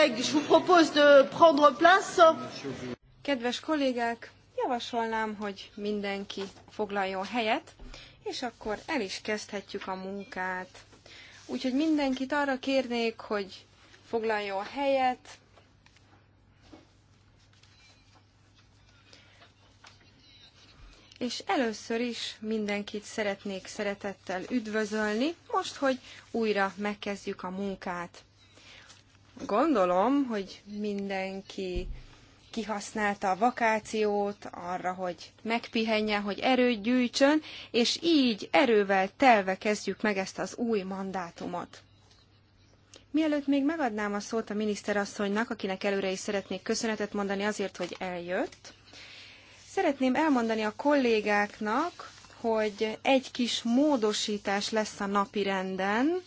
collègues, je vous propose de prendre place. Kedves kollégák, javasolnám, hogy mindenki foglaljon helyet, és akkor el is kezdhetjük a munkát. Úgyhogy mindenkit arra kérnék, hogy foglaljon helyet, És először is mindenkit szeretnék szeretettel üdvözölni, most, hogy újra megkezdjük a munkát gondolom, hogy mindenki kihasználta a vakációt arra, hogy megpihenje, hogy erőt gyűjtsön, és így erővel telve kezdjük meg ezt az új mandátumot. Mielőtt még megadnám a szót a miniszterasszonynak, akinek előre is szeretnék köszönetet mondani azért, hogy eljött, szeretném elmondani a kollégáknak, hogy egy kis módosítás lesz a renden,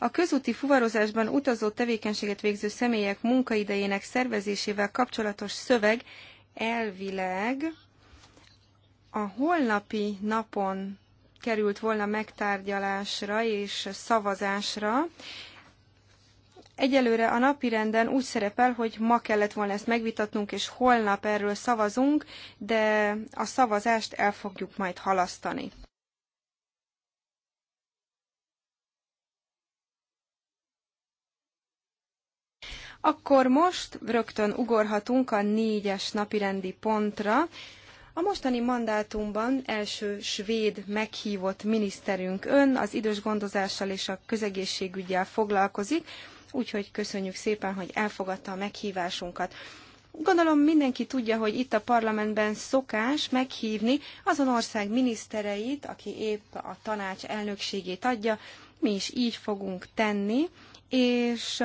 A közúti fuvarozásban utazó tevékenységet végző személyek munkaidejének szervezésével kapcsolatos szöveg elvileg a holnapi napon került volna megtárgyalásra és szavazásra. Egyelőre a napi renden úgy szerepel, hogy ma kellett volna ezt megvitatnunk, és holnap erről szavazunk, de a szavazást el fogjuk majd halasztani. Akkor most rögtön ugorhatunk a négyes napirendi pontra. A mostani mandátumban első svéd meghívott miniszterünk ön az idős gondozással és a közegészségügyel foglalkozik, úgyhogy köszönjük szépen, hogy elfogadta a meghívásunkat. Gondolom mindenki tudja, hogy itt a parlamentben szokás meghívni azon ország minisztereit, aki épp a tanács elnökségét adja, mi is így fogunk tenni, és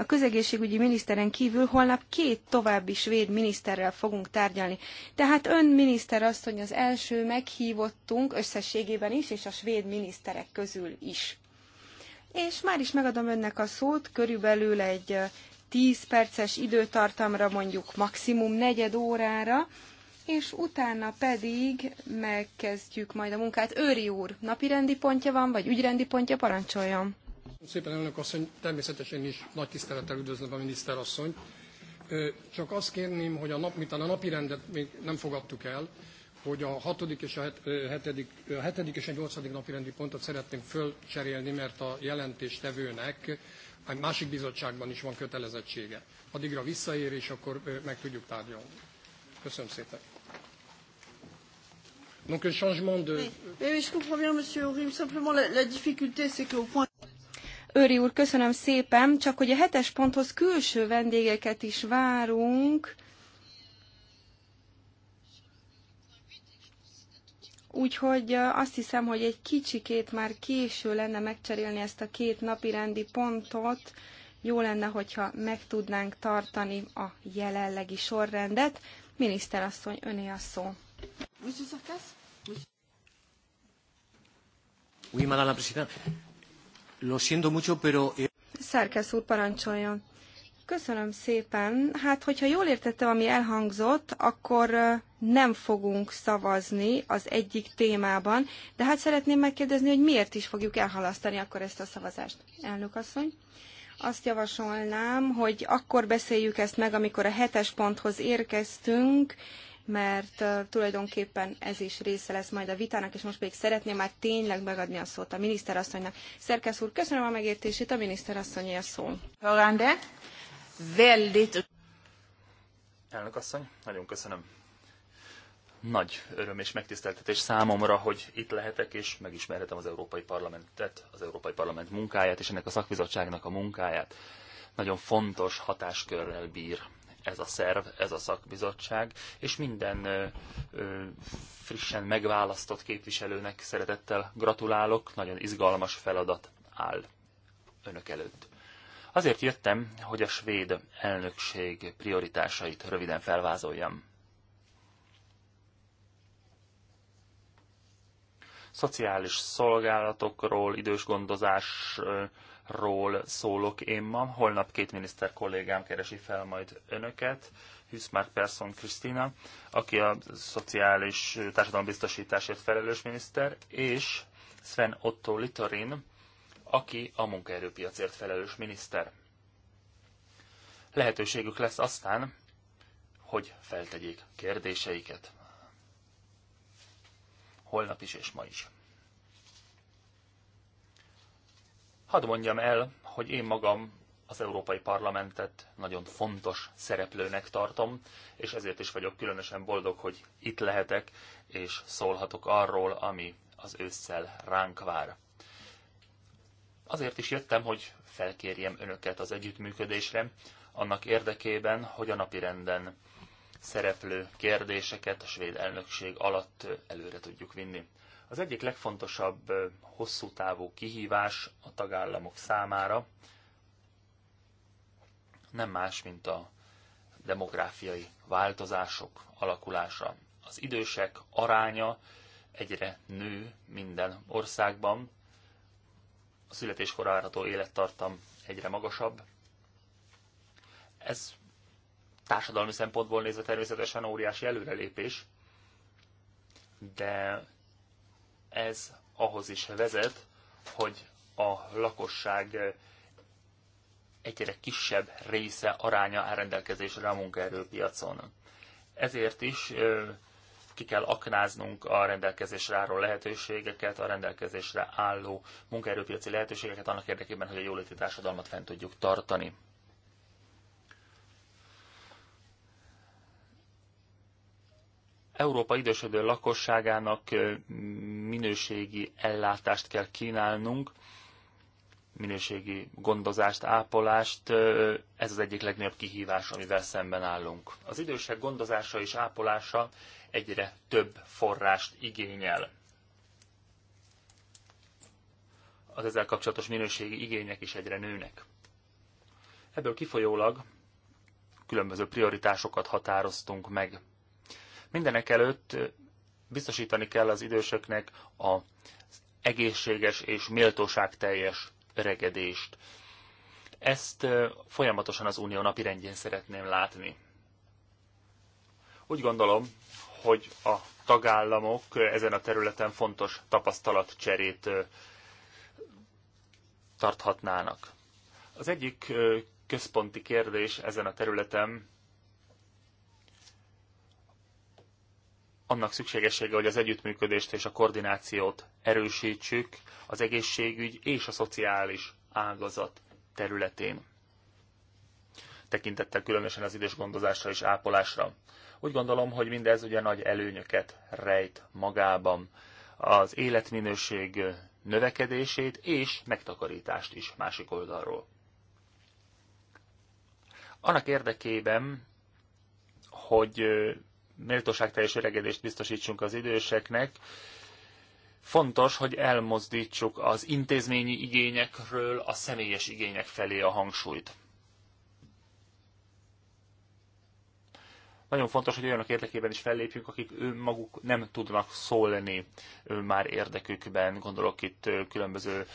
a közegészségügyi miniszteren kívül holnap két további svéd miniszterrel fogunk tárgyalni. Tehát ön miniszter asszony az első meghívottunk összességében is, és a svéd miniszterek közül is. És már is megadom önnek a szót, körülbelül egy 10 perces időtartamra, mondjuk maximum negyed órára, és utána pedig megkezdjük majd a munkát. Őri úr, napirendi pontja van, vagy ügyrendi pontja, parancsoljon! Szépen elnök asszony, természetesen is nagy tisztelettel üdvözlöm a miniszterasszonyt. Csak azt kérném, hogy a nap, miután a napi rendet még nem fogadtuk el, hogy a hatodik és a hetedik, a hetedik és a nyolcadik napi rendi pontot szeretnénk fölcserélni, mert a jelentéstevőnek egy másik bizottságban is van kötelezettsége. Addigra visszaér, és akkor meg tudjuk tárgyalni. Köszönöm szépen. Donc le changement de... Oui, oui, je comprends bien, Monsieur Orim. Simplement, la, la difficulté, c'est qu'au point... Őri úr, köszönöm szépen, csak hogy a hetes ponthoz külső vendégeket is várunk, Úgyhogy azt hiszem, hogy egy kicsikét már késő lenne megcserélni ezt a két napi rendi pontot. Jó lenne, hogyha meg tudnánk tartani a jelenlegi sorrendet. Miniszterasszony, öné a szó. Oui, madame la présidente. Lo siento mucho, pero... Eh, Szerkesz úr, parancsoljon. Köszönöm szépen. Hát, hogyha jól értettem, ami elhangzott, akkor nem fogunk szavazni az egyik témában, de hát szeretném megkérdezni, hogy miért is fogjuk elhalasztani akkor ezt a szavazást. Elnök asszony, azt javasolnám, hogy akkor beszéljük ezt meg, amikor a hetes ponthoz érkeztünk, mert tulajdonképpen ez is része lesz majd a vitának, és most pedig szeretném már tényleg megadni a szót a miniszterasszonynak. Szerkesz úr, köszönöm a megértését, a miniszterasszonyi a szó. Hollande, veldit. Elnök asszony, nagyon köszönöm. Nagy öröm és megtiszteltetés számomra, hogy itt lehetek, és megismerhetem az Európai Parlamentet, az Európai Parlament munkáját, és ennek a szakbizottságnak a munkáját. Nagyon fontos hatáskörrel bír ez a szerv, ez a szakbizottság, és minden ö, ö, frissen megválasztott képviselőnek szeretettel gratulálok, nagyon izgalmas feladat áll önök előtt. Azért jöttem, hogy a svéd elnökség prioritásait röviden felvázoljam. Szociális szolgálatokról, idős gondozás, ról szólok én ma. Holnap két miniszter kollégám keresi fel majd önöket. Hüszmár Persson Krisztina, aki a szociális társadalombiztosításért felelős miniszter, és Sven Otto Litorin, aki a munkaerőpiacért felelős miniszter. Lehetőségük lesz aztán, hogy feltegyék kérdéseiket. Holnap is és ma is. Hadd mondjam el, hogy én magam az Európai Parlamentet nagyon fontos szereplőnek tartom, és ezért is vagyok különösen boldog, hogy itt lehetek, és szólhatok arról, ami az ősszel ránk vár. Azért is jöttem, hogy felkérjem önöket az együttműködésre, annak érdekében, hogy a napirenden szereplő kérdéseket a svéd elnökség alatt előre tudjuk vinni. Az egyik legfontosabb hosszú távú kihívás a tagállamok számára nem más, mint a demográfiai változások alakulása. Az idősek aránya egyre nő minden országban, a születéskor állható élettartam egyre magasabb. Ez társadalmi szempontból nézve természetesen óriási előrelépés, de ez ahhoz is vezet, hogy a lakosság egyre kisebb része aránya áll rendelkezésre a munkaerőpiacon. Ezért is ki kell aknáznunk a rendelkezésre álló lehetőségeket, a rendelkezésre álló munkaerőpiaci lehetőségeket annak érdekében, hogy a jóléti társadalmat fent tudjuk tartani. Európa idősödő lakosságának minőségi ellátást kell kínálnunk, minőségi gondozást, ápolást, ez az egyik legnagyobb kihívás, amivel szemben állunk. Az idősek gondozása és ápolása egyre több forrást igényel. Az ezzel kapcsolatos minőségi igények is egyre nőnek. Ebből kifolyólag különböző prioritásokat határoztunk meg Mindenek előtt biztosítani kell az idősöknek az egészséges és méltóság teljes öregedést. Ezt folyamatosan az Unió rendjén szeretném látni. Úgy gondolom, hogy a tagállamok ezen a területen fontos tapasztalatcserét tarthatnának. Az egyik központi kérdés ezen a területen annak szükségessége, hogy az együttműködést és a koordinációt erősítsük az egészségügy és a szociális ágazat területén. Tekintettel különösen az idős gondozásra és ápolásra. Úgy gondolom, hogy mindez ugye nagy előnyöket rejt magában. Az életminőség növekedését és megtakarítást is másik oldalról. Annak érdekében, hogy méltóságteljes öregedést biztosítsunk az időseknek, fontos, hogy elmozdítsuk az intézményi igényekről a személyes igények felé a hangsúlyt. Nagyon fontos, hogy olyanok érdekében is fellépjünk, akik maguk nem tudnak szólni már érdekükben. Gondolok itt különböző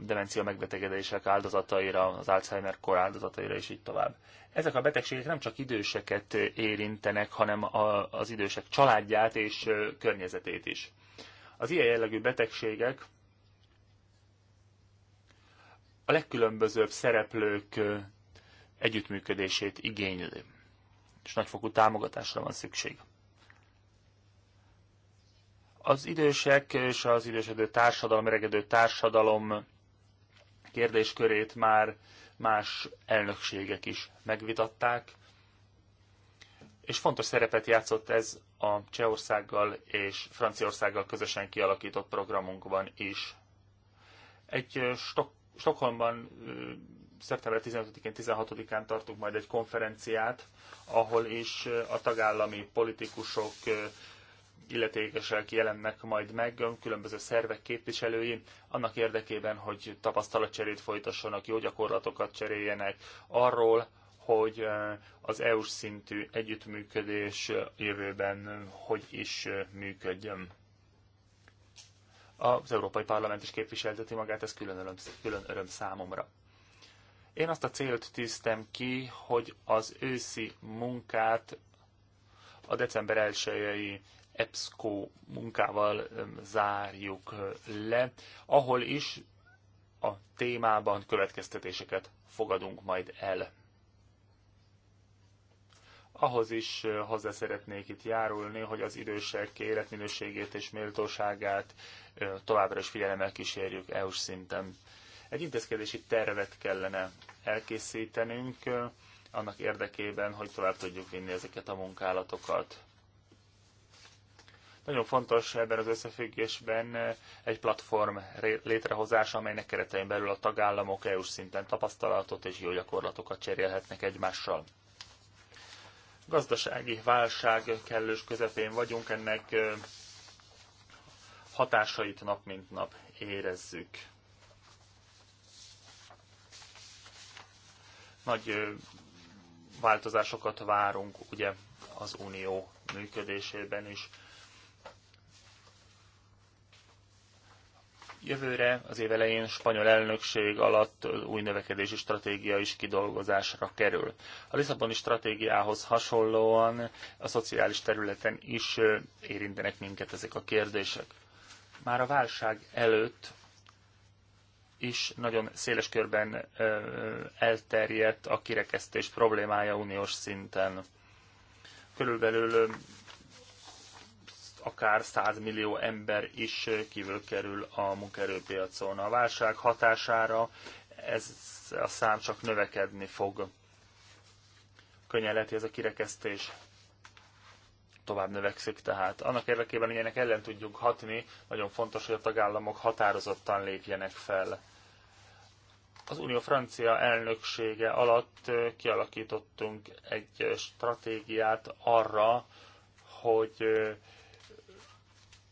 demencia megbetegedések áldozataira, az Alzheimer-kor áldozataira és így tovább. Ezek a betegségek nem csak időseket érintenek, hanem az idősek családját és környezetét is. Az ilyen jellegű betegségek a legkülönbözőbb szereplők együttműködését igénylik és nagyfokú támogatásra van szükség. Az idősek és az idősödő társadalom, öregedő társadalom kérdéskörét már más elnökségek is megvitatták, és fontos szerepet játszott ez a Csehországgal és Franciaországgal közösen kialakított programunkban is. Egy Stok- Stockholmban szeptember 15-én, 16-án tartunk majd egy konferenciát, ahol is a tagállami politikusok illetékesek jelennek majd meg, különböző szervek képviselői, annak érdekében, hogy tapasztalatcserét folytassanak, jó gyakorlatokat cseréljenek arról, hogy az EU-s szintű együttműködés jövőben hogy is működjön. Az Európai Parlament is képviselteti magát, ez külön öröm, külön öröm számomra. Én azt a célt tűztem ki, hogy az őszi munkát a december 1 EBSCO munkával zárjuk le, ahol is a témában következtetéseket fogadunk majd el. Ahhoz is hozzá szeretnék itt járulni, hogy az idősek életminőségét és méltóságát továbbra is figyelemmel kísérjük EU-s szinten. Egy intézkedési tervet kellene elkészítenünk annak érdekében, hogy tovább tudjuk vinni ezeket a munkálatokat. Nagyon fontos ebben az összefüggésben egy platform létrehozása, amelynek keretein belül a tagállamok EU-s szinten tapasztalatot és jó gyakorlatokat cserélhetnek egymással. Gazdasági válság kellős közepén vagyunk, ennek hatásait nap mint nap érezzük. Nagy változásokat várunk ugye az unió működésében is. Jövőre, az év elején spanyol elnökség alatt új növekedési stratégia is kidolgozásra kerül. A Lisszaboni stratégiához hasonlóan a szociális területen is érintenek minket ezek a kérdések. Már a válság előtt is nagyon széles körben elterjedt a kirekesztés problémája uniós szinten. Körülbelül akár 100 millió ember is kívül kerül a munkaerőpiacon. A válság hatására ez a szám csak növekedni fog. Könnyen lehet, hogy ez a kirekesztés tovább növekszik. Tehát annak érdekében, hogy ennek ellen tudjuk hatni, nagyon fontos, hogy a tagállamok határozottan lépjenek fel. Az Unió francia elnöksége alatt kialakítottunk egy stratégiát arra, hogy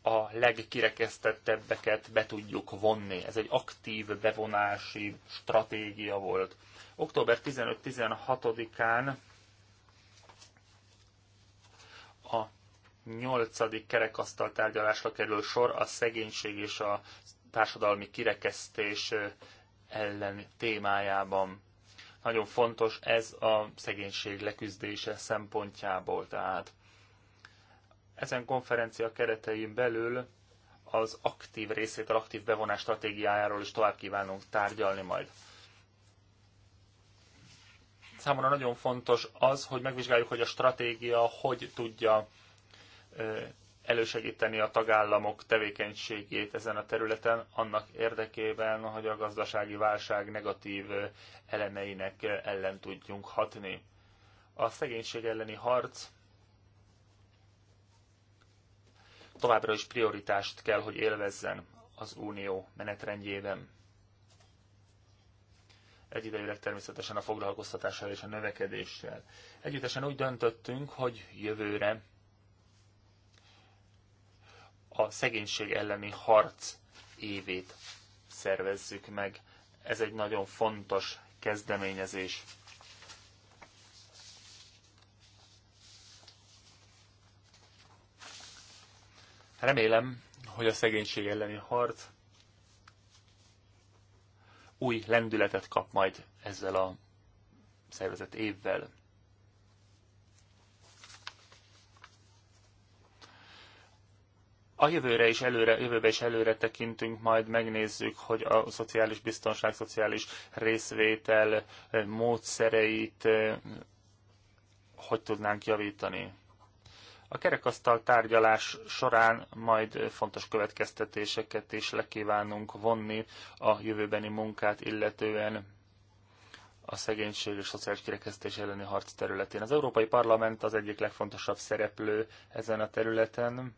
a legkirekesztettebbeket be tudjuk vonni. Ez egy aktív bevonási stratégia volt. Október 15-16-án a nyolcadik kerekasztal tárgyalásra kerül sor a szegénység és a társadalmi kirekesztés ellen témájában. Nagyon fontos ez a szegénység leküzdése szempontjából. Tehát ezen konferencia keretein belül az aktív részét, az aktív bevonás stratégiájáról is tovább kívánunk tárgyalni majd. Számomra nagyon fontos az, hogy megvizsgáljuk, hogy a stratégia hogy tudja elősegíteni a tagállamok tevékenységét ezen a területen, annak érdekében, hogy a gazdasági válság negatív elemeinek ellen tudjunk hatni. A szegénység elleni harc továbbra is prioritást kell, hogy élvezzen az Unió menetrendjében egyidejűleg természetesen a foglalkoztatással és a növekedéssel. Együttesen úgy döntöttünk, hogy jövőre a szegénység elleni harc évét szervezzük meg. Ez egy nagyon fontos kezdeményezés. Remélem, hogy a szegénység elleni harc új lendületet kap majd ezzel a szervezett évvel. A jövőre is előre, jövőbe is előre tekintünk, majd megnézzük, hogy a szociális biztonság, szociális részvétel eh, módszereit eh, hogy tudnánk javítani. A kerekasztal tárgyalás során majd fontos következtetéseket is lekívánunk vonni a jövőbeni munkát, illetően a szegénység és szociális kirekesztés elleni harc területén. Az Európai Parlament az egyik legfontosabb szereplő ezen a területen.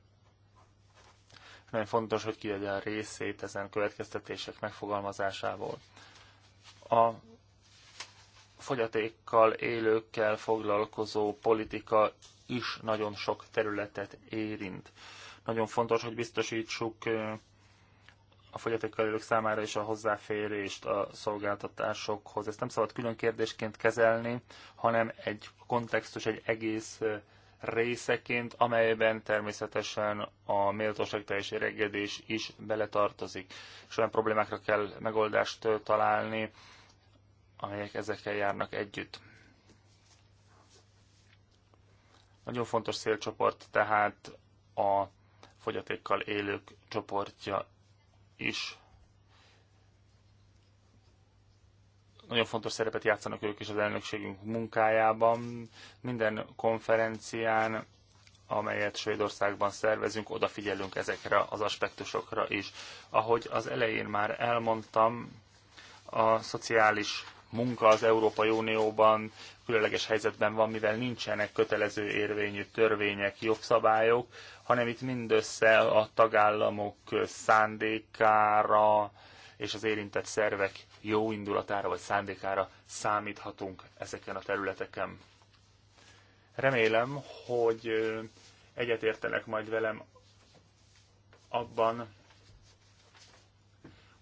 Nagyon fontos, hogy kiadja a részét ezen következtetések megfogalmazásából. A fogyatékkal élőkkel foglalkozó politika is nagyon sok területet érint. Nagyon fontos, hogy biztosítsuk a fogyatékkal élők számára is a hozzáférést a szolgáltatásokhoz. Ezt nem szabad külön kérdésként kezelni, hanem egy kontextus, egy egész részeként, amelyben természetesen a teljes éregedés is beletartozik. És olyan problémákra kell megoldást találni, amelyek ezekkel járnak együtt. Nagyon fontos célcsoport tehát a fogyatékkal élők csoportja is. Nagyon fontos szerepet játszanak ők is az elnökségünk munkájában. Minden konferencián, amelyet Svédországban szervezünk, odafigyelünk ezekre az aspektusokra is. Ahogy az elején már elmondtam, a szociális munka az Európai Unióban különleges helyzetben van, mivel nincsenek kötelező érvényű törvények, jogszabályok, hanem itt mindössze a tagállamok szándékára és az érintett szervek jó indulatára vagy szándékára számíthatunk ezeken a területeken. Remélem, hogy egyetértenek majd velem abban,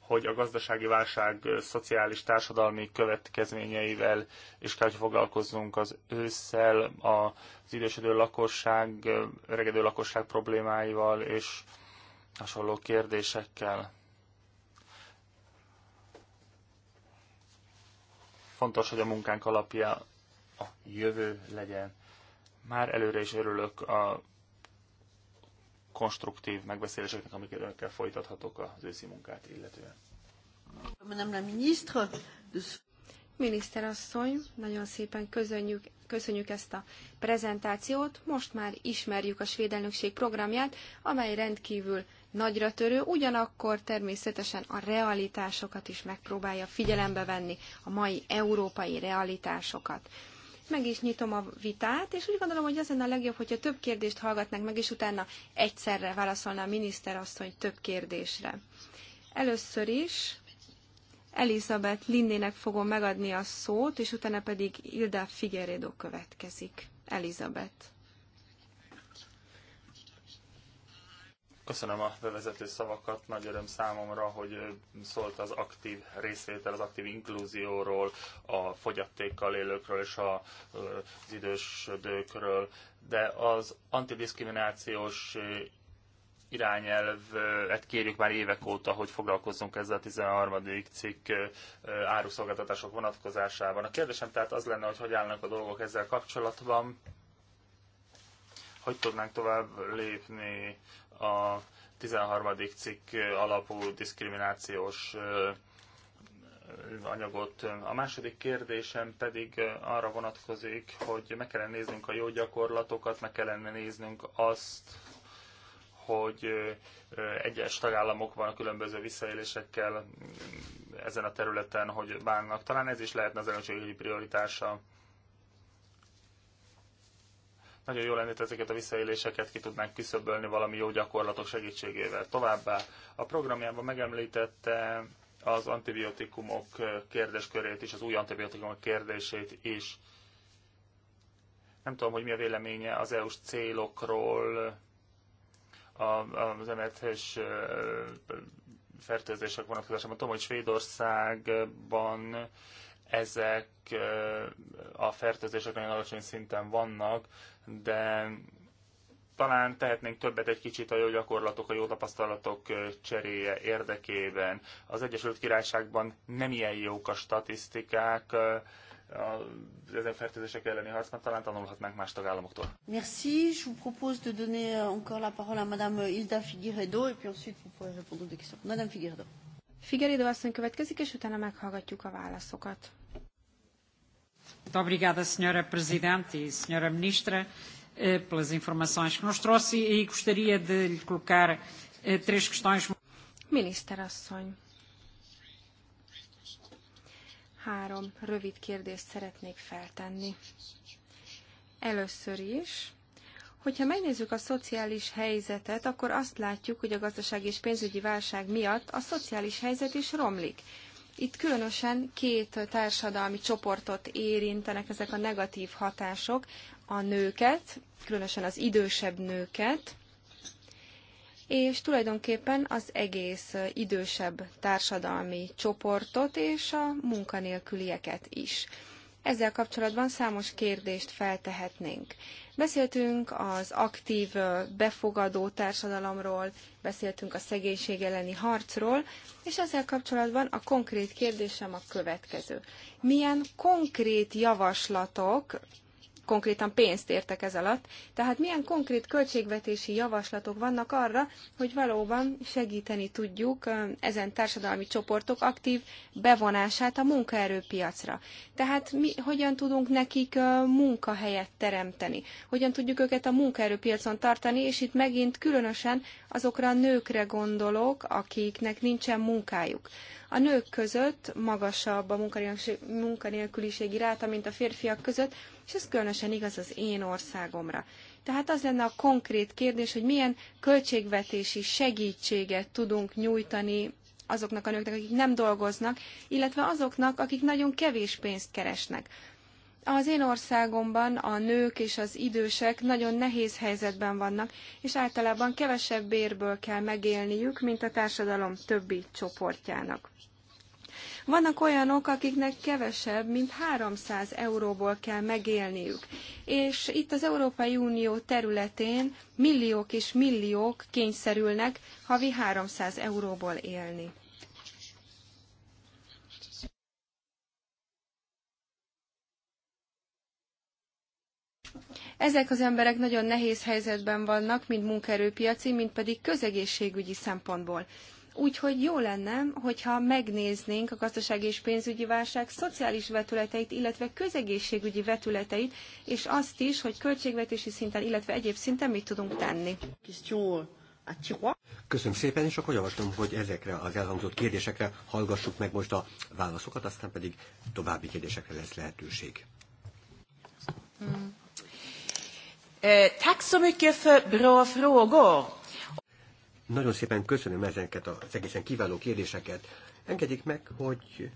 hogy a gazdasági válság szociális, társadalmi következményeivel is kell, hogy foglalkozzunk az ősszel, az idősödő lakosság, öregedő lakosság problémáival és hasonló kérdésekkel. Fontos, hogy a munkánk alapja a jövő legyen. Már előre is örülök a konstruktív megbeszéléseknek, amiket önökkel folytathatok az őszi munkát illetően. Madame la Miniszterasszony, nagyon szépen köszönjük, köszönjük ezt a prezentációt. Most már ismerjük a svéd elnökség programját, amely rendkívül nagyra törő, ugyanakkor természetesen a realitásokat is megpróbálja figyelembe venni, a mai európai realitásokat meg is nyitom a vitát, és úgy gondolom, hogy az lenne a legjobb, hogyha több kérdést hallgatnánk meg, és utána egyszerre válaszolna a miniszter azt hogy több kérdésre. Először is Elizabeth Lindének fogom megadni a szót, és utána pedig Ilda Figueredo következik. Elizabeth. Köszönöm a bevezető szavakat, nagy öröm számomra, hogy szólt az aktív részvétel, az aktív inklúzióról, a fogyatékkal élőkről és a, az idősödőkről, de az antidiszkriminációs irányelvet kérjük már évek óta, hogy foglalkozzunk ezzel a 13. cikk áruszolgáltatások vonatkozásában. A kérdésem tehát az lenne, hogy hogy állnak a dolgok ezzel kapcsolatban, hogy tudnánk tovább lépni a 13. cikk alapú diszkriminációs anyagot. A második kérdésem pedig arra vonatkozik, hogy meg kellene néznünk a jó gyakorlatokat, meg kellene néznünk azt, hogy egyes tagállamok van a különböző visszaélésekkel ezen a területen, hogy bánnak. Talán ez is lehetne az elnökségi prioritása. Nagyon jó lenne, ezeket a visszaéléseket ki tudnánk küszöbölni valami jó gyakorlatok segítségével. Továbbá a programjában megemlítette az antibiotikumok kérdéskörét is, az új antibiotikumok kérdését is. Nem tudom, hogy mi a véleménye az EU-s célokról, az emeltes fertőzések vonatkozásában. Tudom, hogy Svédországban ezek a fertőzések nagyon alacsony szinten vannak, de talán tehetnénk többet egy kicsit a jó gyakorlatok, a jó tapasztalatok cseréje érdekében. Az Egyesült Királyságban nem ilyen jók a statisztikák, a, ezen fertőzések elleni harcban talán tanulhatnánk más tagállamoktól. Merci. Je vous propose de donner encore la parole à Madame Hilda Figueredo, et puis ensuite vous pourrez répondre aux questions. Madame Figueredo. Figueredo asszony következik, és utána meghallgatjuk a válaszokat. Obrigada, Sra. Presidente e Sra. Ministra, eh, pelas informações que nos trouxe e gostaria de lhe colocar eh, três questões. Miniszter asszony, három rövid kérdést szeretnék feltenni. Először is, Hogyha megnézzük a szociális helyzetet, akkor azt látjuk, hogy a gazdasági és pénzügyi válság miatt a szociális helyzet is romlik. Itt különösen két társadalmi csoportot érintenek ezek a negatív hatások, a nőket, különösen az idősebb nőket, és tulajdonképpen az egész idősebb társadalmi csoportot és a munkanélkülieket is. Ezzel kapcsolatban számos kérdést feltehetnénk. Beszéltünk az aktív befogadó társadalomról, beszéltünk a szegénység elleni harcról, és ezzel kapcsolatban a konkrét kérdésem a következő. Milyen konkrét javaslatok konkrétan pénzt értek ez alatt. Tehát milyen konkrét költségvetési javaslatok vannak arra, hogy valóban segíteni tudjuk ezen társadalmi csoportok aktív bevonását a munkaerőpiacra. Tehát mi hogyan tudunk nekik munkahelyet teremteni? Hogyan tudjuk őket a munkaerőpiacon tartani, és itt megint különösen azokra a nőkre gondolok, akiknek nincsen munkájuk a nők között magasabb a munkanélküliségi ráta, mint a férfiak között, és ez különösen igaz az én országomra. Tehát az lenne a konkrét kérdés, hogy milyen költségvetési segítséget tudunk nyújtani azoknak a nőknek, akik nem dolgoznak, illetve azoknak, akik nagyon kevés pénzt keresnek. Az én országomban a nők és az idősek nagyon nehéz helyzetben vannak, és általában kevesebb bérből kell megélniük, mint a társadalom többi csoportjának. Vannak olyanok, akiknek kevesebb, mint 300 euróból kell megélniük. És itt az Európai Unió területén milliók és milliók kényszerülnek havi 300 euróból élni. Ezek az emberek nagyon nehéz helyzetben vannak, mind munkaerőpiaci, mind pedig közegészségügyi szempontból. Úgyhogy jó lenne, hogyha megnéznénk a gazdasági és pénzügyi válság szociális vetületeit, illetve közegészségügyi vetületeit, és azt is, hogy költségvetési szinten, illetve egyéb szinten mit tudunk tenni. Köszönöm szépen, és akkor javaslom, hogy ezekre az elhangzott kérdésekre hallgassuk meg most a válaszokat, aztán pedig további kérdésekre lesz lehetőség. Hmm. Eh, tack så mycket för bra frågor. Nagyon szépen köszönöm ezeket az egészen kiváló kérdéseket. Engedjék meg, hogy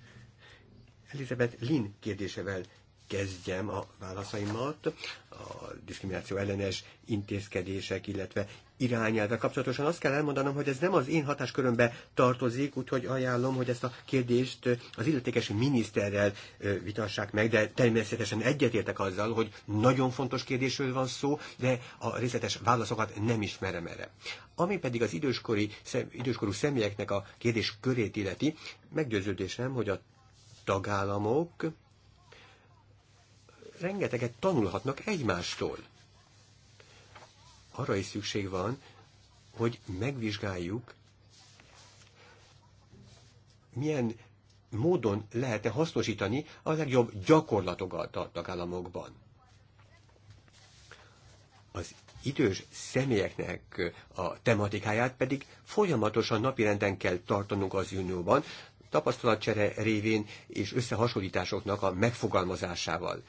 Elizabeth Lin kérdésevel kezdjem a válaszaimat. A diszkrimináció ellenes intézkedések, illetve irányelve kapcsolatosan azt kell elmondanom, hogy ez nem az én hatáskörömbe tartozik, úgyhogy ajánlom, hogy ezt a kérdést az illetékes miniszterrel vitassák meg, de természetesen egyetértek azzal, hogy nagyon fontos kérdésről van szó, de a részletes válaszokat nem ismerem erre. Ami pedig az időskori, időskorú személyeknek a kérdés körét illeti, meggyőződésem, hogy a tagállamok rengeteget tanulhatnak egymástól arra is szükség van, hogy megvizsgáljuk, milyen módon lehetne hasznosítani a legjobb gyakorlatokat a tagállamokban. Az idős személyeknek a tematikáját pedig folyamatosan napirenden kell tartanunk az unióban, tapasztalatcsere révén és összehasonlításoknak a megfogalmazásával.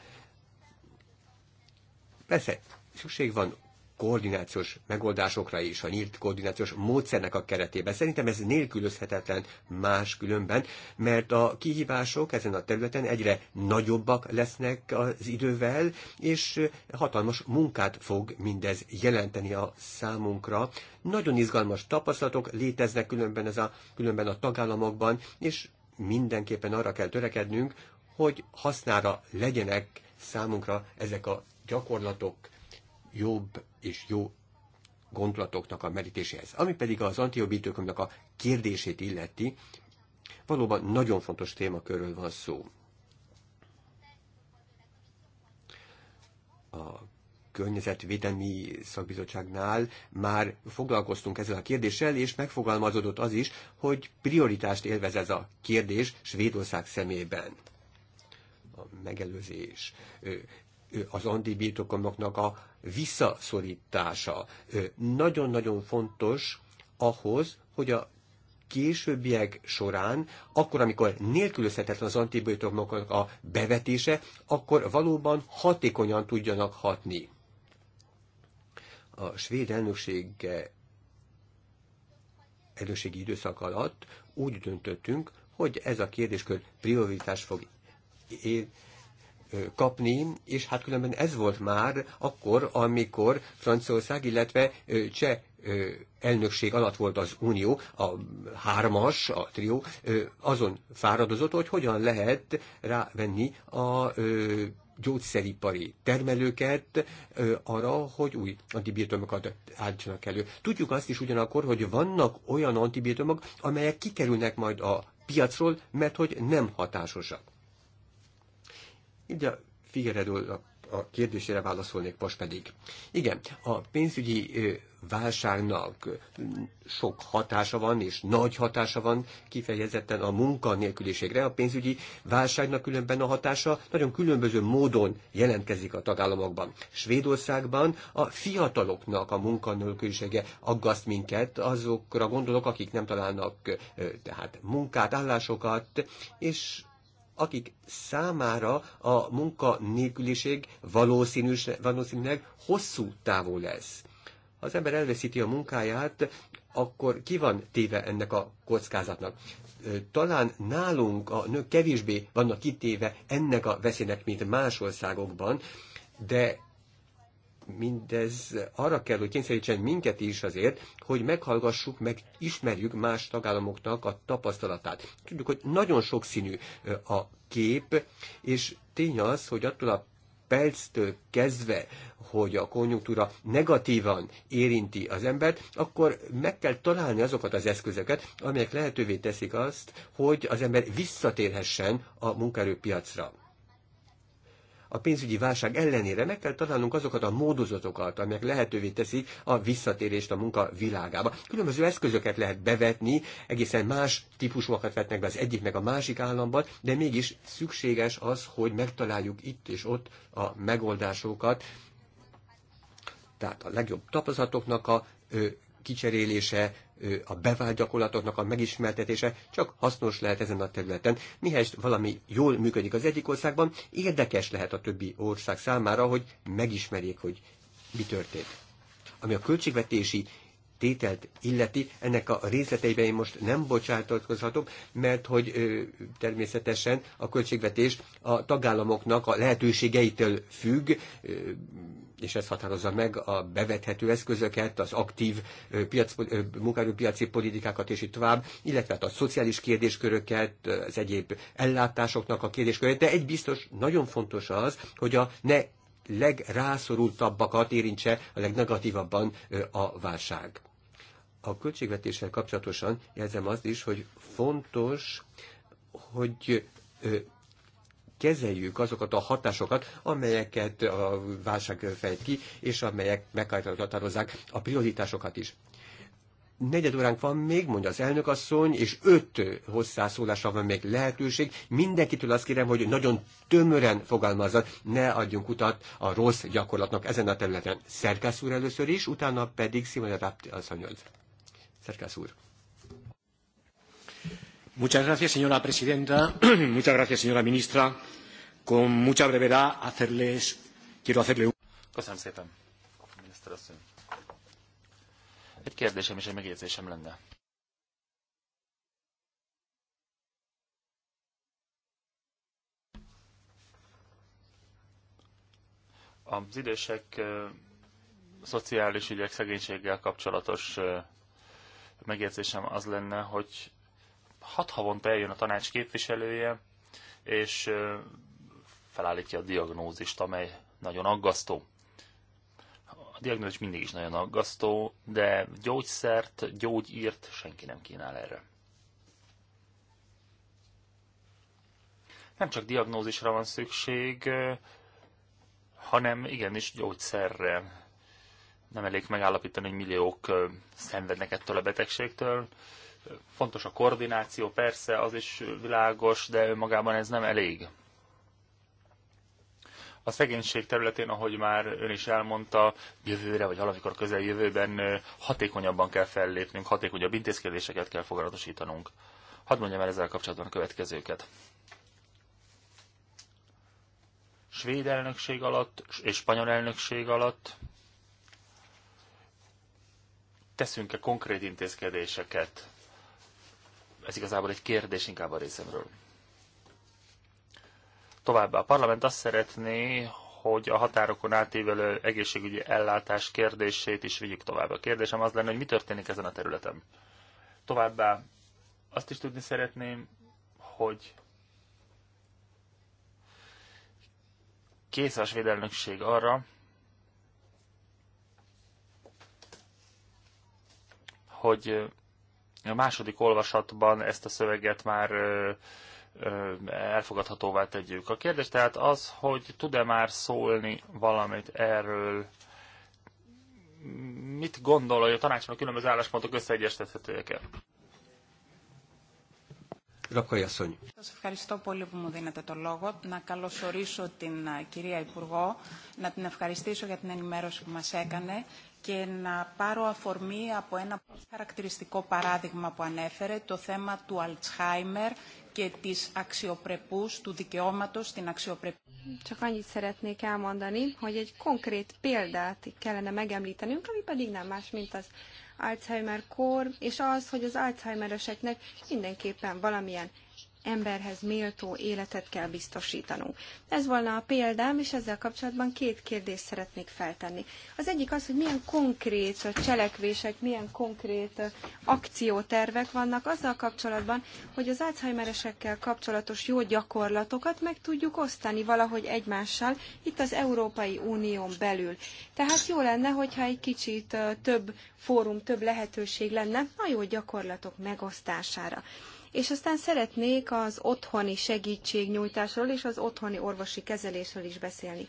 Persze, szükség van koordinációs megoldásokra is, a nyílt koordinációs módszernek a keretében. Szerintem ez nélkülözhetetlen más különben, mert a kihívások ezen a területen egyre nagyobbak lesznek az idővel, és hatalmas munkát fog mindez jelenteni a számunkra. Nagyon izgalmas tapasztalatok léteznek különben, ez a, különben a tagállamokban, és mindenképpen arra kell törekednünk, hogy hasznára legyenek számunkra ezek a gyakorlatok jobb és jó gondolatoknak a merítéséhez. Ami pedig az antiobítőkömnek a kérdését illeti, valóban nagyon fontos témakörről van szó. A környezetvédelmi szakbizottságnál már foglalkoztunk ezzel a kérdéssel, és megfogalmazódott az is, hogy prioritást élvez ez a kérdés Svédország szemében. A megelőzés az antibiotikumoknak a visszaszorítása nagyon-nagyon fontos ahhoz, hogy a későbbiek során, akkor, amikor nélkülözhetetlen az antibiotikumoknak a bevetése, akkor valóban hatékonyan tudjanak hatni. A svéd elnökség elnökségi időszak alatt úgy döntöttünk, hogy ez a kérdéskör prioritás fog kapni, és hát különben ez volt már akkor, amikor Franciaország, illetve Cseh elnökség alatt volt az Unió, a hármas, a trió, azon fáradozott, hogy hogyan lehet rávenni a gyógyszeripari termelőket arra, hogy új antibiotomokat állítsanak elő. Tudjuk azt is ugyanakkor, hogy vannak olyan antibiotomok, amelyek kikerülnek majd a piacról, mert hogy nem hatásosak. Így a Figueredo a kérdésére válaszolnék most pedig. Igen, a pénzügyi válságnak sok hatása van, és nagy hatása van kifejezetten a munkanélküliségre. A pénzügyi válságnak különben a hatása nagyon különböző módon jelentkezik a tagállamokban. Svédországban a fiataloknak a munkanélkülisége aggaszt minket, azokra gondolok, akik nem találnak tehát munkát, állásokat, és akik számára a munkanélküliség valószínűleg hosszú távú lesz. Ha az ember elveszíti a munkáját, akkor ki van téve ennek a kockázatnak? Talán nálunk a nők kevésbé vannak kitéve ennek a veszélynek, mint más országokban, de mindez arra kell, hogy kényszerítsen minket is azért, hogy meghallgassuk, meg ismerjük más tagállamoknak a tapasztalatát. Tudjuk, hogy nagyon sokszínű a kép, és tény az, hogy attól a perctől kezdve, hogy a konjunktúra negatívan érinti az embert, akkor meg kell találni azokat az eszközöket, amelyek lehetővé teszik azt, hogy az ember visszatérhessen a munkaerőpiacra a pénzügyi válság ellenére meg kell találnunk azokat a módozatokat, amelyek lehetővé teszik a visszatérést a munka világába. Különböző eszközöket lehet bevetni, egészen más típusúakat vetnek be az egyik meg a másik államban, de mégis szükséges az, hogy megtaláljuk itt és ott a megoldásokat, tehát a legjobb tapasztalatoknak a ö, kicserélése, a bevált gyakorlatoknak a megismertetése csak hasznos lehet ezen a területen. Mihelyest valami jól működik az egyik országban, érdekes lehet a többi ország számára, hogy megismerjék, hogy mi történt. Ami a költségvetési tételt illeti, ennek a részleteiben én most nem bocsátatkozhatom, mert hogy ö, természetesen a költségvetés a tagállamoknak a lehetőségeitől függ, ö, és ez határozza meg a bevethető eszközöket, az aktív piac, munkaerőpiaci politikákat és így tovább, illetve hát a szociális kérdésköröket, az egyéb ellátásoknak a kérdéskörét, de egy biztos, nagyon fontos az, hogy a ne legrászorultabbakat érintse a legnegatívabban a válság. A költségvetéssel kapcsolatosan jelzem azt is, hogy fontos, hogy kezeljük azokat a hatásokat, amelyeket a válság fejt ki, és amelyek meghatározzák a prioritásokat is negyed óránk van még, mondja az elnök asszony, és öt hozzászólásra van még lehetőség. Mindenkitől azt kérem, hogy nagyon tömören fogalmazza, ne adjunk utat a rossz gyakorlatnak ezen a területen. Szerkász úr először is, utána pedig Szimon Rapti asszonyod. Szerkász úr. Muchas gracias, señora presidenta. Muchas gracias, señora ministra. Con mucha brevedad hacerles, quiero hacerle un... Köszönöm szépen, miniszter asszony egy kérdésem és egy megjegyzésem lenne. Az idősek szociális ügyek szegénységgel kapcsolatos megjegyzésem az lenne, hogy hat havonta eljön a tanács képviselője, és felállítja a diagnózist, amely nagyon aggasztó. A diagnózis mindig is nagyon aggasztó, de gyógyszert, gyógyírt senki nem kínál erre. Nem csak diagnózisra van szükség, hanem igenis gyógyszerre. Nem elég megállapítani, hogy milliók szenvednek ettől a betegségtől. Fontos a koordináció, persze, az is világos, de önmagában ez nem elég. A szegénység területén, ahogy már ön is elmondta, jövőre vagy valamikor közeljövőben hatékonyabban kell fellépnünk, hatékonyabb intézkedéseket kell fogadatosítanunk. Hadd mondjam el ezzel kapcsolatban a következőket. Svéd elnökség alatt és spanyol elnökség alatt teszünk-e konkrét intézkedéseket? Ez igazából egy kérdés inkább a részemről. Továbbá a parlament azt szeretné, hogy a határokon átívelő egészségügyi ellátás kérdését is vigyük tovább. A kérdésem az lenne, hogy mi történik ezen a területen. Továbbá azt is tudni szeretném, hogy kész a svéd elnökség arra, hogy a második olvasatban ezt a szöveget már elfogadhatóvá tegyük. A kérdés tehát az, hogy tud-e már szólni valamit erről, mit gondol, hogy a tanácson a különböző álláspontok összeegyeztethetőek-e? Rakai asszony. και να πάρω αφορμή από ένα χαρακτηριστικό παράδειγμα που ανέφερε, το θέμα του Αλτσχάιμερ και της αξιοπρεπούς, του δικαιώματος στην αξιοπρεπή. Csak annyit szeretnék elmondani, hogy egy konkrét példát kellene megemlítenünk, ami pedig nem más, mint az Alzheimer kor, és az, hogy az Alzheimer-eseknek mindenképpen valamilyen emberhez méltó életet kell biztosítanunk. Ez volna a példám, és ezzel kapcsolatban két kérdést szeretnék feltenni. Az egyik az, hogy milyen konkrét cselekvések, milyen konkrét akciótervek vannak azzal kapcsolatban, hogy az Alzheimeresekkel kapcsolatos jó gyakorlatokat meg tudjuk osztani valahogy egymással itt az Európai Unión belül. Tehát jó lenne, hogyha egy kicsit több fórum, több lehetőség lenne a jó gyakorlatok megosztására. És aztán szeretnék az otthoni segítségnyújtásról és az otthoni orvosi kezelésről is beszélni.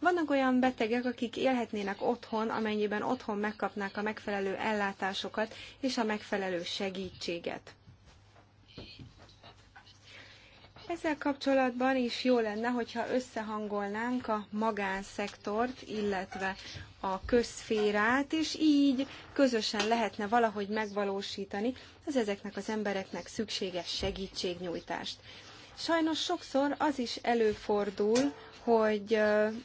Vannak olyan betegek, akik élhetnének otthon, amennyiben otthon megkapnák a megfelelő ellátásokat és a megfelelő segítséget. Ezzel kapcsolatban is jó lenne, hogyha összehangolnánk a magánszektort, illetve a közszférát, és így közösen lehetne valahogy megvalósítani az ezeknek az embereknek szükséges segítségnyújtást. Sajnos sokszor az is előfordul, hogy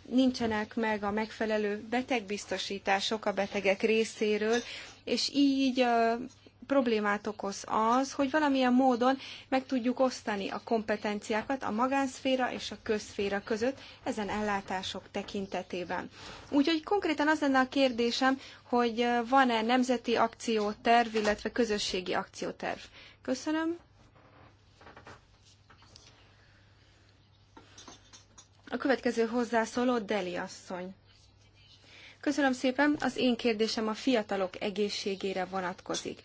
nincsenek meg a megfelelő betegbiztosítások a betegek részéről, és így problémát okoz az, hogy valamilyen módon meg tudjuk osztani a kompetenciákat a magánszféra és a közszféra között ezen ellátások tekintetében. Úgyhogy konkrétan az lenne a kérdésem, hogy van-e nemzeti akcióterv, illetve közösségi akcióterv. Köszönöm. A következő hozzászóló Deli asszony. Köszönöm szépen, az én kérdésem a fiatalok egészségére vonatkozik.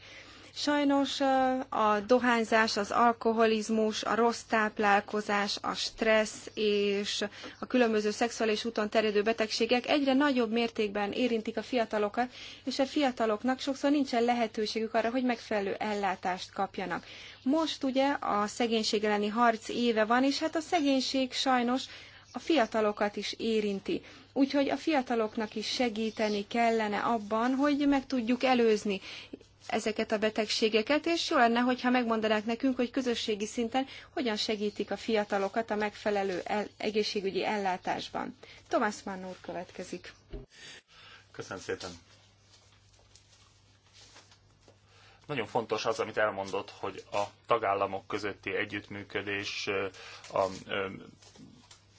Sajnos a dohányzás, az alkoholizmus, a rossz táplálkozás, a stressz és a különböző szexuális úton terjedő betegségek egyre nagyobb mértékben érintik a fiatalokat, és a fiataloknak sokszor nincsen lehetőségük arra, hogy megfelelő ellátást kapjanak. Most ugye a szegénység elleni harc éve van, és hát a szegénység sajnos a fiatalokat is érinti. Úgyhogy a fiataloknak is segíteni kellene abban, hogy meg tudjuk előzni ezeket a betegségeket, és jó lenne, hogyha megmondanák nekünk, hogy közösségi szinten hogyan segítik a fiatalokat a megfelelő el- egészségügyi ellátásban. Tomás Mann úr következik. Köszönöm szépen. Nagyon fontos az, amit elmondott, hogy a tagállamok közötti együttműködés, a, a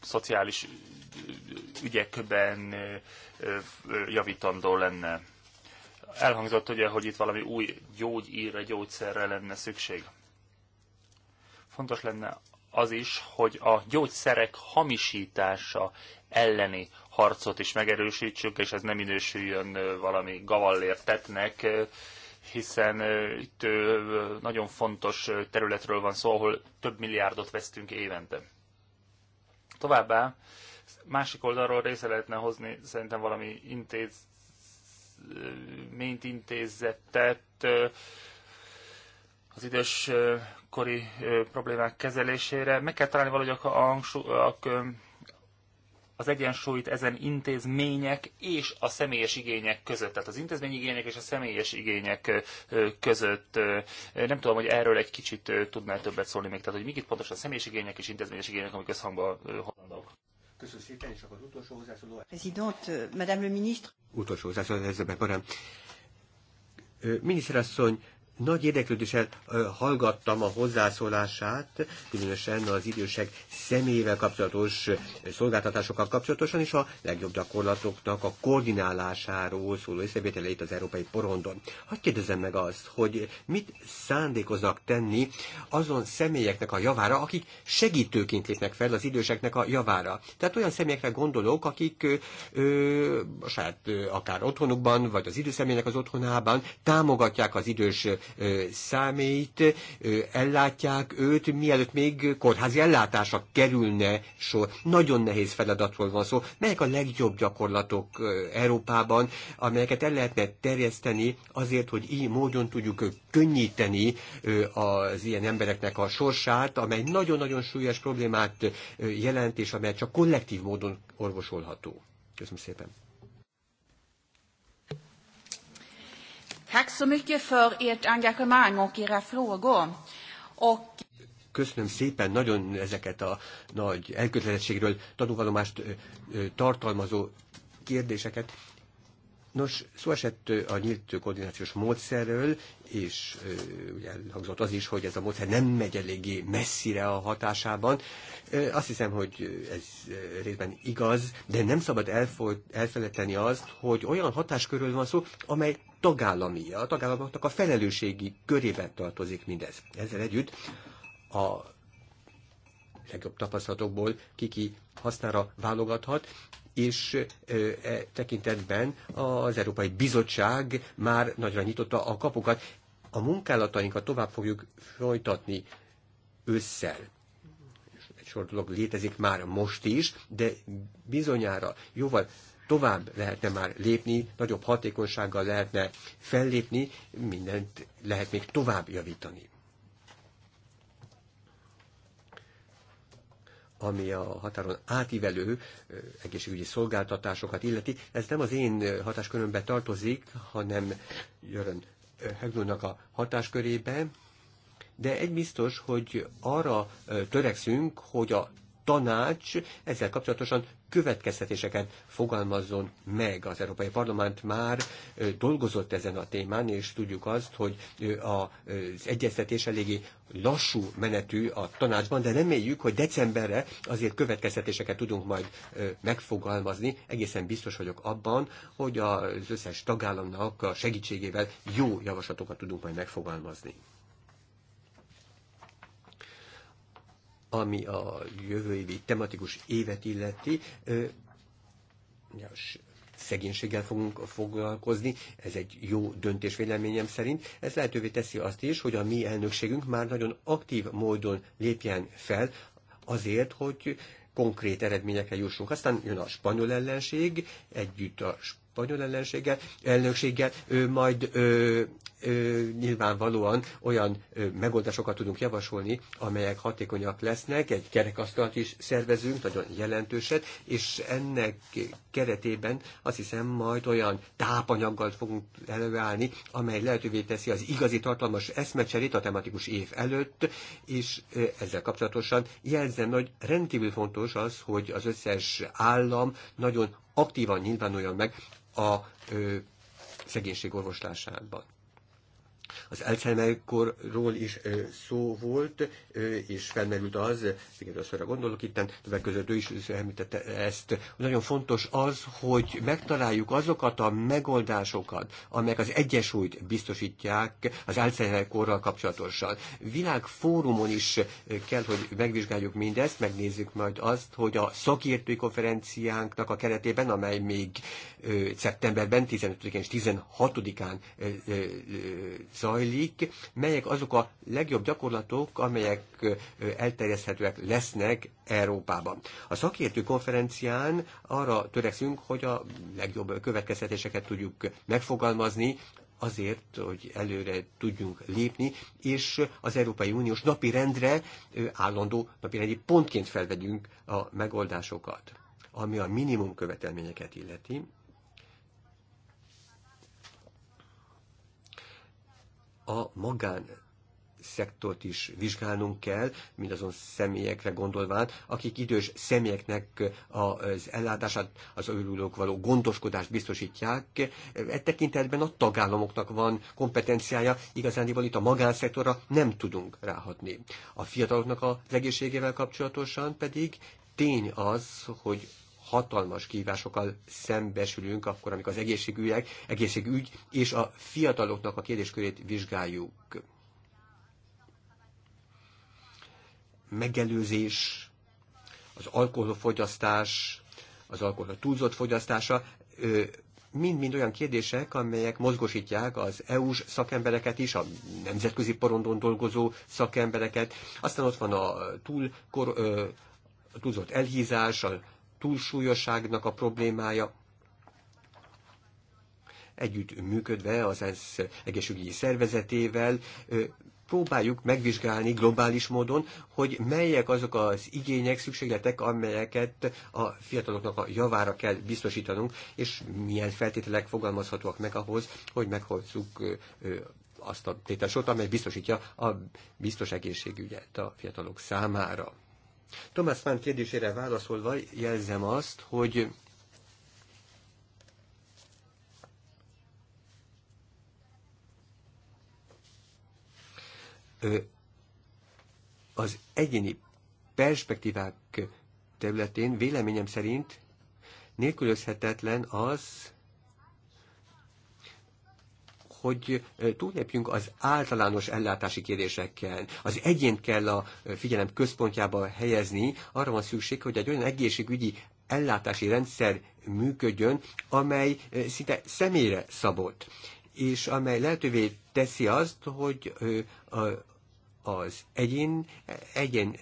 szociális ügyekben javítandó lenne Elhangzott ugye, hogy itt valami új gyógyírra, gyógyszerre lenne szükség. Fontos lenne az is, hogy a gyógyszerek hamisítása elleni harcot is megerősítsük, és ez nem minősüljön valami gavallértetnek, hiszen itt nagyon fontos területről van szó, ahol több milliárdot vesztünk évente. Továbbá másik oldalról része lehetne hozni szerintem valami intéz, intézményt, intézetet az idős kori problémák kezelésére. Meg kell találni valahogy a, a, a, az egyensúlyt ezen intézmények és a személyes igények között. Tehát az igények és a személyes igények között. Nem tudom, hogy erről egy kicsit tudnál többet szólni még. Tehát, hogy mik itt pontosan a személyes igények és intézményes igények, amik összhangban hozandók. Köszönöm szépen, és akkor az utolsó hozzászóló. Euh, Madame le Ministre. Utolsó hozzászóló, ez a Miniszterasszony, nagy érdeklődéssel hallgattam a hozzászólását, különösen az idősek személyével kapcsolatos szolgáltatásokkal kapcsolatosan, és a legjobb gyakorlatoknak a koordinálásáról szóló észrevételeit az európai porondon. Hogy kérdezem meg azt, hogy mit szándékoznak tenni azon személyeknek a javára, akik segítőként lépnek fel az időseknek a javára. Tehát olyan személyekre gondolok, akik ö, saját ö, akár otthonukban, vagy az időszemélynek az otthonában támogatják az idős számít, ellátják őt, mielőtt még kórházi ellátásra kerülne sor. Nagyon nehéz feladatról van szó. Melyek a legjobb gyakorlatok Európában, amelyeket el lehetne terjeszteni azért, hogy így módon tudjuk könnyíteni az ilyen embereknek a sorsát, amely nagyon-nagyon súlyos problémát jelent, és amely csak kollektív módon orvosolható. Köszönöm szépen. Tack så mycket för ert engagemang och era frågor. Och... Köszönöm szépen nagyon ezeket a nagy elkötelezettségről tanulvallomást tartalmazó kérdéseket. Nos, szó esett a nyílt koordinációs módszerről, és ugye elhangzott az is, hogy ez a módszer nem megy eléggé messzire a hatásában. Azt hiszem, hogy ez részben igaz, de nem szabad elfelejteni azt, hogy olyan hatáskörről van szó, amely tagállami, a tagállamoknak a felelősségi körében tartozik mindez. Ezzel együtt a legjobb tapasztalatokból kiki hasznára válogathat, és e tekintetben az Európai Bizottság már nagyra nyitotta a kapukat. A munkálatainkat tovább fogjuk folytatni ősszel sor dolog létezik már most is, de bizonyára jóval tovább lehetne már lépni, nagyobb hatékonysággal lehetne fellépni, mindent lehet még tovább javítani. ami a határon átívelő egészségügyi szolgáltatásokat illeti. Ez nem az én hatáskörömbe tartozik, hanem Jörön Hegnónak a hatáskörébe, de egy biztos, hogy arra törekszünk, hogy a tanács ezzel kapcsolatosan következtetéseket fogalmazzon meg. Az Európai Parlament már dolgozott ezen a témán, és tudjuk azt, hogy az egyeztetés eléggé lassú menetű a tanácsban, de reméljük, hogy decemberre azért következtetéseket tudunk majd megfogalmazni. Egészen biztos vagyok abban, hogy az összes tagállamnak a segítségével jó javaslatokat tudunk majd megfogalmazni. Ami a jövő évi tematikus évet illeti, szegénységgel fogunk foglalkozni, ez egy jó döntés véleményem szerint. Ez lehetővé teszi azt is, hogy a mi elnökségünk már nagyon aktív módon lépjen fel azért, hogy konkrét eredményekre jussunk. Aztán jön a spanyol ellenség, együtt a spanyol ellenséggel, elnökséggel, ő majd ö, ö, nyilvánvalóan olyan ö, megoldásokat tudunk javasolni, amelyek hatékonyak lesznek, egy kerekasztalt is szervezünk, nagyon jelentőset, és ennek keretében azt hiszem majd olyan tápanyaggal fogunk előállni, amely lehetővé teszi az igazi tartalmas eszmecserét a tematikus év előtt, és ö, ezzel kapcsolatosan jelzem, hogy rendkívül fontos az, hogy az összes állam nagyon aktívan nyilvánuljon meg a szegénység orvoslásában. Az Alzheimer-korról is szó volt, és felmerült az, igen, arra gondolok itt, többek között ő is említette ezt. Nagyon fontos az, hogy megtaláljuk azokat a megoldásokat, amelyek az egyesúlyt biztosítják az Alzheimer-korral kapcsolatosan. Világfórumon is kell, hogy megvizsgáljuk mindezt, megnézzük majd azt, hogy a szakértői konferenciánknak a keretében, amely még szeptemberben 15-én és 16-án zajlik, melyek azok a legjobb gyakorlatok, amelyek elterjeszthetőek lesznek Európában. A szakértő konferencián arra törekszünk, hogy a legjobb következtetéseket tudjuk megfogalmazni, azért, hogy előre tudjunk lépni, és az Európai Uniós napi rendre állandó napi rendi pontként felvegyünk a megoldásokat. Ami a minimum követelményeket illeti, a magán szektort is vizsgálnunk kell, mindazon személyekre gondolván, akik idős személyeknek az ellátását, az örülők való gondoskodást biztosítják. E tekintetben a tagállamoknak van kompetenciája, igazániból itt a magánszektorra nem tudunk ráhatni. A fiataloknak az egészségével kapcsolatosan pedig tény az, hogy hatalmas kívásokkal szembesülünk, akkor, amikor az egészségügyek, egészségügy és a fiataloknak a kérdéskörét vizsgáljuk. Megelőzés, az alkoholfogyasztás, az alkohol túlzott fogyasztása, mind-mind olyan kérdések, amelyek mozgosítják az EU-s szakembereket is, a nemzetközi porondon dolgozó szakembereket. Aztán ott van a túl kor, túlzott elhízás, a túlsúlyoságnak a problémája, együtt működve az ENSZ egészségügyi szervezetével, próbáljuk megvizsgálni globális módon, hogy melyek azok az igények, szükségletek, amelyeket a fiataloknak a javára kell biztosítanunk, és milyen feltételek fogalmazhatóak meg ahhoz, hogy meghozzuk azt a tételsot, amely biztosítja a biztos egészségügyet a fiatalok számára. Thomas Mann kérdésére válaszolva jelzem azt, hogy az egyéni perspektívák területén véleményem szerint nélkülözhetetlen az, hogy túllépjünk az általános ellátási kérdésekkel, Az egyént kell a figyelem központjába helyezni, arra van szükség, hogy egy olyan egészségügyi ellátási rendszer működjön, amely szinte személyre szabott, és amely lehetővé teszi azt, hogy az egyén, egyén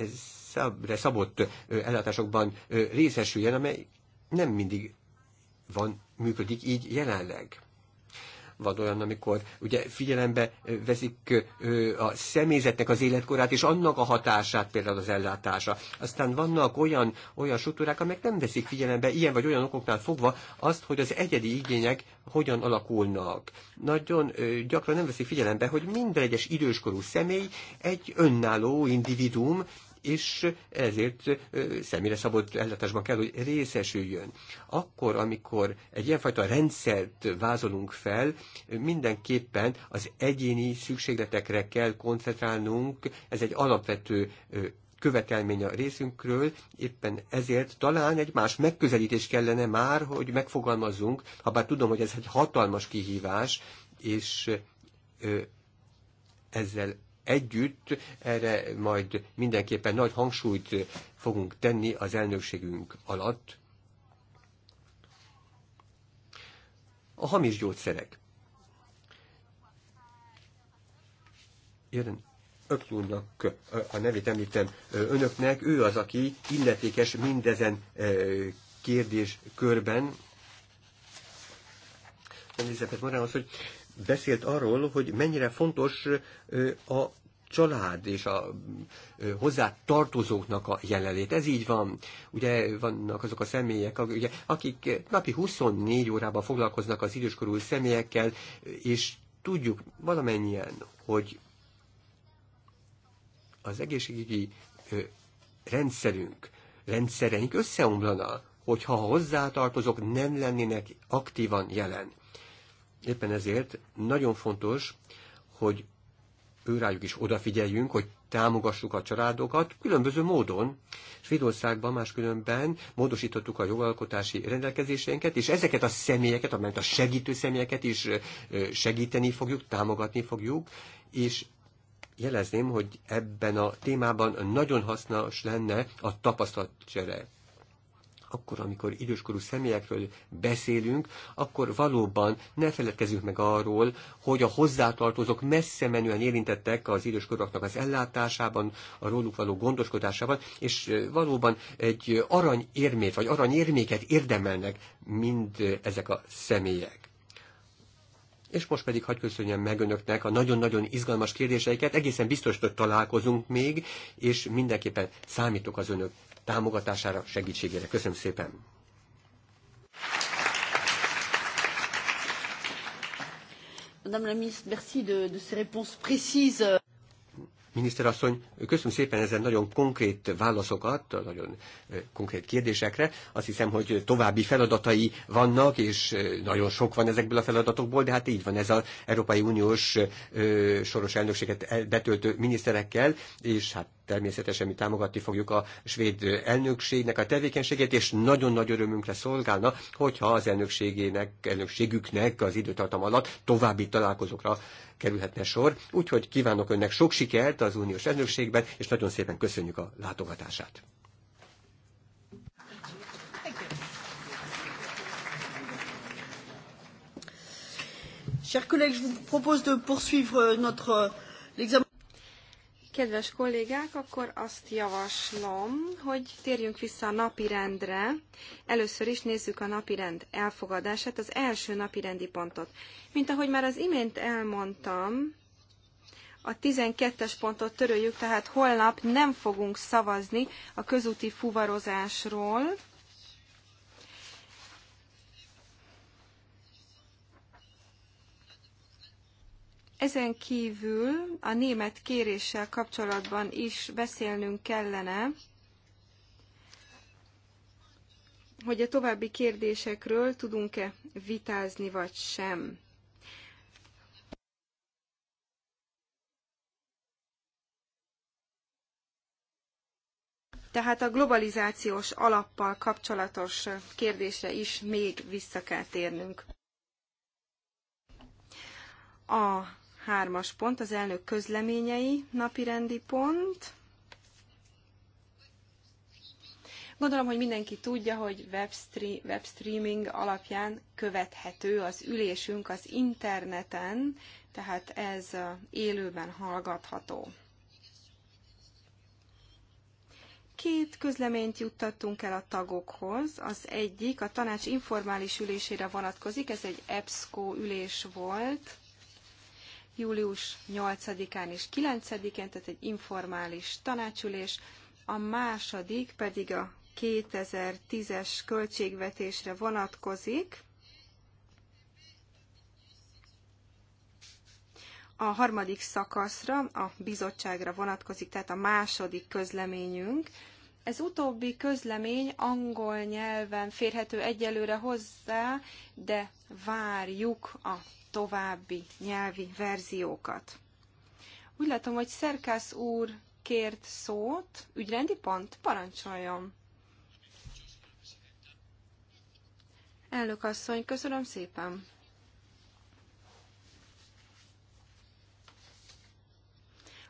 szabott ellátásokban részesüljen, amely nem mindig van, működik így jelenleg van olyan, amikor ugye figyelembe veszik a személyzetnek az életkorát és annak a hatását például az ellátása. Aztán vannak olyan, olyan struktúrák, amelyek nem veszik figyelembe ilyen vagy olyan okoknál fogva azt, hogy az egyedi igények hogyan alakulnak. Nagyon gyakran nem veszik figyelembe, hogy minden egyes időskorú személy egy önálló individuum, és ezért személyre szabott ellátásban kell, hogy részesüljön. Akkor, amikor egy ilyenfajta rendszert vázolunk fel, mindenképpen az egyéni szükségletekre kell koncentrálnunk, ez egy alapvető követelmény a részünkről, éppen ezért talán egy más megközelítés kellene már, hogy megfogalmazzunk, ha bár tudom, hogy ez egy hatalmas kihívás, és ezzel együtt, erre majd mindenképpen nagy hangsúlyt fogunk tenni az elnökségünk alatt. A hamis gyógyszerek. Jelen Öklúnak a nevét említem önöknek, ő az, aki illetékes mindezen kérdéskörben. Elizabeth Morán az, hogy beszélt arról, hogy mennyire fontos a család és a hozzá tartozóknak a jelenlét. Ez így van. Ugye vannak azok a személyek, akik napi 24 órában foglalkoznak az időskorú személyekkel, és tudjuk valamennyien, hogy az egészségügyi rendszerünk, rendszereink összeomlana, hogyha a hozzátartozók nem lennének aktívan jelen. Éppen ezért nagyon fontos, hogy őrájuk is odafigyeljünk, hogy támogassuk a családokat különböző módon. Svédországban máskülönben módosítottuk a jogalkotási rendelkezéseinket, és ezeket a személyeket, amelyet a segítő személyeket is segíteni fogjuk, támogatni fogjuk, és jelezném, hogy ebben a témában nagyon hasznos lenne a tapasztalatcsere akkor, amikor időskorú személyekről beszélünk, akkor valóban ne feledkezzünk meg arról, hogy a hozzátartozók messze menően érintettek az időskorúaknak az ellátásában, a róluk való gondoskodásában, és valóban egy aranyérmét vagy aranyérméket érdemelnek mind ezek a személyek. És most pedig hagyj köszönjem meg önöknek a nagyon-nagyon izgalmas kérdéseiket. Egészen biztos, hogy találkozunk még, és mindenképpen számítok az önök támogatására, segítségére. Köszönöm szépen! Madame la ministre, merci de, de ces réponses précises. Miniszterasszony, köszönöm szépen ezen nagyon konkrét válaszokat, nagyon konkrét kérdésekre. Azt hiszem, hogy további feladatai vannak, és nagyon sok van ezekből a feladatokból, de hát így van ez az Európai Uniós soros elnökséget betöltő miniszterekkel, és hát természetesen mi támogatni fogjuk a svéd elnökségnek a tevékenységét, és nagyon nagy örömünkre szolgálna, hogyha az elnökségének, elnökségüknek az időtartam alatt további találkozókra kerülhetne sor. Úgyhogy kívánok önnek sok sikert az uniós elnökségben, és nagyon szépen köszönjük a látogatását. Chers collègues, je vous propose de poursuivre euh, notre euh, l'examen. Kedves kollégák, akkor azt javaslom, hogy térjünk vissza a napirendre. Először is nézzük a napirend elfogadását, az első napirendi pontot. Mint ahogy már az imént elmondtam, a 12-es pontot töröljük, tehát holnap nem fogunk szavazni a közúti fuvarozásról, Ezen kívül a német kéréssel kapcsolatban is beszélnünk kellene, hogy a további kérdésekről tudunk-e vitázni vagy sem. Tehát a globalizációs alappal kapcsolatos kérdésre is még vissza kell térnünk. A Hármas pont, az elnök közleményei, napirendi pont. Gondolom, hogy mindenki tudja, hogy webstreaming web alapján követhető az ülésünk az interneten, tehát ez élőben hallgatható. Két közleményt juttattunk el a tagokhoz. Az egyik a tanács informális ülésére vonatkozik, ez egy EBSCO ülés volt, július 8-án és 9-én, tehát egy informális tanácsülés, a második pedig a 2010-es költségvetésre vonatkozik, a harmadik szakaszra, a bizottságra vonatkozik, tehát a második közleményünk, ez utóbbi közlemény angol nyelven férhető egyelőre hozzá, de várjuk a további nyelvi verziókat. Úgy látom, hogy Szerkász úr kért szót. Ügyrendi pont? Parancsoljon! Elnök asszony, köszönöm szépen!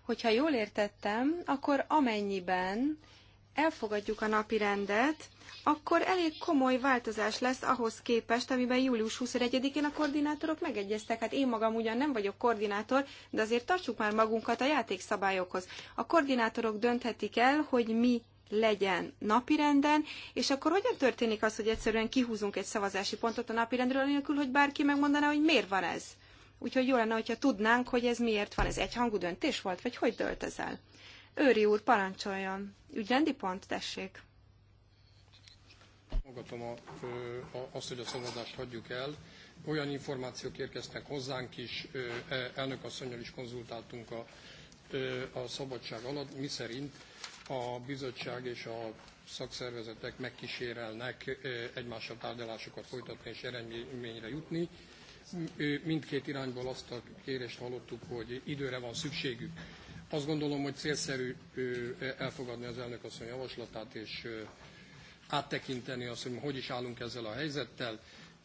Hogyha jól értettem, akkor amennyiben elfogadjuk a napi rendet, akkor elég komoly változás lesz ahhoz képest, amiben július 21-én a koordinátorok megegyeztek. Hát én magam ugyan nem vagyok koordinátor, de azért tartsuk már magunkat a játékszabályokhoz. A koordinátorok dönthetik el, hogy mi legyen napirenden, és akkor hogyan történik az, hogy egyszerűen kihúzunk egy szavazási pontot a napirendről, anélkül, hogy bárki megmondaná, hogy miért van ez? Úgyhogy jó lenne, hogyha tudnánk, hogy ez miért van. Ez egyhangú döntés volt, vagy hogy dölt ez el? Őri úr, parancsoljon. Ügyrendi pont, tessék. Magatom a, a, azt, hogy a szavazást hagyjuk el. Olyan információk érkeztek hozzánk is, e, elnök asszonyal is konzultáltunk a, a szabadság alatt, Mi szerint a bizottság és a szakszervezetek megkísérelnek egymással tárgyalásokat folytatni és eredményre jutni. Mindkét irányból azt a kérést hallottuk, hogy időre van szükségük azt gondolom, hogy célszerű e, elfogadni az elnök asszony javaslatát, és áttekinteni azt, hogy hogy is állunk ezzel a helyzettel,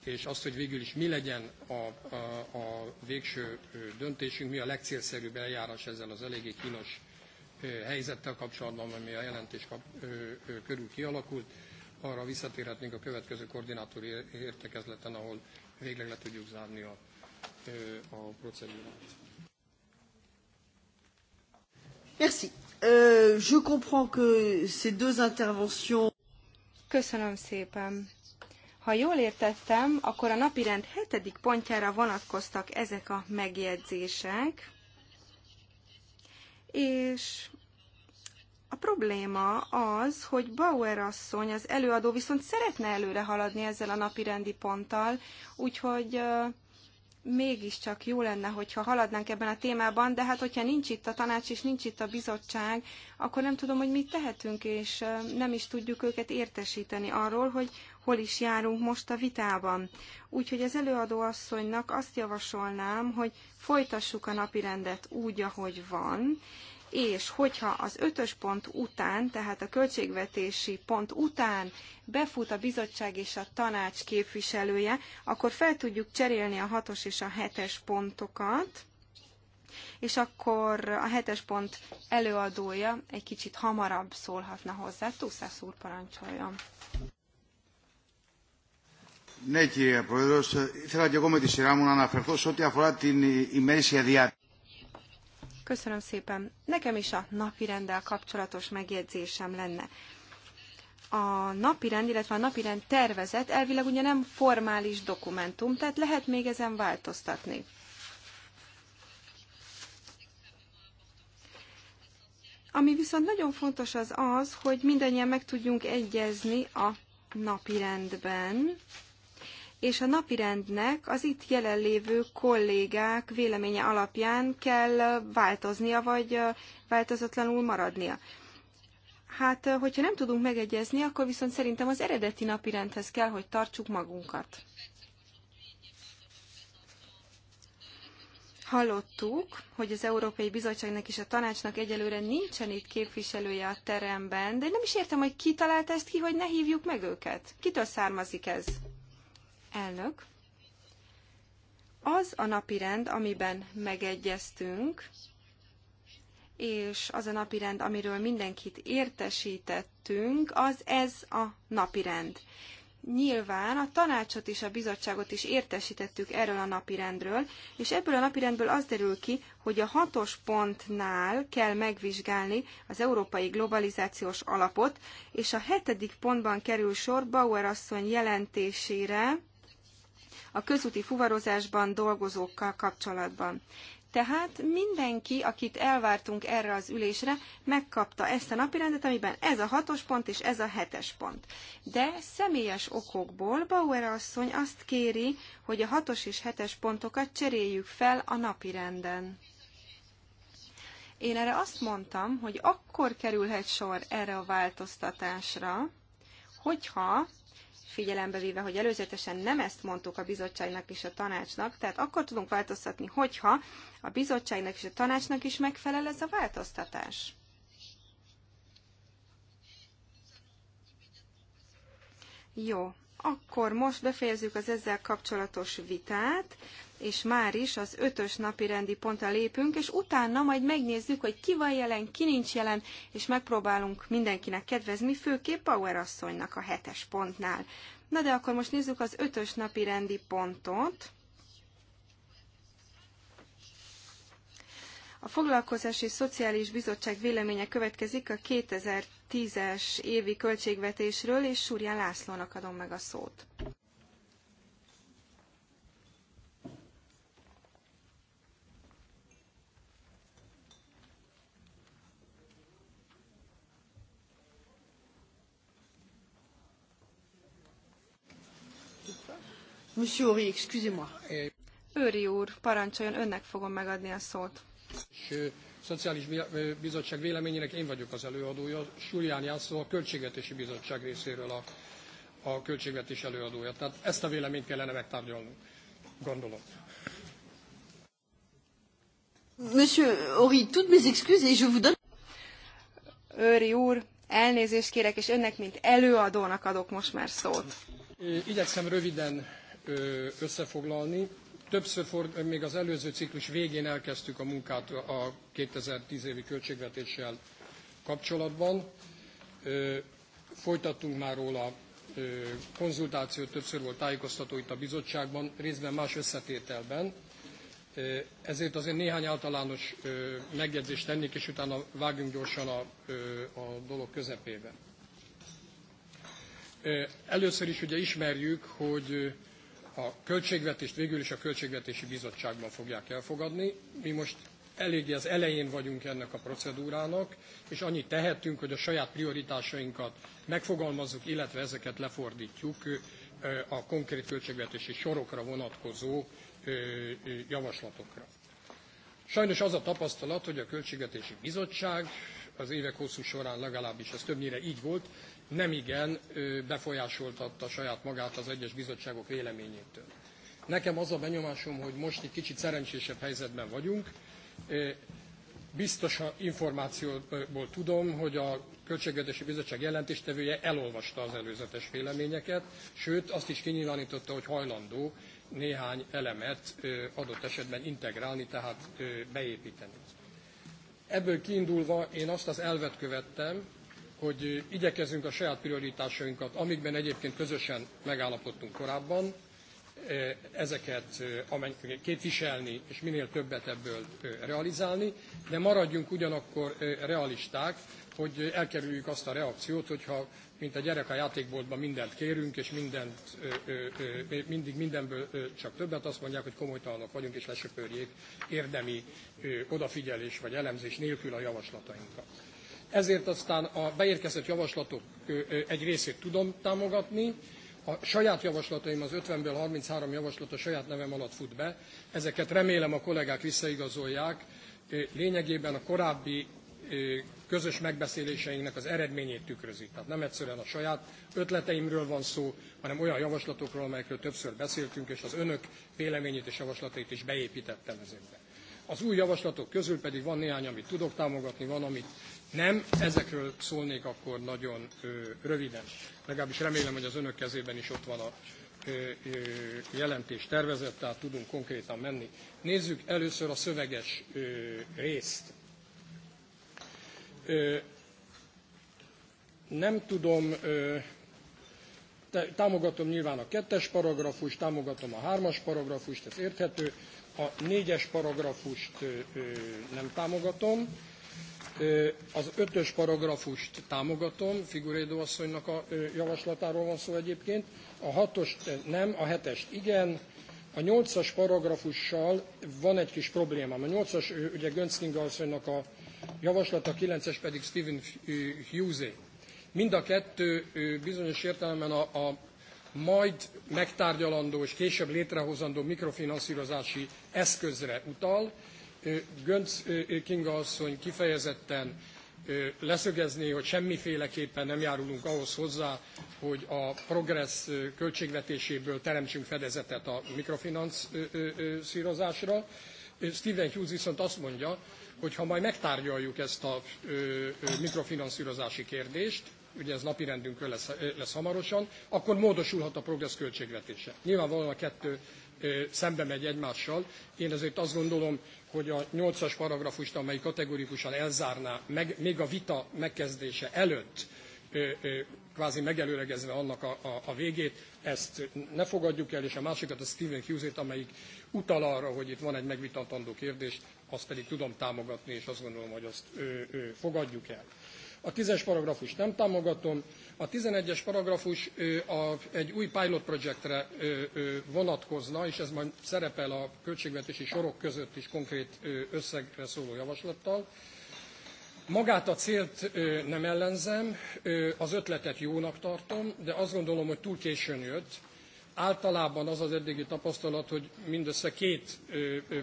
és azt, hogy végül is mi legyen a, a, a végső döntésünk, mi a legcélszerűbb eljárás ezzel az eléggé kínos helyzettel kapcsolatban, ami a jelentés kap, ö, ö, körül kialakult. Arra visszatérhetnénk a következő koordinátori értekezleten, ahol végleg le tudjuk zárni a, a procedúrát. Merci. Euh, je comprends que ces deux interventions... Köszönöm szépen. Ha jól értettem, akkor a napirend hetedik pontjára vonatkoztak ezek a megjegyzések, és a probléma az, hogy Bauer asszony, az előadó viszont szeretne előre haladni ezzel a napirendi ponttal, úgyhogy mégiscsak jó lenne, hogyha haladnánk ebben a témában, de hát hogyha nincs itt a tanács és nincs itt a bizottság, akkor nem tudom, hogy mit tehetünk, és nem is tudjuk őket értesíteni arról, hogy hol is járunk most a vitában. Úgyhogy az asszonynak azt javasolnám, hogy folytassuk a napirendet úgy, ahogy van, és hogyha az ötös pont után, tehát a költségvetési pont után befut a bizottság és a tanács képviselője, akkor fel tudjuk cserélni a hatos és a hetes pontokat, és akkor a hetes pont előadója egy kicsit hamarabb szólhatna hozzá. Túszász úr parancsoljon. Ναι, κύριε Πρόεδρος, a και εγώ με τη σειρά μου hogy αναφερθώ σε ό,τι αφορά την Köszönöm szépen. Nekem is a napi rendel kapcsolatos megjegyzésem lenne. A napi rend, illetve a napi rend tervezet elvileg ugye nem formális dokumentum, tehát lehet még ezen változtatni. Ami viszont nagyon fontos az az, hogy mindannyian meg tudjunk egyezni a napi rendben, és a napirendnek az itt jelenlévő kollégák véleménye alapján kell változnia, vagy változatlanul maradnia. Hát, hogyha nem tudunk megegyezni, akkor viszont szerintem az eredeti napirendhez kell, hogy tartsuk magunkat. Hallottuk, hogy az Európai Bizottságnak és a tanácsnak egyelőre nincsen itt képviselője a teremben, de nem is értem, hogy ki talált ezt ki, hogy ne hívjuk meg őket. Kitől származik ez? Elnök, az a napirend, amiben megegyeztünk, és az a napirend, amiről mindenkit értesítettünk, az ez a napirend. Nyilván a tanácsot és a bizottságot is értesítettük erről a napirendről, és ebből a napirendből az derül ki, hogy a hatos pontnál kell megvizsgálni az európai globalizációs alapot, és a hetedik pontban kerül sor Bauer asszony jelentésére, a közúti fuvarozásban dolgozókkal kapcsolatban. Tehát mindenki, akit elvártunk erre az ülésre, megkapta ezt a napirendet, amiben ez a hatos pont és ez a hetes pont. De személyes okokból Bauer asszony azt kéri, hogy a hatos és hetes pontokat cseréljük fel a napirenden. Én erre azt mondtam, hogy akkor kerülhet sor erre a változtatásra, hogyha figyelembe véve, hogy előzetesen nem ezt mondtuk a bizottságnak és a tanácsnak, tehát akkor tudunk változtatni, hogyha a bizottságnak és a tanácsnak is megfelel ez a változtatás. Jó, akkor most befejezzük az ezzel kapcsolatos vitát és már is az ötös napi rendi pontra lépünk, és utána majd megnézzük, hogy ki van jelen, ki nincs jelen, és megpróbálunk mindenkinek kedvezni, főképp Power asszonynak a hetes pontnál. Na de akkor most nézzük az ötös napi rendi pontot. A Foglalkozási Szociális Bizottság véleménye következik a 2010-es évi költségvetésről, és Súrján Lászlónak adom meg a szót. Monsieur Ori, excusez-moi. Őri úr, parancsoljon, önnek fogom megadni a szót. Szociális Bizottság véleményének én vagyok az előadója, Súlyán Jászló a Költségvetési Bizottság részéről a, a költségvetés előadója. Tehát ezt a véleményt kellene megtárgyalnunk, gondolom. Monsieur Ori, toutes mes excuses et je vous donne... Őri úr, elnézést kérek, és önnek, mint előadónak adok most már szót. Igyekszem röviden összefoglalni. Többször, ford, még az előző ciklus végén elkezdtük a munkát a 2010 évi költségvetéssel kapcsolatban. Folytattunk már róla konzultációt, többször volt tájékoztató itt a bizottságban, részben más összetételben. Ezért azért néhány általános megjegyzést tennék, és utána vágjunk gyorsan a, a dolog közepébe. Először is ugye ismerjük, hogy a költségvetést végül is a Költségvetési Bizottságban fogják elfogadni. Mi most eléggé az elején vagyunk ennek a procedúrának, és annyit tehetünk, hogy a saját prioritásainkat megfogalmazzuk, illetve ezeket lefordítjuk a konkrét költségvetési sorokra vonatkozó javaslatokra. Sajnos az a tapasztalat, hogy a Költségvetési Bizottság az évek hosszú során legalábbis ez többnyire így volt, nemigen befolyásoltatta saját magát az egyes bizottságok véleményétől. Nekem az a benyomásom, hogy most egy kicsit szerencsésebb helyzetben vagyunk. Biztos információból tudom, hogy a Költségvetési Bizottság jelentéstevője elolvasta az előzetes véleményeket, sőt azt is kinyilvánította, hogy hajlandó néhány elemet adott esetben integrálni, tehát beépíteni. Ebből kiindulva én azt az elvet követtem, hogy igyekezünk a saját prioritásainkat, amikben egyébként közösen megállapodtunk korábban, ezeket képviselni, és minél többet ebből realizálni, de maradjunk ugyanakkor realisták, hogy elkerüljük azt a reakciót, hogyha mint a gyerek a játékboltban mindent kérünk, és mindent, mindig mindenből csak többet, azt mondják, hogy komolytalanok vagyunk, és lesöpörjék érdemi odafigyelés vagy elemzés nélkül a javaslatainkat. Ezért aztán a beérkezett javaslatok egy részét tudom támogatni, a saját javaslataim az 50-ből 33 javaslat a saját nevem alatt fut be. Ezeket remélem a kollégák visszaigazolják. Lényegében a korábbi közös megbeszéléseinknek az eredményét tükrözi. Tehát nem egyszerűen a saját ötleteimről van szó, hanem olyan javaslatokról, amelyekről többször beszéltünk, és az önök véleményét és javaslatait is beépítettem ezekbe. Az új javaslatok közül pedig van néhány, amit tudok támogatni, van, amit nem, ezekről szólnék akkor nagyon ö, röviden. Legalábbis remélem, hogy az önök kezében is ott van a ö, ö, jelentés tervezett, tehát tudunk konkrétan menni. Nézzük először a szöveges ö, részt. Ö, nem tudom, ö, támogatom nyilván a kettes paragrafust, támogatom a hármas paragrafust, ez érthető. A négyes paragrafust ö, nem támogatom az ötös paragrafust támogatom, Figurédó asszonynak a javaslatáról van szó egyébként. A hatos nem, a hetest igen. A nyolcas paragrafussal van egy kis problémám. A nyolcas ugye Göncling asszonynak a javaslata, a kilences pedig Stephen Hughesé. Mind a kettő bizonyos értelemben a, a majd megtárgyalandó és később létrehozandó mikrofinanszírozási eszközre utal, Gönc Kinga asszony kifejezetten leszögezné, hogy semmiféleképpen nem járulunk ahhoz hozzá, hogy a progress költségvetéséből teremtsünk fedezetet a mikrofinanszírozásra. Stephen Hughes viszont azt mondja, hogy ha majd megtárgyaljuk ezt a mikrofinanszírozási kérdést, ugye ez napirendünkön lesz, lesz hamarosan, akkor módosulhat a progress költségvetése. Nyilvánvalóan a kettő szembe megy egymással. Én ezért azt gondolom, hogy a 8-as paragrafust, amely kategorikusan elzárná, meg, még a vita megkezdése előtt, kvázi megelőlegezve annak a, a, a végét, ezt ne fogadjuk el, és a másikat a Stephen Hughes-ét, amelyik utal arra, hogy itt van egy megvitatandó kérdés, azt pedig tudom támogatni, és azt gondolom, hogy azt ö, ö, fogadjuk el. A tízes paragrafus nem támogatom. A 11-es paragrafus egy új pilot projektre vonatkozna, és ez majd szerepel a költségvetési sorok között is konkrét összegre szóló javaslattal. Magát a célt nem ellenzem, az ötletet jónak tartom, de azt gondolom, hogy túl későn jött. Általában az az eddigi tapasztalat, hogy mindössze két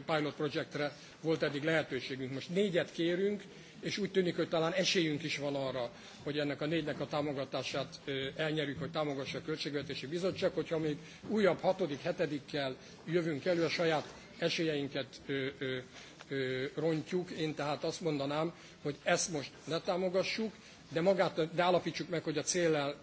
pilot projektre volt eddig lehetőségünk. Most négyet kérünk, és úgy tűnik, hogy talán esélyünk is van arra, hogy ennek a négynek a támogatását elnyerjük, hogy támogassa a Költségvetési Bizottság, hogyha még újabb hatodik, hetedikkel jövünk elő, a saját esélyeinket ö, ö, ö, rontjuk. Én tehát azt mondanám, hogy ezt most ne támogassuk, de, magát, de állapítsuk meg, hogy a céllel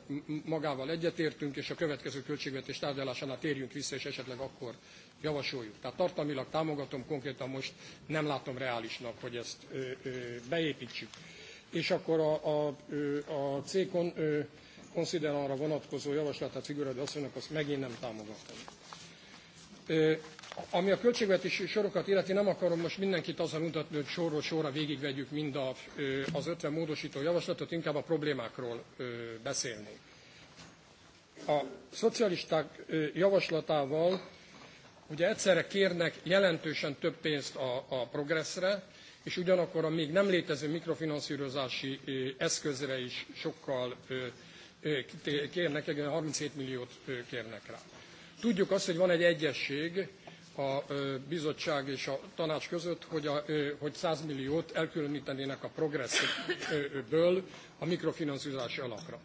magával egyetértünk, és a következő költségvetés tárgyalásánál térjünk vissza, és esetleg akkor javasoljuk. Tehát tartalmilag támogatom, konkrétan most nem látom reálisnak, hogy ezt ö, ö, beépítsük. És akkor a, a, a C-kon konszidera arra vonatkozó javaslatát azt mondjuk, azt megint nem támogatom. Ami a költségvetési sorokat illeti, nem akarom most mindenkit azzal mutatni, hogy sorról sorra végigvegyük mind a, az 50 módosító javaslatot, inkább a problémákról beszélni. A szocialisták javaslatával ugye egyszerre kérnek jelentősen több pénzt a, a progresszre, és ugyanakkor a még nem létező mikrofinanszírozási eszközre is sokkal kérnek, 37 milliót kérnek rá. Tudjuk azt, hogy van egy egyesség a bizottság és a tanács között, hogy, a, hogy 100 milliót elkülönítenének a progresszből a mikrofinanszírozási alakra.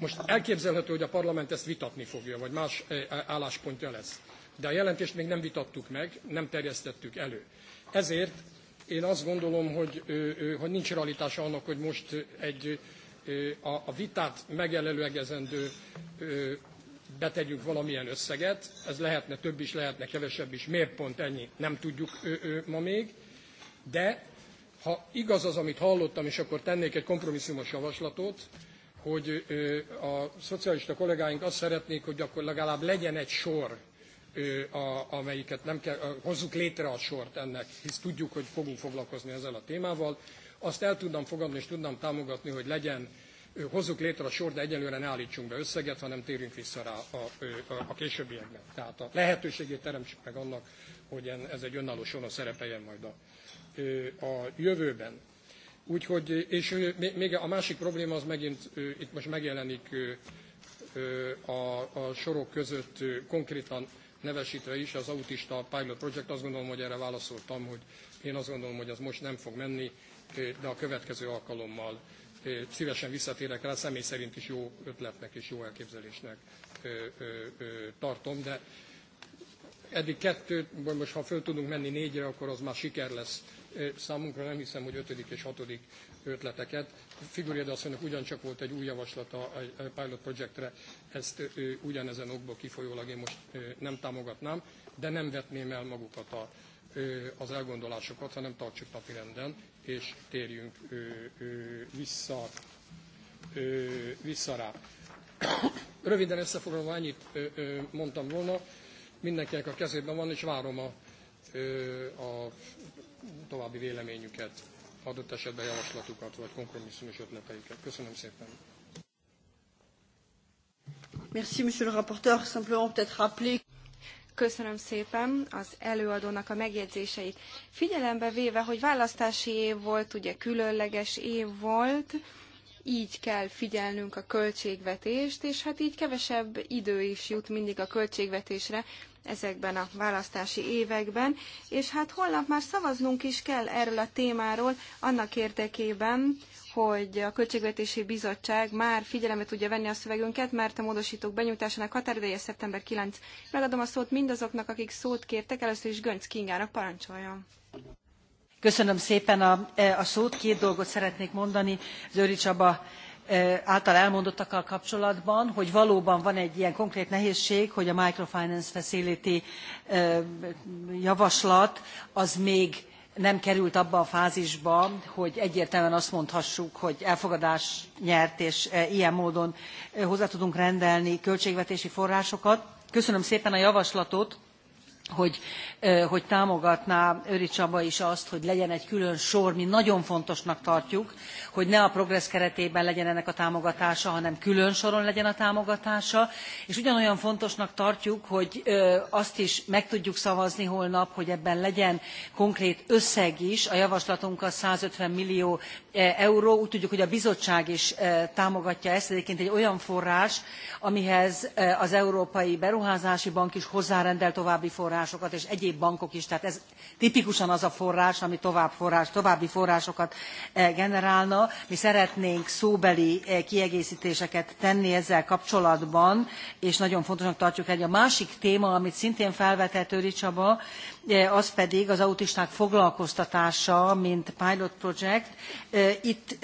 Most elképzelhető, hogy a parlament ezt vitatni fogja, vagy más álláspontja lesz. De a jelentést még nem vitattuk meg, nem terjesztettük elő. Ezért én azt gondolom, hogy, hogy nincs realitása annak, hogy most egy a, vitát megelelőegezendő betegyünk valamilyen összeget, ez lehetne több is, lehetne kevesebb is, miért pont ennyi, nem tudjuk ő, ő, ma még, de ha igaz az, amit hallottam, és akkor tennék egy kompromisszumos javaslatot, hogy a szocialista kollégáink azt szeretnék, hogy akkor legalább legyen egy sor, a, amelyiket nem kell, hozzuk létre a sort ennek, hisz tudjuk, hogy fogunk foglalkozni ezzel a témával. Azt el tudnám fogadni és tudnám támogatni, hogy legyen hozzuk létre a sor, de egyelőre ne állítsunk be összeget, hanem térjünk vissza rá a, a, a későbbiekben. Tehát a lehetőségét teremtsük meg annak, hogy ez egy önálló soron szerepeljen majd a, a jövőben. Úgyhogy, és még a másik probléma az megint, itt most megjelenik a, a sorok között konkrétan nevesítve is az autista pilot project, azt gondolom, hogy erre válaszoltam, hogy én azt gondolom, hogy az most nem fog menni, de a következő alkalommal szívesen visszatérek rá, személy szerint is jó ötletnek és jó elképzelésnek tartom, de eddig kettő, vagy most ha föl tudunk menni négyre, akkor az már siker lesz számunkra. Nem hiszem, hogy ötödik és hatodik ötleteket. Figurjed asszonynak ugyancsak volt egy új javaslata a pilot projektre, ezt ugyanezen okból kifolyólag én most nem támogatnám, de nem vetném el magukat a az elgondolásokat, hanem tartsuk napirenden, és térjünk vissza, vissza rá. Röviden összefoglalva ennyit mondtam volna, mindenkinek a kezében van, és várom a, a további véleményüket, adott esetben javaslatukat, vagy kompromisszumos ötleteiket. Köszönöm szépen! Merci, monsieur le rapporteur. Simplement peut-être rappeler... Köszönöm szépen az előadónak a megjegyzéseit. Figyelembe véve, hogy választási év volt, ugye különleges év volt, így kell figyelnünk a költségvetést, és hát így kevesebb idő is jut mindig a költségvetésre ezekben a választási években, és hát holnap már szavaznunk is kell erről a témáról annak érdekében, hogy a Költségvetési Bizottság már figyelembe tudja venni a szövegünket, mert a módosítók benyújtásának határideje szeptember 9. Megadom a szót mindazoknak, akik szót kértek, először is Gönc Kingának parancsoljon. Köszönöm szépen a, e, a szót. Két dolgot szeretnék mondani. Zöri Csaba e, által elmondottakkal kapcsolatban, hogy valóban van egy ilyen konkrét nehézség, hogy a Microfinance Facility e, javaslat az még nem került abba a fázisba, hogy egyértelműen azt mondhassuk, hogy elfogadás nyert, és e, ilyen módon e, hozzá tudunk rendelni költségvetési forrásokat. Köszönöm szépen a javaslatot, hogy, hogy támogatná Öri Csaba is azt, hogy legyen egy külön sor, mi nagyon fontosnak tartjuk, hogy ne a progressz keretében legyen ennek a támogatása, hanem külön soron legyen a támogatása, és ugyanolyan fontosnak tartjuk, hogy azt is meg tudjuk szavazni holnap, hogy ebben legyen konkrét összeg is, a javaslatunk az 150 millió euró, úgy tudjuk, hogy a bizottság is támogatja ezt, egyébként egy olyan forrás, amihez az Európai Beruházási Bank is hozzárendel további forrásokat, forrásokat, és egyéb bankok is, tehát ez tipikusan az a forrás, ami tovább forrás, további forrásokat e, generálna. Mi szeretnénk szóbeli e, kiegészítéseket tenni ezzel kapcsolatban, és nagyon fontosnak tartjuk egy a másik téma, amit szintén felvetett Őri Csaba, e, az pedig az autisták foglalkoztatása, mint pilot project. Itt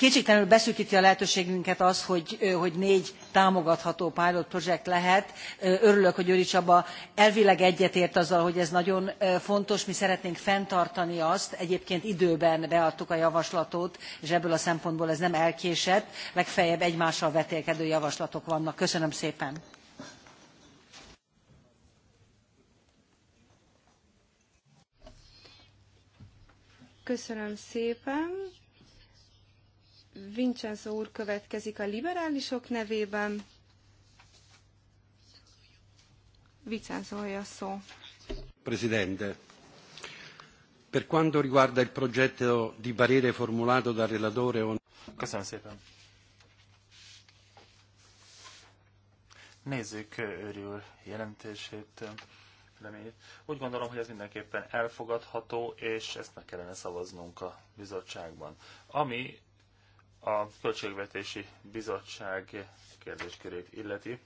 kétségtelenül beszűkti a lehetőségünket az, hogy, hogy négy támogatható pilot projekt lehet. Örülök, hogy Győri Csaba elvileg egyetért azzal, hogy ez nagyon fontos. Mi szeretnénk fenntartani azt, egyébként időben beadtuk a javaslatot, és ebből a szempontból ez nem elkésett, legfeljebb egymással vetélkedő javaslatok vannak. Köszönöm szépen! Köszönöm szépen! Vincenzo úr következik a liberálisok nevében. Vincenzo, a szó. Presidente, per quanto riguarda il progetto di parere formulato dal relatore... On... Köszönöm szépen. Nézzük eh, őrül jelentését, véleményét. Eh, Úgy gondolom, hogy ez mindenképpen elfogadható, és ezt meg kellene szavaznunk a bizottságban. Ami a Költségvetési Bizottság kérdéskörét illeti,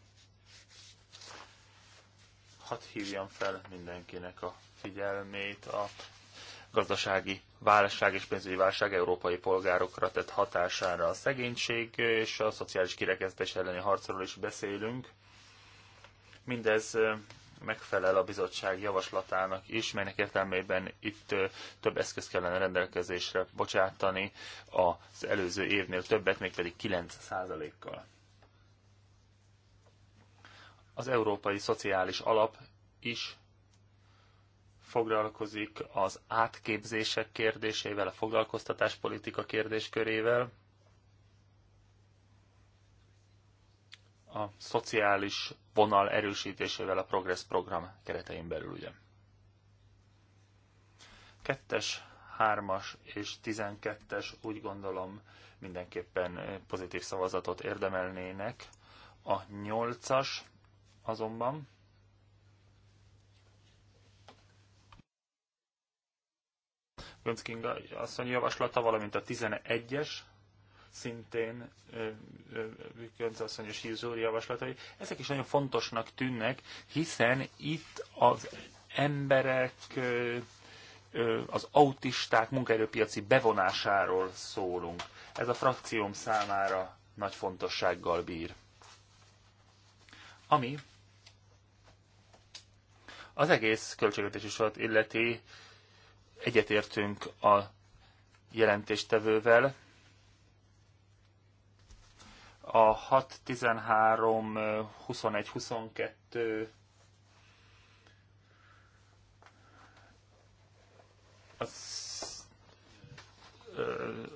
hadd hívjam fel mindenkinek a figyelmét a gazdasági válság és pénzügyi válság európai polgárokra tett hatására. A szegénység és a szociális kirekesztés elleni harcról is beszélünk. Mindez megfelel a bizottság javaslatának is, melynek értelmében itt több eszköz kellene rendelkezésre bocsátani az előző évnél többet, mégpedig 9%-kal. Az Európai Szociális Alap is foglalkozik az átképzések kérdésével, a foglalkoztatáspolitika kérdéskörével, a szociális vonal erősítésével a Progress program keretein belül, ugye. Kettes, hármas és tizenkettes úgy gondolom mindenképpen pozitív szavazatot érdemelnének. A nyolcas azonban Gönc Kinga asszony javaslata, valamint a 11-es szintén Gönc asszony és Hughes úr javaslatai, ezek is nagyon fontosnak tűnnek, hiszen itt az emberek, az autisták munkaerőpiaci bevonásáról szólunk. Ez a frakcióm számára nagy fontossággal bír. Ami az egész költségvetési sorat illeti egyetértünk a jelentéstevővel, a 6, 13, 21, 22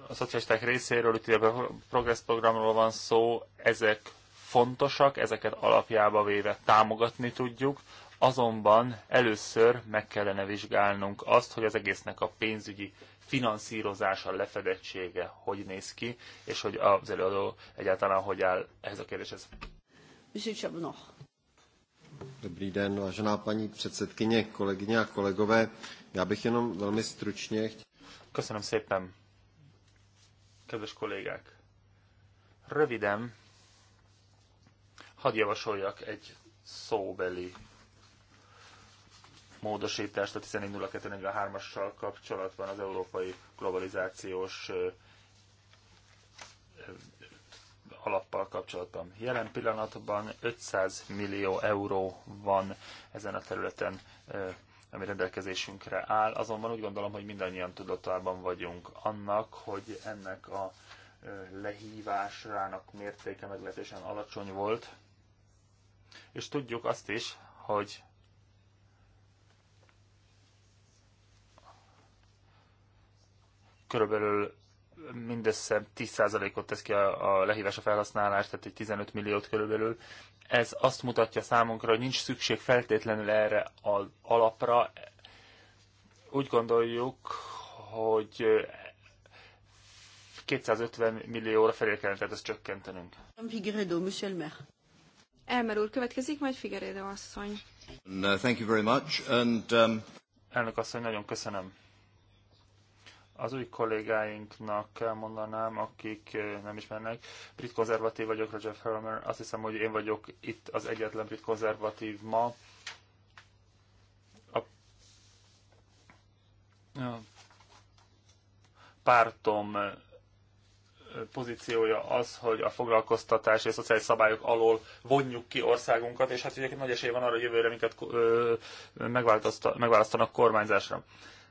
a szocialisták részéről, itt a Progress programról van szó, ezek fontosak, ezeket alapjába véve támogatni tudjuk. Azonban először meg kellene vizsgálnunk azt, hogy az egésznek a pénzügyi finanszírozása, lefedettsége hogy néz ki, és hogy az előadó egyáltalán hogy áll ehhez a kérdéshez. Dobrý den, vážená paní předsedkyně, kolegyně a kolegové. Já bych jenom velmi stručně Köszönöm szépen, kedves kollégák. Röviden, hadd javasoljak egy szóbeli módosítást a 14.02.43-assal kapcsolatban az európai globalizációs alappal kapcsolatban. Jelen pillanatban 500 millió euró van ezen a területen, ami rendelkezésünkre áll. Azonban úgy gondolom, hogy mindannyian tudatában vagyunk annak, hogy ennek a lehívásrának mértéke meglehetősen alacsony volt, és tudjuk azt is, hogy körülbelül mindössze 10%-ot tesz ki a, a lehívás a felhasználás, tehát egy 15 milliót körülbelül. Ez azt mutatja számunkra, hogy nincs szükség feltétlenül erre az alapra. Úgy gondoljuk, hogy 250 millióra felé kellene, tehát ezt csökkentenünk. Figueredo, le Maire. Elmer úr következik, majd Figueredo asszony. No, uh, thank you very much, and, um... Elnök asszony, nagyon köszönöm az új kollégáinknak mondanám, akik eh, nem ismernek, brit konzervatív vagyok, Roger Fermer, azt hiszem, hogy én vagyok itt az egyetlen brit konzervatív ma. A, a pártom eh, pozíciója az, hogy a foglalkoztatás és a szociális szabályok alól vonjuk ki országunkat, és hát egyébként nagy esély van arra, hogy jövőre minket eh, megválasztanak kormányzásra.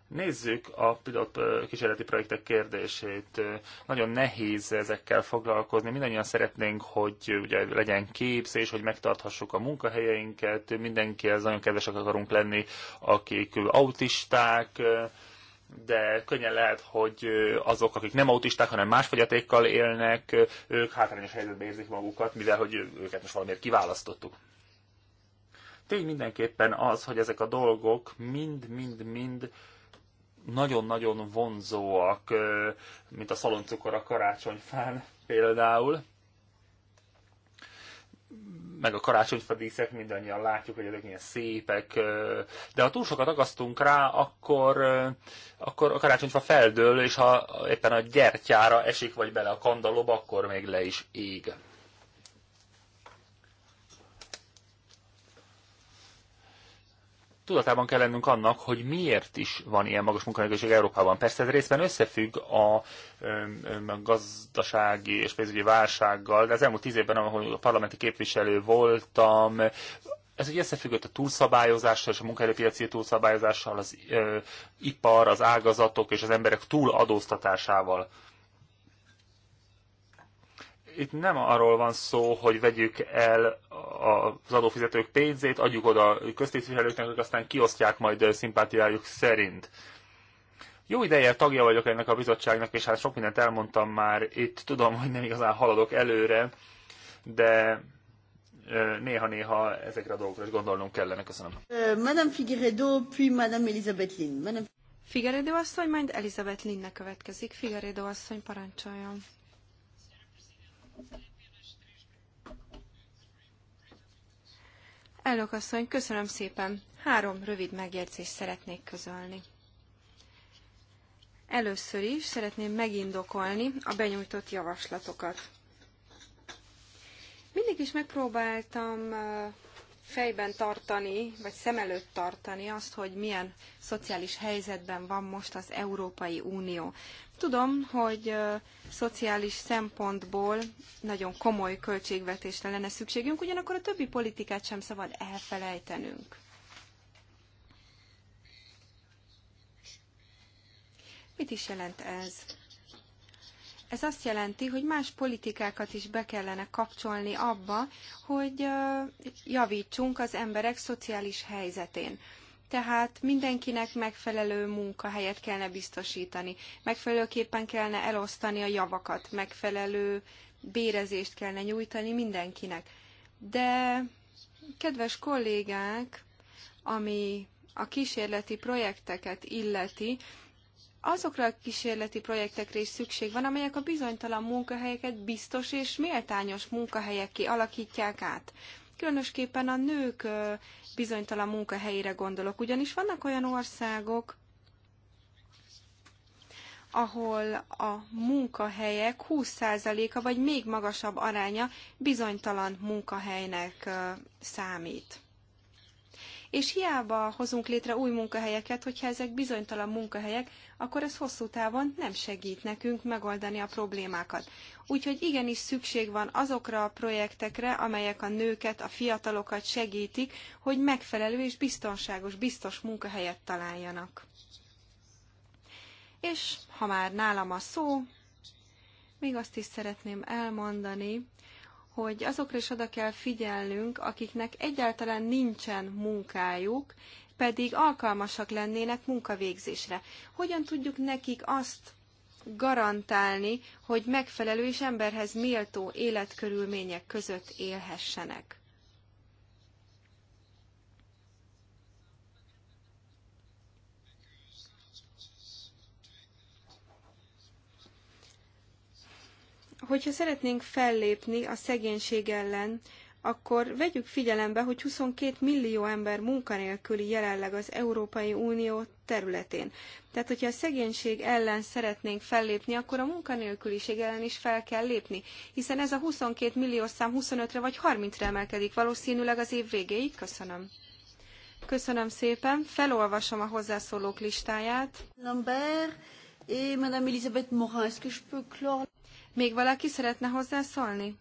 Nézzük a pilot kísérleti projektek kérdését. Nagyon nehéz ezekkel foglalkozni. Mindannyian szeretnénk, hogy ugye legyen képzés, hogy megtarthassuk a munkahelyeinket. az nagyon kedvesek akarunk lenni, akik autisták, de könnyen lehet, hogy azok, akik nem autisták, hanem más fogyatékkal élnek, ők hátrányos helyzetbe érzik magukat, mivel hogy őket most valamiért kiválasztottuk tény mindenképpen az, hogy ezek a dolgok mind-mind-mind nagyon-nagyon vonzóak, mint a szaloncukor a karácsonyfán például. Meg a karácsonyfa díszek mindannyian látjuk, hogy ezek milyen szépek, de ha túl sokat akasztunk rá, akkor, akkor a karácsonyfa feldől, és ha éppen a gyertyára esik, vagy bele a kandalóba, akkor még le is ég. tudatában kell lennünk annak, hogy miért is van ilyen magas munkanélküliség Európában. Persze ez részben összefügg a, a gazdasági és pénzügyi válsággal, de az elmúlt tíz évben, ahol a parlamenti képviselő voltam, ez ugye összefüggött a túlszabályozással és a munkaerőpiaci túlszabályozással, az ö, ipar, az ágazatok és az emberek túladóztatásával itt nem arról van szó, hogy vegyük el az adófizetők pénzét, adjuk oda köztisztviselőknek, akik aztán kiosztják majd szimpátiájuk szerint. Jó ideje tagja vagyok ennek a bizottságnak, és hát sok mindent elmondtam már itt, tudom, hogy nem igazán haladok előre, de néha-néha ezekre a dolgokra is gondolnunk kellene. Köszönöm. Uh, Madame Figueredo, puis Madame Elizabeth Lynn. Madame... Figueredo asszony, majd Elizabeth Linne következik. Figueredo asszony, parancsoljon. Elnök asszony, köszönöm szépen. Három rövid megjegyzést szeretnék közölni. Először is szeretném megindokolni a benyújtott javaslatokat. Mindig is megpróbáltam fejben tartani, vagy szem előtt tartani azt, hogy milyen szociális helyzetben van most az Európai Unió. Tudom, hogy szociális szempontból nagyon komoly költségvetésre lenne szükségünk, ugyanakkor a többi politikát sem szabad elfelejtenünk. Mit is jelent ez? Ez azt jelenti, hogy más politikákat is be kellene kapcsolni abba, hogy javítsunk az emberek szociális helyzetén. Tehát mindenkinek megfelelő munkahelyet kellene biztosítani, megfelelőképpen kellene elosztani a javakat, megfelelő bérezést kellene nyújtani mindenkinek. De, kedves kollégák, ami a kísérleti projekteket illeti, azokra a kísérleti projektekre is szükség van, amelyek a bizonytalan munkahelyeket biztos és méltányos munkahelyekké alakítják át. Különösképpen a nők bizonytalan munkahelyére gondolok, ugyanis vannak olyan országok, ahol a munkahelyek 20%-a vagy még magasabb aránya bizonytalan munkahelynek számít és hiába hozunk létre új munkahelyeket, hogyha ezek bizonytalan munkahelyek, akkor ez hosszú távon nem segít nekünk megoldani a problémákat. Úgyhogy igenis szükség van azokra a projektekre, amelyek a nőket, a fiatalokat segítik, hogy megfelelő és biztonságos, biztos munkahelyet találjanak. És ha már nálam a szó, még azt is szeretném elmondani, hogy azokra is oda kell figyelnünk, akiknek egyáltalán nincsen munkájuk, pedig alkalmasak lennének munkavégzésre. Hogyan tudjuk nekik azt garantálni, hogy megfelelő és emberhez méltó életkörülmények között élhessenek? hogyha szeretnénk fellépni a szegénység ellen, akkor vegyük figyelembe, hogy 22 millió ember munkanélküli jelenleg az Európai Unió területén. Tehát, hogyha a szegénység ellen szeretnénk fellépni, akkor a munkanélküliség ellen is fel kell lépni, hiszen ez a 22 millió szám 25-re vagy 30-re emelkedik valószínűleg az év végéig. Köszönöm. Köszönöm szépen. Felolvasom a hozzászólók listáját. Lambert Madame Elisabeth Morin, est-ce que je peux clore még valaki szeretne hozzászólni?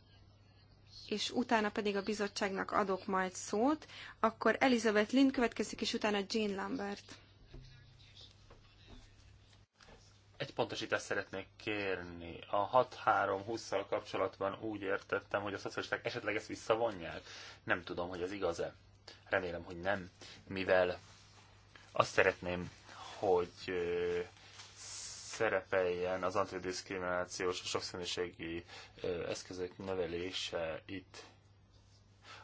és utána pedig a bizottságnak adok majd szót, akkor Elizabeth Lind következik, és utána Jean Lambert. Egy pontosítást szeretnék kérni. A 6-3-20-szal kapcsolatban úgy értettem, hogy a szocialisták esetleg ezt visszavonják. Nem tudom, hogy ez igaz-e. Remélem, hogy nem, mivel azt szeretném, hogy szerepeljen az antidiszkriminációs és sokszínűségi eszközök növelése itt.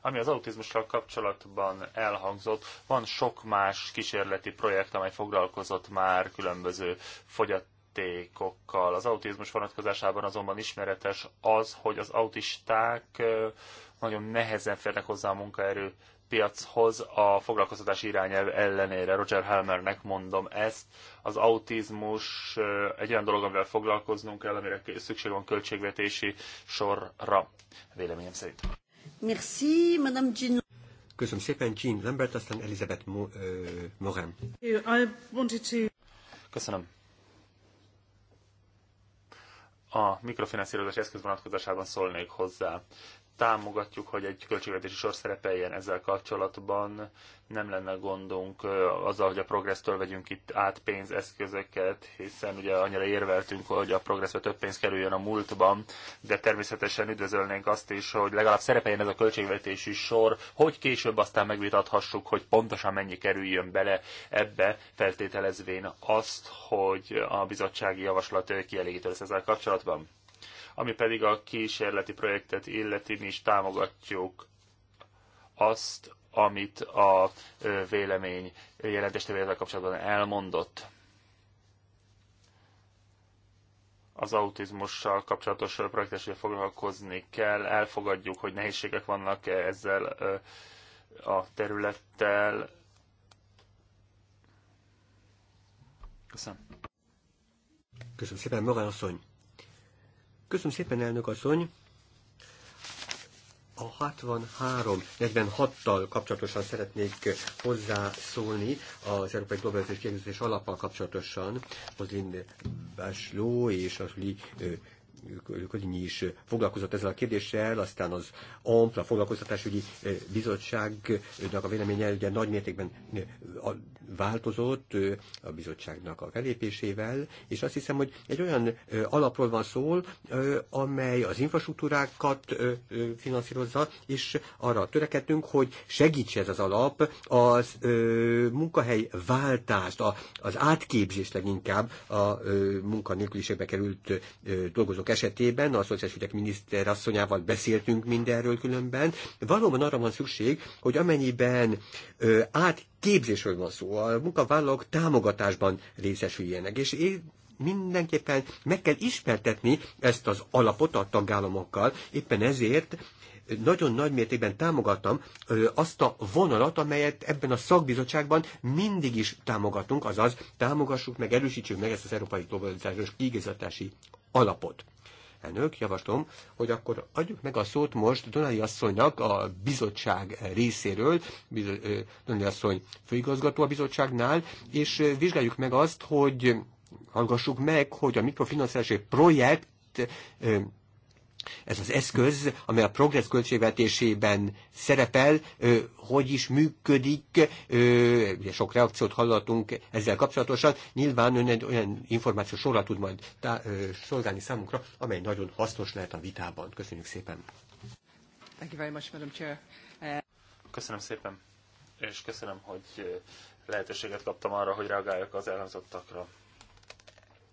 Ami az autizmussal kapcsolatban elhangzott, van sok más kísérleti projekt, amely foglalkozott már különböző fogyat Az autizmus vonatkozásában azonban ismeretes az, hogy az autisták nagyon nehezen férnek hozzá a munkaerő piachoz a foglalkoztatási irányelv ellenére. Roger Helmernek mondom ezt. Az autizmus egy olyan dolog, amivel foglalkoznunk kell, amire szükség van költségvetési sorra, véleményem szerint. Merci, Madame Gino. Köszönöm szépen, Jean Lambert, aztán Elizabeth Morin. I wanted to... Köszönöm. A mikrofinanszírozási eszköz vonatkozásában szólnék hozzá támogatjuk, hogy egy költségvetési sor szerepeljen ezzel kapcsolatban. Nem lenne gondunk azzal, hogy a progressztől vegyünk itt át pénzeszközöket, hiszen ugye annyira érveltünk, hogy a progresszbe több pénz kerüljön a múltban, de természetesen üdvözölnénk azt is, hogy legalább szerepeljen ez a költségvetési sor, hogy később aztán megvitathassuk, hogy pontosan mennyi kerüljön bele ebbe, feltételezvén azt, hogy a bizottsági javaslat kielégítő lesz ezzel kapcsolatban. Ami pedig a kísérleti projektet illeti, mi is támogatjuk azt, amit a vélemény jelentéstevével kapcsolatban elmondott. az autizmussal kapcsolatos projektes, hogy foglalkozni kell. Elfogadjuk, hogy nehézségek vannak -e ezzel a területtel. Köszönöm. Köszönöm szépen, magánasszony. Köszönöm szépen, elnök asszony! A 63-46-tal kapcsolatosan szeretnék hozzászólni az Európai Globalizációs Kiegészítés Alappal kapcsolatosan. Mozlin Básló és az Uli Kodinyi is foglalkozott ezzel a kérdéssel, aztán az amp a Foglalkoztatásügyi Bizottságnak a véleménye ugye nagy mértékben változott a bizottságnak a felépésével, és azt hiszem, hogy egy olyan alapról van szó, amely az infrastruktúrákat finanszírozza, és arra törekedtünk, hogy segítse ez az alap az munkahely váltást, az átképzést leginkább a munkanélküliségbe került dolgozók esetében, a szociális ügyek miniszter asszonyával beszéltünk mindenről különben. Valóban arra van szükség, hogy amennyiben át képzésről van szó, a munkavállalók támogatásban részesüljenek, és én mindenképpen meg kell ismertetni ezt az alapot a tagállamokkal, éppen ezért nagyon nagy mértékben támogattam azt a vonalat, amelyet ebben a szakbizottságban mindig is támogatunk, azaz támogassuk meg, erősítsük meg ezt az európai globalizációs kiigazítási alapot. Elnök, javaslom, hogy akkor adjuk meg a szót most Donai asszonynak a bizottság részéről, Bizo Donai asszony főigazgató a bizottságnál, és vizsgáljuk meg azt, hogy hallgassuk meg, hogy a mikrofinanciális projekt ez az eszköz, amely a progressz költségvetésében szerepel, hogy is működik, ugye sok reakciót hallottunk ezzel kapcsolatosan, nyilván ön egy olyan információs sorra tud majd szolgálni számunkra, amely nagyon hasznos lehet a vitában. Köszönjük szépen! Thank you very much, Madam Chair. Köszönöm szépen, és köszönöm, hogy lehetőséget kaptam arra, hogy reagáljak az elhangzottakra.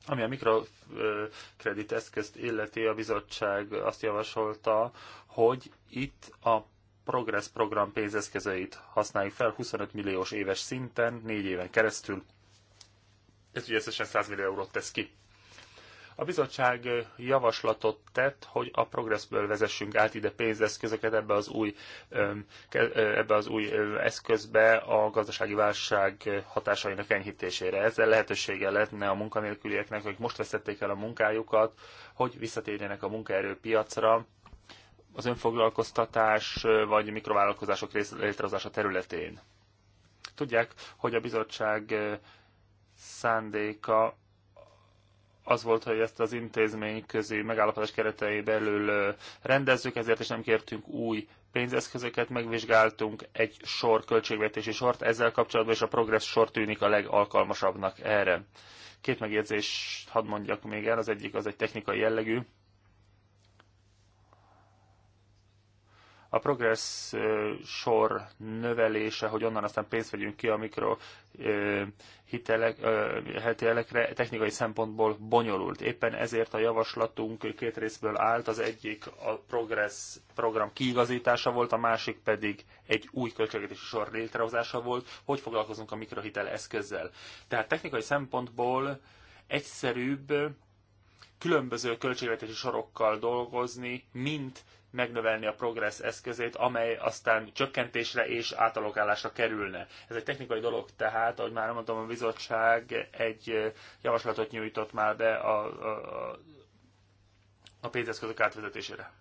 Ami a mikrokredit eszközt illeti, a bizottság azt javasolta, hogy itt a Progress program pénzeszközeit használjuk fel 25 milliós éves szinten, négy éven keresztül. Ez ugye összesen 100 millió eurót tesz ki. A bizottság javaslatot tett, hogy a progresszből vezessünk át ide pénzeszközöket ebbe az új, ebbe az új eszközbe a gazdasági válság hatásainak enyhítésére. Ezzel lehetősége lenne a munkanélkülieknek, akik most veszették el a munkájukat, hogy visszatérjenek a munkaerőpiacra, az önfoglalkoztatás vagy mikrovállalkozások létrehozása területén. Tudják, hogy a bizottság szándéka az volt, hogy ezt az intézmény közé megállapodás keretei belül rendezzük, ezért is nem kértünk új pénzeszközöket, megvizsgáltunk egy sor költségvetési sort, ezzel kapcsolatban és a progress sor tűnik a legalkalmasabbnak erre. Két megjegyzést hadd mondjak még el, az egyik az egy technikai jellegű. A progress sor növelése, hogy onnan aztán pénzt vegyünk ki a mikro hitelek, hitelekre, technikai szempontból bonyolult. Éppen ezért a javaslatunk két részből állt, az egyik a progress program kiigazítása volt, a másik pedig egy új költségvetési sor létrehozása volt, hogy foglalkozunk a mikrohitel eszközzel. Tehát technikai szempontból egyszerűbb különböző költségvetési sorokkal dolgozni, mint megnövelni a progress eszközét, amely aztán csökkentésre és átalokálásra kerülne. Ez egy technikai dolog tehát, ahogy már mondtam, a bizottság egy javaslatot nyújtott már be a, a, a pénzeszközök átvezetésére.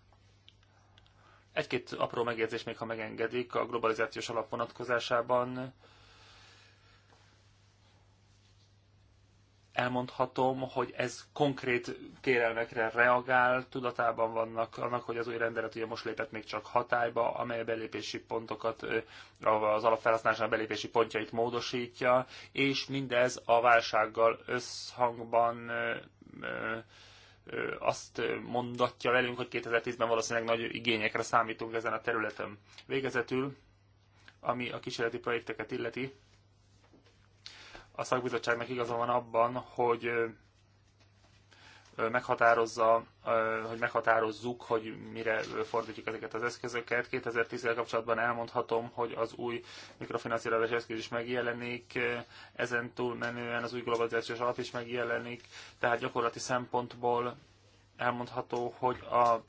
Egy-két apró megjegyzés még, ha megengedik, a globalizációs alap vonatkozásában elmondhatom, hogy ez konkrét kérelmekre reagál, tudatában vannak annak, hogy az új rendelet ugye most lépett még csak hatályba, amely a belépési pontokat, az alapfelhasználásnál belépési pontjait módosítja, és mindez a válsággal összhangban azt mondatja velünk, hogy 2010-ben valószínűleg nagy igényekre számítunk ezen a területen. Végezetül, ami a kísérleti projekteket illeti, a szakbizottságnak igaza van abban, hogy meghatározza, hogy meghatározzuk, hogy mire fordítjuk ezeket az eszközöket. 2010-el kapcsolatban elmondhatom, hogy az új mikrofinanszírozási eszköz is megjelenik, ezen túlmenően az új globalizációs alap is megjelenik, tehát gyakorlati szempontból elmondható, hogy a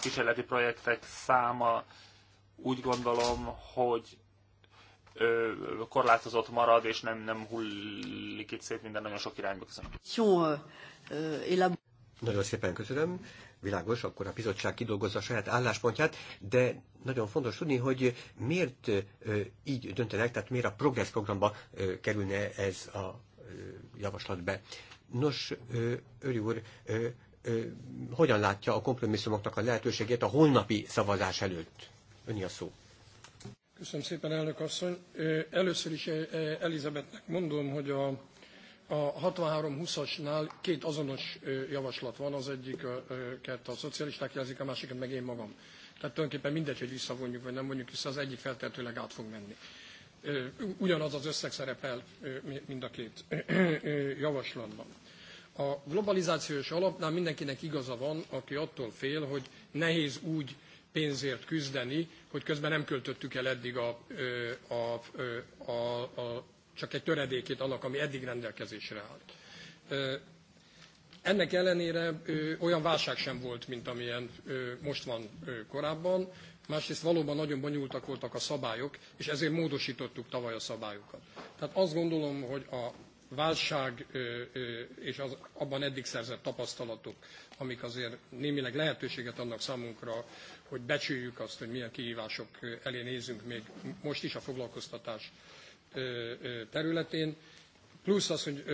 kísérleti projektek száma úgy gondolom, hogy korlátozott marad, és nem, nem hullik itt szét minden nagyon sok irányba. Köszönöm. Nagyon szépen köszönöm. Világos, akkor a bizottság kidolgozza a saját álláspontját, de nagyon fontos tudni, hogy miért így döntenek, tehát miért a Progress programba kerülne ez a javaslat be. Nos, Öri úr, hogyan látja a kompromisszumoknak a lehetőségét a holnapi szavazás előtt? Öni a szó. Köszönöm szépen, elnök asszony. Először is Elizabetnek mondom, hogy a, a 63-20-asnál két azonos javaslat van, az egyiket a szocialisták jelzik, a másikat meg én magam. Tehát tulajdonképpen mindegy, hogy visszavonjuk, vagy nem vonjuk vissza, az egyik feltetőleg át fog menni. Ugyanaz az összeg szerepel mind a két javaslatban. A globalizációs alapnál mindenkinek igaza van, aki attól fél, hogy nehéz úgy pénzért küzdeni, hogy közben nem költöttük el eddig a, a, a, a, a csak egy töredékét annak, ami eddig rendelkezésre állt. Ennek ellenére ö, olyan válság sem volt, mint amilyen ö, most van ö, korábban. Másrészt valóban nagyon bonyolultak voltak a szabályok, és ezért módosítottuk tavaly a szabályokat. Tehát azt gondolom, hogy a válság ö, ö, és az abban eddig szerzett tapasztalatok, amik azért némileg lehetőséget adnak számunkra hogy becsüljük azt, hogy milyen kihívások elé nézünk még most is a foglalkoztatás területén. Plusz az, hogy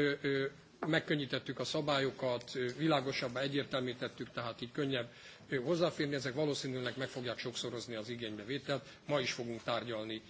megkönnyítettük a szabályokat, világosabban egyértelmítettük, tehát így könnyebb hozzáférni, ezek valószínűleg meg fogják sokszorozni az igénybevételt. Ma is fogunk tárgyalni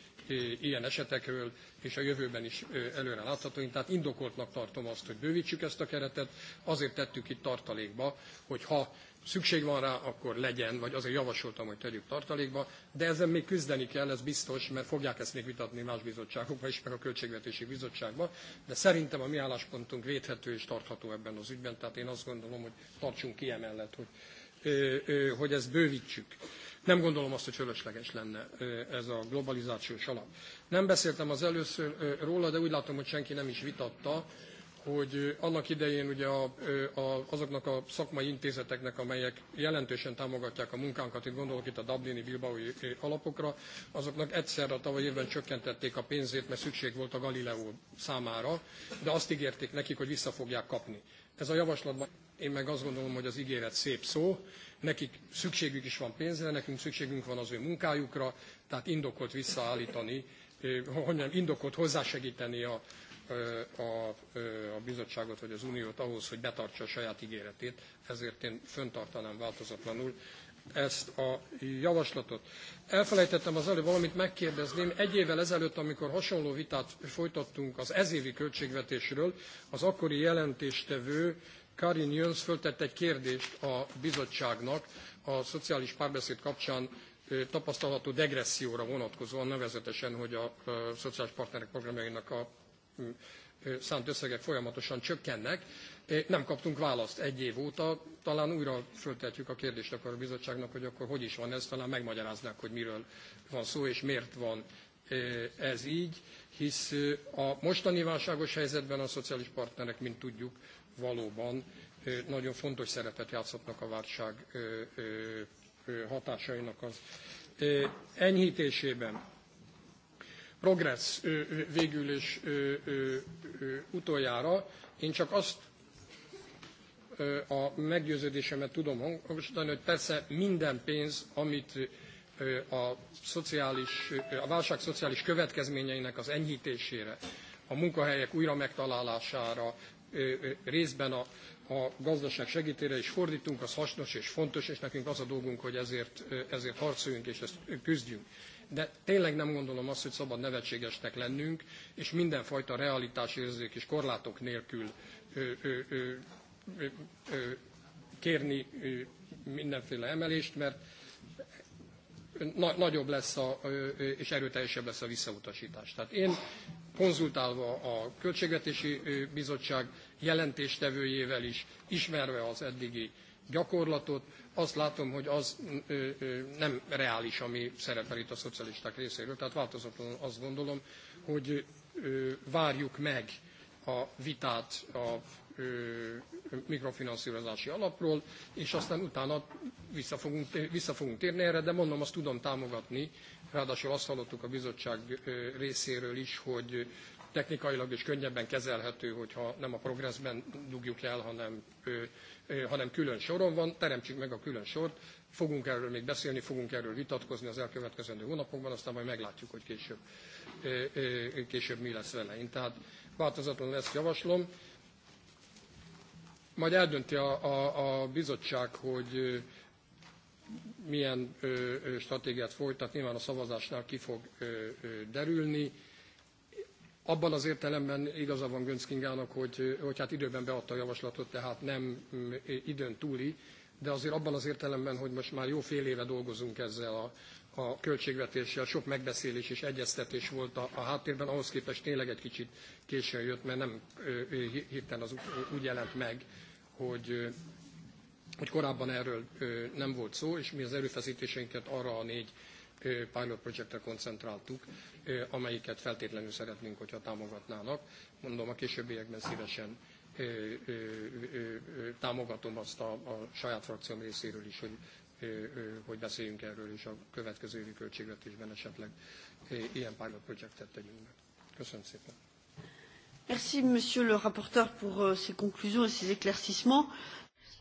ilyen esetekről, és a jövőben is előre látható. tehát indokoltnak tartom azt, hogy bővítsük ezt a keretet, azért tettük itt tartalékba, hogy ha szükség van rá, akkor legyen, vagy azért javasoltam, hogy tegyük tartalékba, de ezen még küzdeni kell, ez biztos, mert fogják ezt még vitatni más bizottságokban is, meg a Költségvetési Bizottságban, de szerintem a mi álláspontunk védhető és tartható ebben az ügyben, tehát én azt gondolom, hogy tartsunk ki emellett, hogy, ö, ö, hogy ezt bővítsük. Nem gondolom azt, hogy fölösleges lenne ez a globalizációs alap. Nem beszéltem az először róla, de úgy látom, hogy senki nem is vitatta, hogy annak idején ugye a, a, azoknak a szakmai intézeteknek, amelyek jelentősen támogatják a munkánkat, itt gondolok itt a Dublini Bilbaui alapokra, azoknak egyszerre tavaly évben csökkentették a pénzét, mert szükség volt a Galileo számára, de azt ígérték nekik, hogy vissza fogják kapni. Ez a javaslatban én meg azt gondolom, hogy az ígéret szép szó, nekik szükségük is van pénzre, nekünk szükségünk van az ő munkájukra, tehát indokolt visszaállítani, hogy nem, indokolt hozzásegíteni a, a, a bizottságot vagy az uniót ahhoz, hogy betartsa a saját ígéretét, ezért én föntartanám változatlanul ezt a javaslatot. Elfelejtettem az előbb valamit megkérdezném. Egy évvel ezelőtt, amikor hasonló vitát folytattunk az ezévi költségvetésről, az akkori jelentéstevő Karin Jöns föltett egy kérdést a bizottságnak a szociális párbeszéd kapcsán tapasztalható degresszióra vonatkozóan, nevezetesen, hogy a szociális partnerek programjainak a szánt összegek folyamatosan csökkennek. Nem kaptunk választ egy év óta, talán újra föltetjük a kérdést akkor a bizottságnak, hogy akkor hogy is van ez, talán megmagyaráznák, hogy miről van szó és miért van ez így, hisz a mostani válságos helyzetben a szociális partnerek, mint tudjuk, valóban nagyon fontos szerepet játszhatnak a válság hatásainak az enyhítésében progress végül is utoljára. Én csak azt a meggyőződésemet tudom hangosítani, hogy persze minden pénz, amit a, szociális, a válság szociális következményeinek az enyhítésére, a munkahelyek újra megtalálására, részben a, a gazdaság segítére is fordítunk, az hasznos és fontos, és nekünk az a dolgunk, hogy ezért, ezért harcoljunk és ezt küzdjünk de tényleg nem gondolom azt, hogy szabad nevetségesnek lennünk, és mindenfajta realitásérzék és korlátok nélkül ö, ö, ö, kérni mindenféle emelést, mert na, nagyobb lesz a, és erőteljesebb lesz a visszautasítás. Tehát én konzultálva a Költségvetési Bizottság jelentéstevőjével is, ismerve az eddigi gyakorlatot, azt látom, hogy az ö, ö, nem reális, ami szerepel itt a szocialisták részéről. Tehát változatlanul azt gondolom, hogy ö, várjuk meg a vitát a mikrofinanszírozási alapról, és aztán utána vissza fogunk, vissza fogunk térni erre, de mondom, azt tudom támogatni. Ráadásul azt hallottuk a bizottság részéről is, hogy technikailag is könnyebben kezelhető, hogyha nem a progressben dugjuk el, hanem, hanem külön soron van. Teremtsük meg a külön sort, fogunk erről még beszélni, fogunk erről vitatkozni az elkövetkezendő hónapokban, aztán majd meglátjuk, hogy később, később mi lesz vele. Én tehát változatlanul ezt javaslom. Majd eldönti a, a, a bizottság, hogy milyen ö, ö, stratégiát folytat, nyilván a szavazásnál ki fog ö, ö, derülni. Abban az értelemben igaza van Gönc Kingának, hogy, hogy hát időben beadta a javaslatot, tehát nem mm, időn túli, de azért abban az értelemben, hogy most már jó fél éve dolgozunk ezzel a, a költségvetéssel, sok megbeszélés és egyeztetés volt a, a háttérben, ahhoz képest tényleg egy kicsit későn jött, mert nem hirtelen az úgy jelent meg, hogy, hogy korábban erről nem volt szó, és mi az erőfeszítéseinket arra a négy pilot projektre koncentráltuk, amelyiket feltétlenül szeretnénk, hogyha támogatnának. Mondom, a későbbiekben szívesen támogatom azt a, a saját frakcióm részéről is, hogy, hogy beszéljünk erről, és a következő évi költségvetésben esetleg ilyen pilot projektet tegyünk meg. Köszönöm szépen. Merci, monsieur le rapporteur, pour euh, ces conclusions et ces éclaircissements.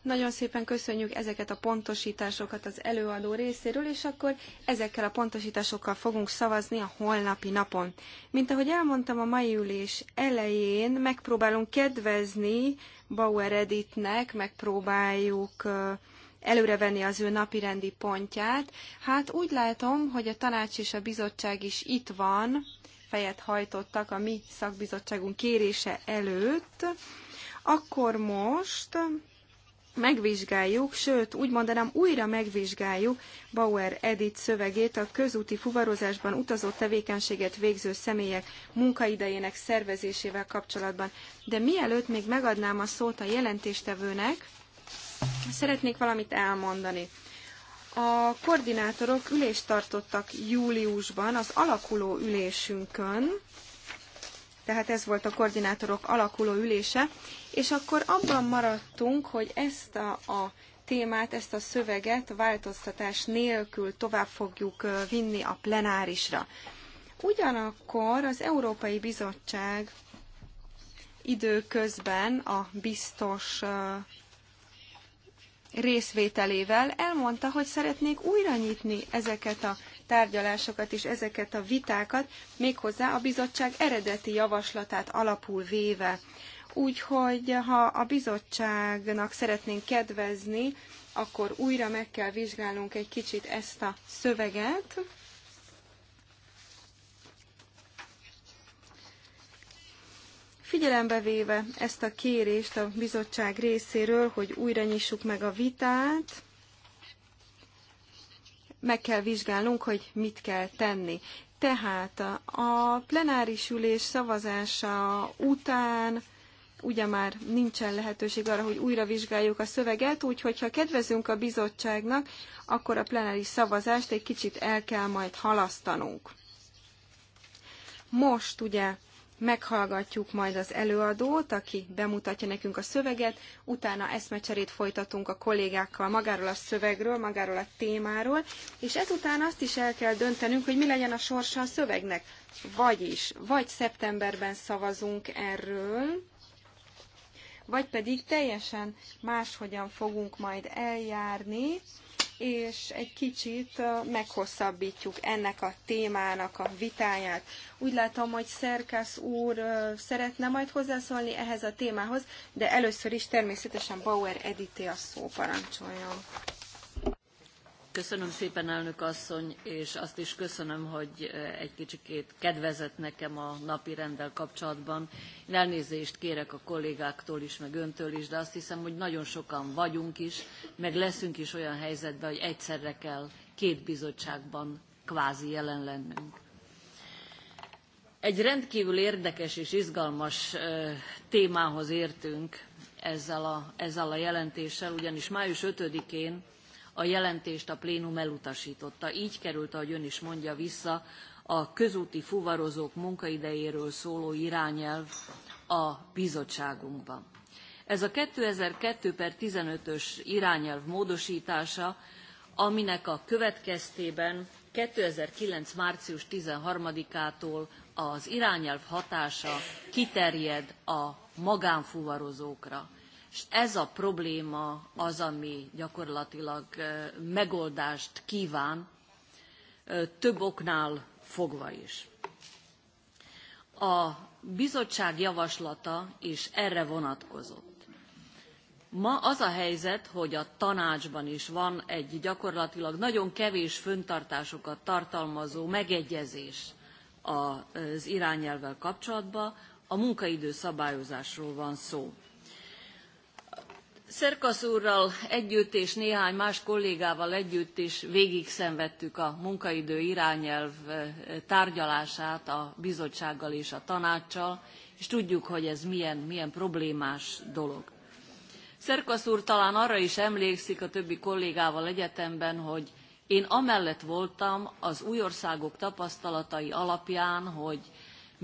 Nagyon szépen köszönjük ezeket a pontosításokat az előadó részéről, és akkor ezekkel a pontosításokkal fogunk szavazni a holnapi napon. Mint ahogy elmondtam a mai ülés elején, megpróbálunk kedvezni Bauer Editnek, megpróbáljuk előrevenni az ő napirendi pontját. Hát úgy látom, hogy a tanács és a bizottság is itt van, fejet hajtottak a mi szakbizottságunk kérése előtt. Akkor most megvizsgáljuk, sőt, úgy mondanám, újra megvizsgáljuk Bauer Edith szövegét a közúti fuvarozásban utazó tevékenységet végző személyek munkaidejének szervezésével kapcsolatban. De mielőtt még megadnám a szót a jelentéstevőnek, szeretnék valamit elmondani. A koordinátorok ülést tartottak júliusban az alakuló ülésünkön, tehát ez volt a koordinátorok alakuló ülése, és akkor abban maradtunk, hogy ezt a, a témát, ezt a szöveget változtatás nélkül tovább fogjuk vinni a plenárisra. Ugyanakkor az Európai Bizottság időközben a biztos részvételével elmondta, hogy szeretnék újra nyitni ezeket a tárgyalásokat és ezeket a vitákat, méghozzá a bizottság eredeti javaslatát alapul véve. Úgyhogy ha a bizottságnak szeretnénk kedvezni, akkor újra meg kell vizsgálnunk egy kicsit ezt a szöveget. Figyelembe véve ezt a kérést a bizottság részéről, hogy újra nyissuk meg a vitát, meg kell vizsgálnunk, hogy mit kell tenni. Tehát a plenáris ülés szavazása után ugye már nincsen lehetőség arra, hogy újra vizsgáljuk a szöveget, úgyhogy ha kedvezünk a bizottságnak, akkor a plenáris szavazást egy kicsit el kell majd halasztanunk. Most ugye meghallgatjuk majd az előadót, aki bemutatja nekünk a szöveget, utána eszmecserét folytatunk a kollégákkal magáról a szövegről, magáról a témáról, és ezután azt is el kell döntenünk, hogy mi legyen a sorsa a szövegnek. Vagyis, vagy szeptemberben szavazunk erről, vagy pedig teljesen máshogyan fogunk majd eljárni, és egy kicsit meghosszabbítjuk ennek a témának a vitáját. Úgy látom, hogy szerkesz úr szeretne majd hozzászólni ehhez a témához, de először is természetesen Bauer Edité a szó parancsoljon. Köszönöm szépen, elnök asszony, és azt is köszönöm, hogy egy kicsikét kedvezett nekem a napi rendel kapcsolatban. Én elnézést kérek a kollégáktól is, meg öntől is, de azt hiszem, hogy nagyon sokan vagyunk is, meg leszünk is olyan helyzetben, hogy egyszerre kell két bizottságban kvázi jelen lennünk. Egy rendkívül érdekes és izgalmas témához értünk ezzel a, ezzel a jelentéssel, ugyanis május 5-én a jelentést a plénum elutasította. Így került, ahogy ön is mondja, vissza a közúti fuvarozók munkaidejéről szóló irányelv a bizottságunkban. Ez a 2002 per 15-ös irányelv módosítása, aminek a következtében 2009. március 13-ától az irányelv hatása kiterjed a magánfuvarozókra és ez a probléma az, ami gyakorlatilag megoldást kíván, több oknál fogva is. A bizottság javaslata is erre vonatkozott. Ma az a helyzet, hogy a tanácsban is van egy gyakorlatilag nagyon kevés föntartásokat tartalmazó megegyezés az irányelvvel kapcsolatban, a munkaidő szabályozásról van szó. Szerkasz úrral együtt és néhány más kollégával együtt is végig szenvedtük a munkaidő irányelv eh, tárgyalását a bizottsággal és a tanácssal, és tudjuk, hogy ez milyen, milyen problémás dolog. Szerkasz úr talán arra is emlékszik a többi kollégával egyetemben, hogy én amellett voltam az új országok tapasztalatai alapján, hogy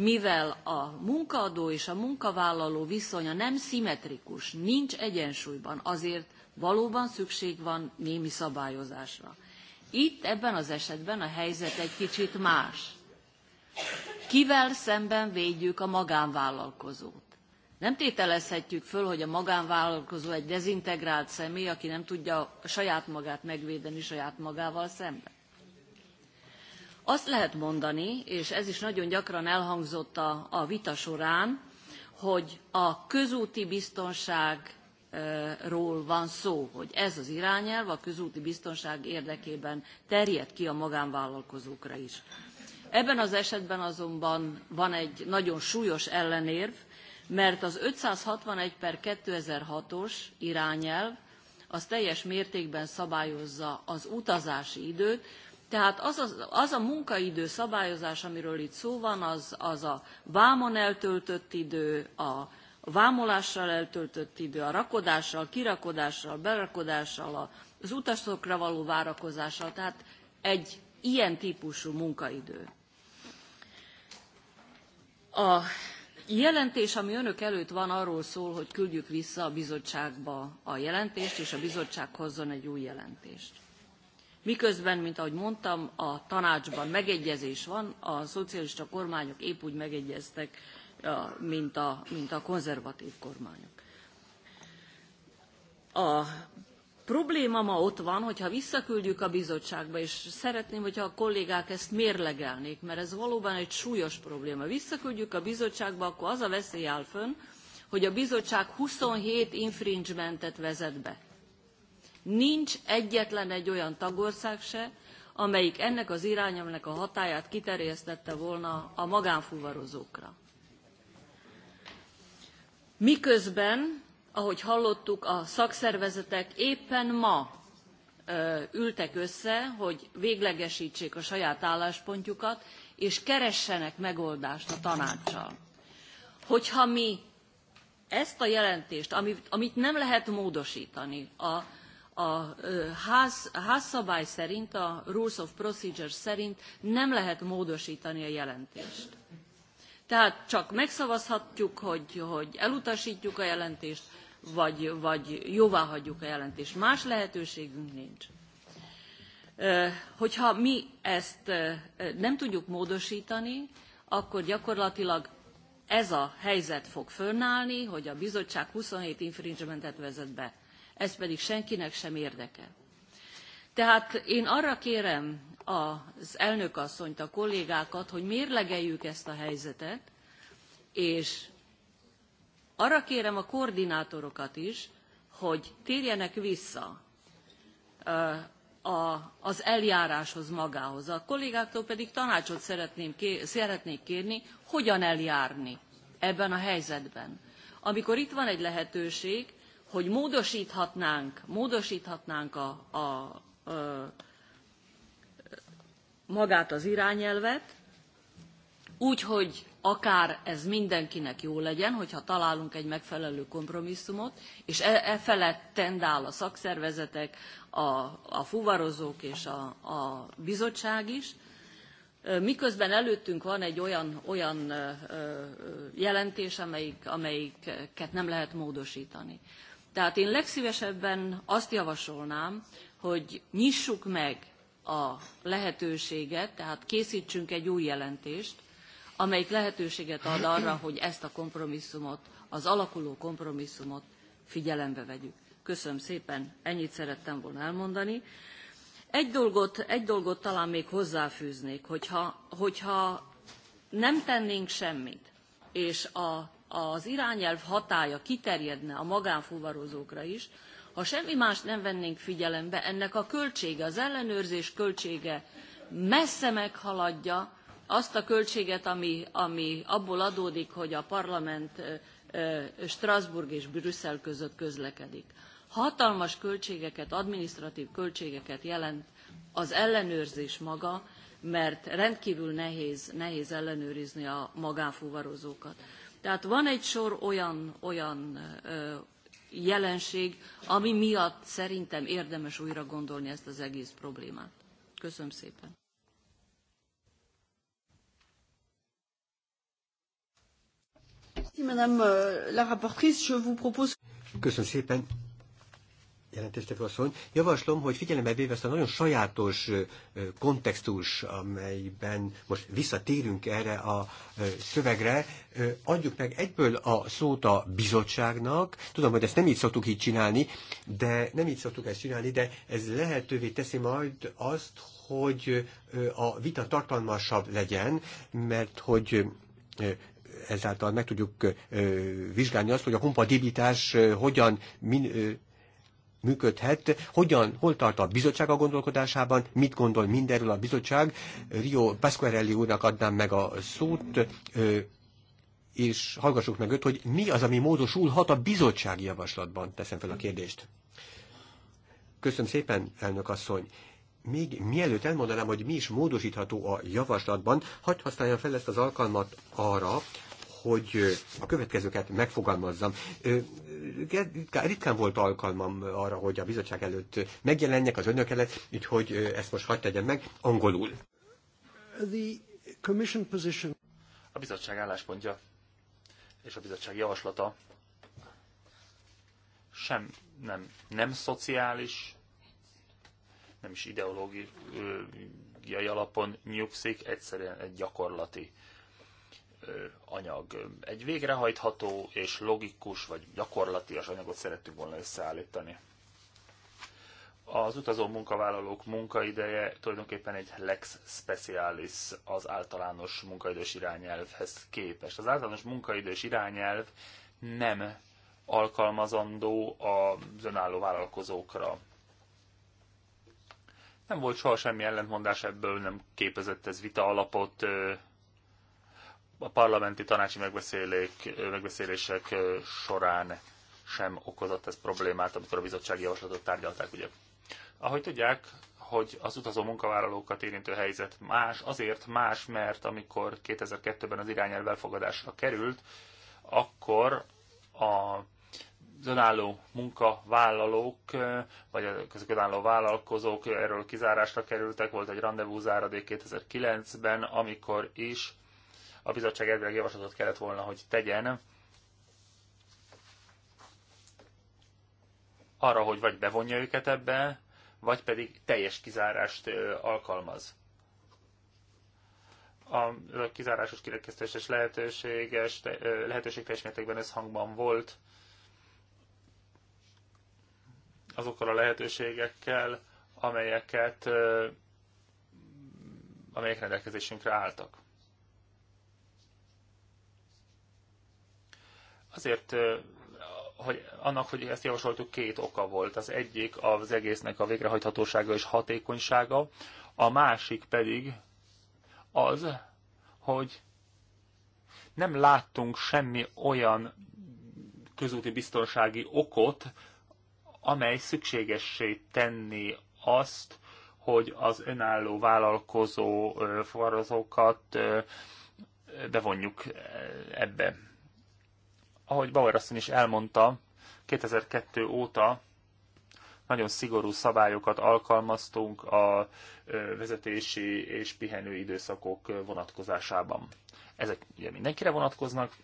mivel a munkaadó és a munkavállaló viszonya nem szimmetrikus, nincs egyensúlyban, azért valóban szükség van némi szabályozásra. Itt ebben az esetben a helyzet egy kicsit más. Kivel szemben védjük a magánvállalkozót? Nem tételezhetjük föl, hogy a magánvállalkozó egy dezintegrált személy, aki nem tudja saját magát megvédeni saját magával szemben. Azt lehet mondani, és ez is nagyon gyakran elhangzott a, a vita során, hogy a közúti biztonságról van szó, hogy ez az irányelv a közúti biztonság érdekében terjed ki a magánvállalkozókra is. Ebben az esetben azonban van egy nagyon súlyos ellenérv, mert az 561 per 2006-os irányelv az teljes mértékben szabályozza az utazási időt, tehát az, az, az a munkaidő szabályozás, amiről itt szó van, az, az a vámon eltöltött idő, a vámolással eltöltött idő, a rakodással, kirakodással, berakodással, az utasokra való várakozással, tehát egy ilyen típusú munkaidő. A jelentés, ami önök előtt van, arról szól, hogy küldjük vissza a bizottságba a jelentést, és a bizottság hozzon egy új jelentést. Miközben, mint ahogy mondtam, a tanácsban megegyezés van, a szocialista kormányok épp úgy megegyeztek, mint a, mint a konzervatív kormányok. A probléma ma ott van, hogyha visszaküldjük a bizottságba, és szeretném, hogyha a kollégák ezt mérlegelnék, mert ez valóban egy súlyos probléma. Visszaküldjük a bizottságba, akkor az a veszély áll fönn, hogy a bizottság 27 infringementet vezet be Nincs egyetlen egy olyan tagország se, amelyik ennek az irányelvnek a hatáját kiterjesztette volna a magánfuvarozókra. Miközben, ahogy hallottuk, a szakszervezetek éppen ma ültek össze, hogy véglegesítsék a saját álláspontjukat, és keressenek megoldást a tanácssal. Hogyha mi ezt a jelentést, amit, amit nem lehet módosítani, a a házszabály szerint, a Rules of Procedure szerint nem lehet módosítani a jelentést. Tehát csak megszavazhatjuk, hogy, hogy elutasítjuk a jelentést, vagy, vagy jóvá hagyjuk a jelentést. Más lehetőségünk nincs. Hogyha mi ezt nem tudjuk módosítani, akkor gyakorlatilag ez a helyzet fog fönnállni, hogy a bizottság 27 infringementet vezet be ez pedig senkinek sem érdeke. Tehát én arra kérem az elnök asszonyt, a kollégákat, hogy mérlegeljük ezt a helyzetet, és arra kérem a koordinátorokat is, hogy térjenek vissza az eljáráshoz magához. A kollégáktól pedig tanácsot szeretném, szeretnék kérni, hogyan eljárni ebben a helyzetben. Amikor itt van egy lehetőség, hogy módosíthatnánk, módosíthatnánk a, a, a, magát az irányelvet, úgy, hogy akár ez mindenkinek jó legyen, hogyha találunk egy megfelelő kompromisszumot, és e, e felett tendál a szakszervezetek, a, a fuvarozók és a, a bizottság is, Miközben előttünk van egy olyan, olyan jelentés, amelyik, amelyiket nem lehet módosítani. Tehát én legszívesebben azt javasolnám, hogy nyissuk meg a lehetőséget, tehát készítsünk egy új jelentést, amelyik lehetőséget ad arra, hogy ezt a kompromisszumot, az alakuló kompromisszumot figyelembe vegyük. Köszönöm szépen, ennyit szerettem volna elmondani. Egy dolgot, egy dolgot talán még hozzáfűznék, hogyha, hogyha nem tennénk semmit, és a az irányelv hatája kiterjedne a magánfuvarozókra is, ha semmi más nem vennénk figyelembe, ennek a költsége, az ellenőrzés költsége messze meghaladja azt a költséget, ami, ami abból adódik, hogy a parlament Strasbourg és Brüsszel között közlekedik. Hatalmas költségeket, administratív költségeket jelent az ellenőrzés maga, mert rendkívül nehéz, nehéz ellenőrizni a magánfuvarozókat. Tehát van egy sor olyan, olyan jelenség, ami miatt szerintem érdemes újra gondolni ezt az egész problémát. Köszönöm szépen. Euh, Köszönöm szépen jelentéstevő asszony, javaslom, hogy figyelembe véve ezt a nagyon sajátos kontextus, amelyben most visszatérünk erre a szövegre, adjuk meg egyből a szót a bizottságnak. Tudom, hogy ezt nem így szoktuk így csinálni, de nem így szoktuk ezt csinálni, de ez lehetővé teszi majd azt, hogy a vita tartalmasabb legyen, mert hogy ezáltal meg tudjuk vizsgálni azt, hogy a kompatibilitás hogyan min, működhet. Hogyan, hol tart a bizottság a gondolkodásában, mit gondol mindenről a bizottság. Rio Pasquarelli úrnak adnám meg a szót, és hallgassuk meg őt, hogy mi az, ami módosulhat a bizottsági javaslatban, teszem fel a kérdést. Köszönöm szépen, elnök asszony. Még mielőtt elmondanám, hogy mi is módosítható a javaslatban, hagyd használjam fel ezt az alkalmat arra, hogy a következőket megfogalmazzam. Ritkán volt alkalmam arra, hogy a bizottság előtt megjelenjek az önök előtt, úgyhogy hogy ezt most hagyd tegyem meg angolul. The commission position... A bizottság álláspontja és a bizottság javaslata sem nem, nem szociális, nem is ideológiai alapon nyugszik, egyszerűen egy gyakorlati anyag. Egy végrehajtható és logikus vagy gyakorlatias anyagot szerettünk volna összeállítani. Az utazó munkavállalók munkaideje tulajdonképpen egy lex specialis az általános munkaidős irányelvhez képest. Az általános munkaidős irányelv nem alkalmazandó az önálló vállalkozókra. Nem volt soha semmi ellentmondás ebből, nem képezett ez vita alapot, a parlamenti tanácsi megbeszélések során sem okozott ez problémát, amikor a bizottsági javaslatot tárgyalták, ugye. Ahogy tudják, hogy az utazó munkavállalókat érintő helyzet más, azért más, mert amikor 2002-ben az irányelv elfogadásra került, akkor a az önálló munkavállalók, eh, vagy a önálló vállalkozók erről kizárásra kerültek, volt egy rendezvúzáradék 2009-ben, amikor is a bizottság elvileg javaslatot kellett volna, hogy tegyen, arra, hogy vagy bevonja őket ebbe, vagy pedig teljes kizárást alkalmaz. A kizárásos kirekesztéses lehetőséges, lehetőség teljes mértékben ez hangban volt azokkal a lehetőségekkel, amelyeket amelyek rendelkezésünkre álltak. Azért, hogy annak, hogy ezt javasoltuk, két oka volt. Az egyik az egésznek a végrehajthatósága és hatékonysága, a másik pedig az, hogy nem láttunk semmi olyan közúti biztonsági okot, amely szükségessé tenni azt, hogy az önálló vállalkozó forrazókat bevonjuk ebbe ahogy Bauer asszony is elmondta, 2002 óta nagyon szigorú szabályokat alkalmaztunk a vezetési és pihenő időszakok vonatkozásában. Ezek ugye mindenkire vonatkoznak,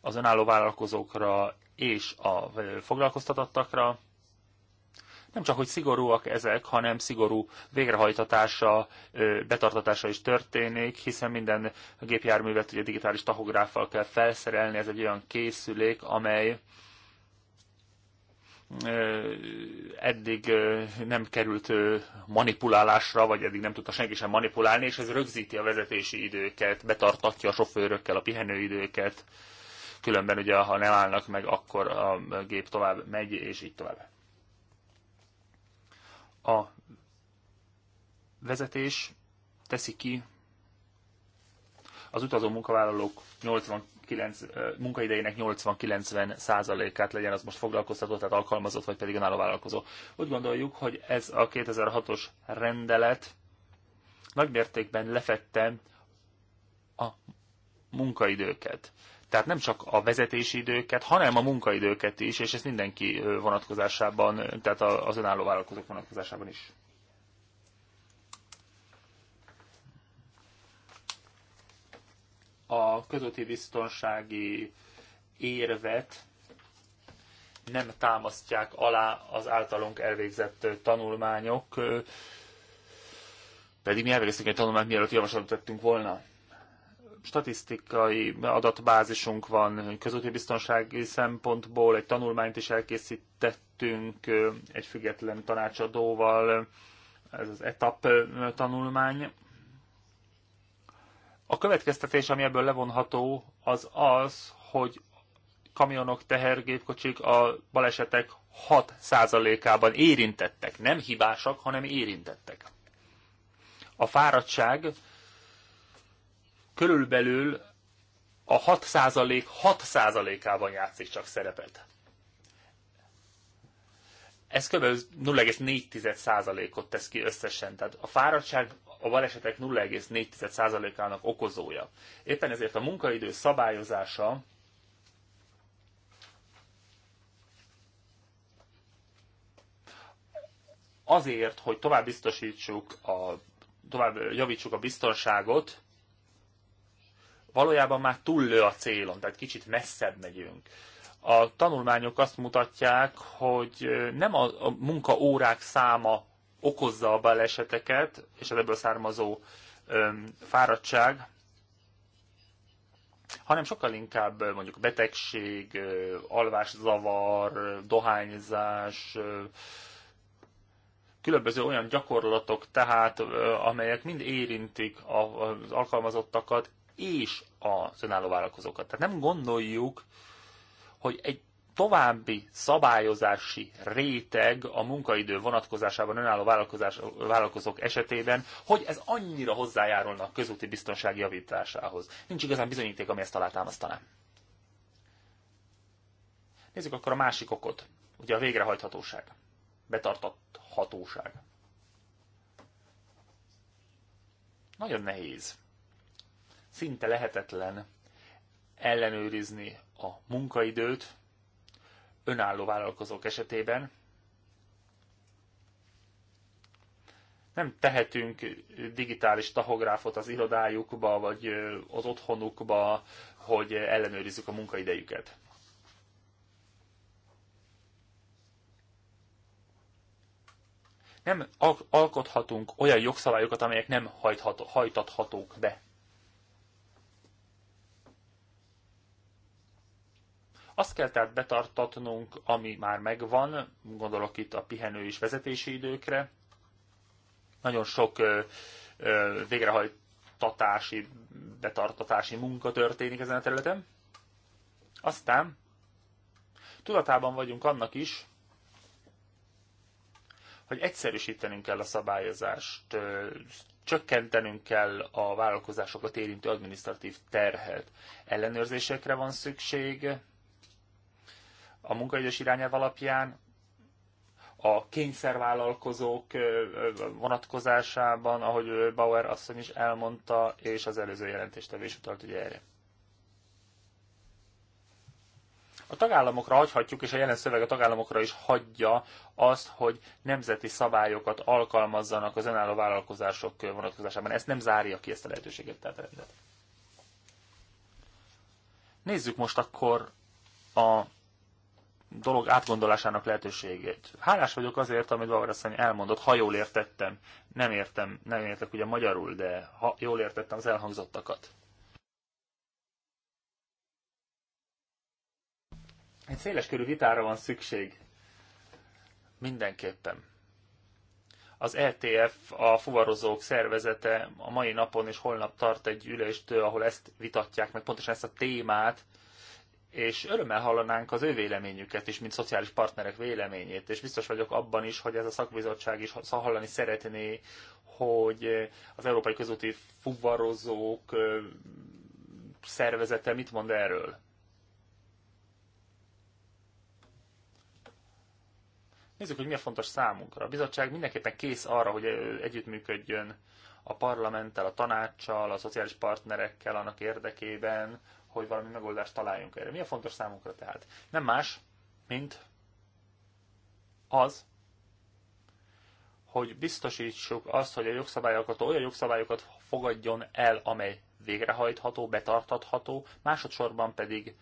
az önálló vállalkozókra és a foglalkoztatottakra, nem csak, hogy szigorúak ezek, hanem szigorú végrehajtatása, betartatása is történik, hiszen minden gépjárművet ugye digitális tahográffal kell felszerelni, ez egy olyan készülék, amely eddig nem került manipulálásra, vagy eddig nem tudta senki sem manipulálni, és ez rögzíti a vezetési időket, betartatja a sofőrökkel a pihenőidőket, különben ugye ha nem állnak meg, akkor a gép tovább megy, és így tovább a vezetés teszi ki az utazó munkavállalók 89, munkaidejének 80-90 százalékát legyen az most foglalkoztató, tehát alkalmazott, vagy pedig önálló vállalkozó. Úgy gondoljuk, hogy ez a 2006-os rendelet nagymértékben lefette a munkaidőket. Tehát nem csak a vezetési időket, hanem a munkaidőket is, és ez mindenki vonatkozásában, tehát az önálló vállalkozók vonatkozásában is. A közötti biztonsági érvet nem támasztják alá az általunk elvégzett tanulmányok, pedig mi elvégeztünk egy tanulmányt, mielőtt javaslatot tettünk volna statisztikai adatbázisunk van közúti biztonsági szempontból, egy tanulmányt is elkészítettünk egy független tanácsadóval, ez az etap tanulmány. A következtetés, ami ebből levonható, az az, hogy kamionok, tehergépkocsik a balesetek 6%-ában érintettek. Nem hibásak, hanem érintettek. A fáradtság körülbelül a 6% 6%-ában játszik csak szerepet. Ez kb. 0,4%-ot tesz ki összesen, tehát a fáradtság a balesetek 0,4%-ának okozója. Éppen ezért a munkaidő szabályozása azért, hogy tovább biztosítsuk, a, tovább javítsuk a biztonságot, valójában már túllő a célon, tehát kicsit messzebb megyünk. A tanulmányok azt mutatják, hogy nem a, a munkaórák száma okozza a baleseteket, és az hát ebből származó öm, fáradtság, hanem sokkal inkább mondjuk betegség, alvászavar, dohányzás, különböző olyan gyakorlatok tehát, amelyek mind érintik az alkalmazottakat, és az önálló vállalkozókat. Tehát nem gondoljuk, hogy egy további szabályozási réteg a munkaidő vonatkozásában önálló vállalkozás, vállalkozók esetében, hogy ez annyira hozzájárulna a közúti biztonság javításához. Nincs igazán bizonyíték, ami ezt alátámasztaná. Nézzük akkor a másik okot. Ugye a végrehajthatóság. Betartathatóság. Nagyon nehéz szinte lehetetlen ellenőrizni a munkaidőt önálló vállalkozók esetében. Nem tehetünk digitális tahográfot az irodájukba, vagy az otthonukba, hogy ellenőrizzük a munkaidejüket. nem alkothatunk olyan jogszabályokat, amelyek nem hajtható, hajtathatók be. Azt kell tehát betartatnunk, ami már megvan, gondolok itt a pihenő és vezetési időkre. Nagyon sok végrehajtatási, betartatási munka történik ezen a területen. Aztán tudatában vagyunk annak is, hogy egyszerűsítenünk kell a szabályozást, csökkentenünk kell a vállalkozásokat érintő adminisztratív terhet. Ellenőrzésekre van szükség, a munkaidős irányelv alapján a kényszervállalkozók vonatkozásában, ahogy Bauer asszony is elmondta, és az előző jelentéstevő is utalt ugye erre. A tagállamokra hagyhatjuk, és a jelen szöveg a tagállamokra is hagyja azt, hogy nemzeti szabályokat alkalmazzanak az önálló vállalkozások vonatkozásában. Ezt nem zárja ki ezt a lehetőséget, tehát rendet. Nézzük most akkor a dolog átgondolásának lehetőségét. Hálás vagyok azért, amit asszony elmondott, ha jól értettem. Nem értem, nem értek ugye magyarul, de ha jól értettem az elhangzottakat. Egy széles körű vitára van szükség. Mindenképpen. Az ETF, a fuvarozók szervezete a mai napon és holnap tart egy ülést, ahol ezt vitatják, meg pontosan ezt a témát, és örömmel hallanánk az ő véleményüket is, mint szociális partnerek véleményét, és biztos vagyok abban is, hogy ez a szakbizottság is hallani szeretné, hogy az Európai Közúti Fuvarozók szervezete mit mond erről. Nézzük, hogy mi a fontos számunkra. A bizottság mindenképpen kész arra, hogy együttműködjön a parlamenttel, a tanácssal, a szociális partnerekkel annak érdekében, hogy valami megoldást találjunk erre. Mi a fontos számunkra tehát? Nem más, mint az, hogy biztosítsuk azt, hogy a jogszabályokat olyan jogszabályokat fogadjon el, amely végrehajtható, betartatható, másodszorban pedig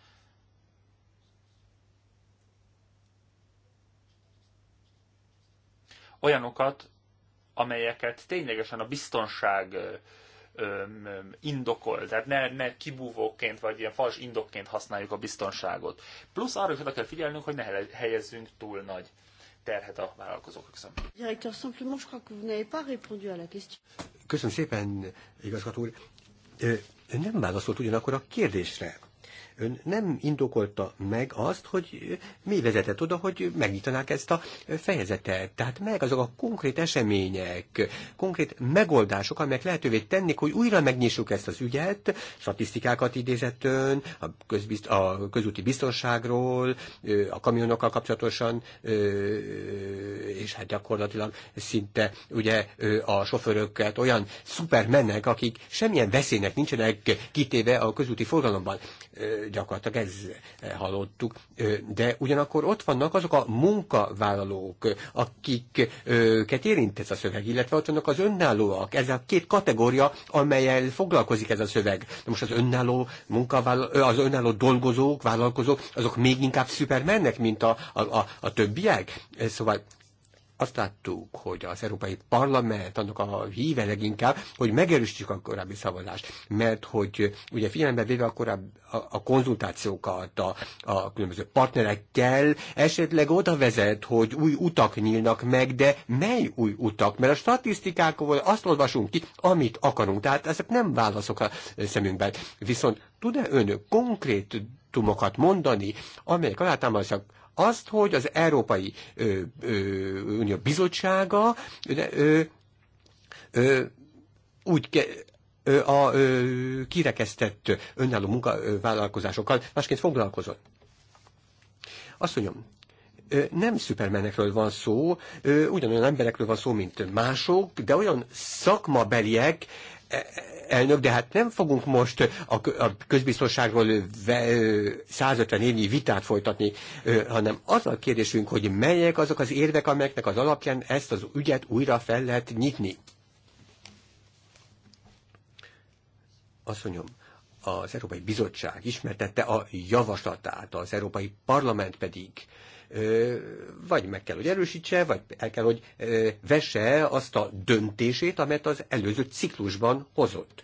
olyanokat, amelyeket ténylegesen a biztonság indokol, tehát ne, ne kibúvóként vagy ilyen fals indokként használjuk a biztonságot. Plusz arra is oda kell figyelnünk, hogy ne helyezzünk túl nagy terhet a vállalkozók Köszönöm. Köszönöm szépen, igazgató úr. Ön nem válaszolt ugyanakkor a kérdésre ön nem indokolta meg azt, hogy mi vezetett oda, hogy megnyitanák ezt a fejezetet. Tehát meg azok a konkrét események, konkrét megoldások, amelyek lehetővé tennék, hogy újra megnyissuk ezt az ügyet, statisztikákat idézett ön, a, közbizt, a közúti biztonságról, a kamionokkal kapcsolatosan, és hát gyakorlatilag szinte ugye a sofőröket olyan szupermennek, akik semmilyen veszélynek nincsenek kitéve a közúti forgalomban gyakorlatilag ez eh, hallottuk. De ugyanakkor ott vannak azok a munkavállalók, akiket érint ez a szöveg, illetve ott vannak az önállóak. Ez a két kategória, amelyel foglalkozik ez a szöveg. De most az önálló munkavállaló, az önálló dolgozók, vállalkozók, azok még inkább szupermennek, mint a, a, a, a többiek. Szóval azt láttuk, hogy az Európai Parlament annak a híve leginkább, hogy megerősítsük a korábbi szavazást, mert hogy ugye figyelembe véve a, korábbi, a, a konzultációkat a, a különböző partnerekkel, esetleg oda vezet, hogy új utak nyílnak meg, de mely új utak? Mert a statisztikákból azt olvasunk ki, amit akarunk, tehát ezek nem válaszok a szemünkben. Viszont tud-e önök konkrét tumokat mondani, amelyek alátámasztják azt, hogy az Európai ö, ö, Unió Bizottsága ö, ö, úgy ke, ö, a ö, kirekesztett önálló munkavállalkozásokkal másként foglalkozott. Azt mondjam, nem szupermenekről van szó, ugyanolyan emberekről van szó, mint mások, de olyan szakmabeliek, elnök, de hát nem fogunk most a közbiztonságról 150 évnyi vitát folytatni, hanem az a kérdésünk, hogy melyek azok az érvek, amelyeknek az alapján ezt az ügyet újra fel lehet nyitni. Azt mondjam, az Európai Bizottság ismertette a javaslatát, az Európai Parlament pedig vagy meg kell, hogy erősítse, vagy el kell, hogy vesse azt a döntését, amelyet az előző ciklusban hozott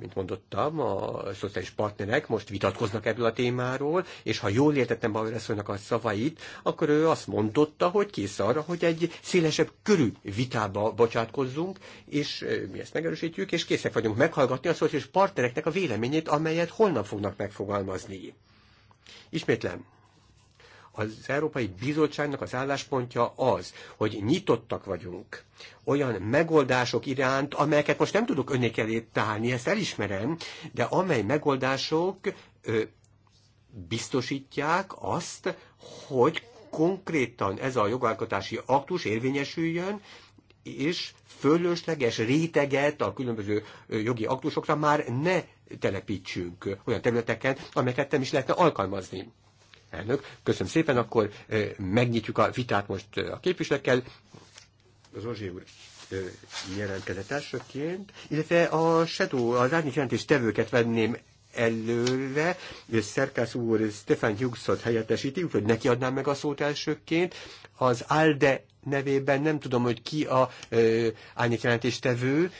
mint mondottam, a szociális partnerek most vitatkoznak ebből a témáról, és ha jól értettem Bauer a szavait, akkor ő azt mondotta, hogy kész arra, hogy egy szélesebb körű vitába bocsátkozzunk, és mi ezt megerősítjük, és készek vagyunk meghallgatni a szociális partnereknek a véleményét, amelyet holnap fognak megfogalmazni. Ismétlem, az Európai Bizottságnak az álláspontja az, hogy nyitottak vagyunk olyan megoldások iránt, amelyeket most nem tudok önnék elé tálni, ezt elismerem, de amely megoldások ö, biztosítják azt, hogy konkrétan ez a jogalkotási aktus érvényesüljön, és fölösleges réteget a különböző jogi aktusokra már ne telepítsünk olyan területeken, amelyeket nem is lehetne alkalmazni. Elnök, köszönöm szépen, akkor megnyitjuk a vitát most a képviselőkkel. Az Ozsi úr jelentkezett elsőként, illetve a Shadow, az árnyi jelentés tevőket venném előre, és Szerkász úr Stefan Hughes-ot helyettesíti, úgyhogy neki adnám meg a szót elsőként. Az ALDE nevében nem tudom, hogy ki a árnyék tevő.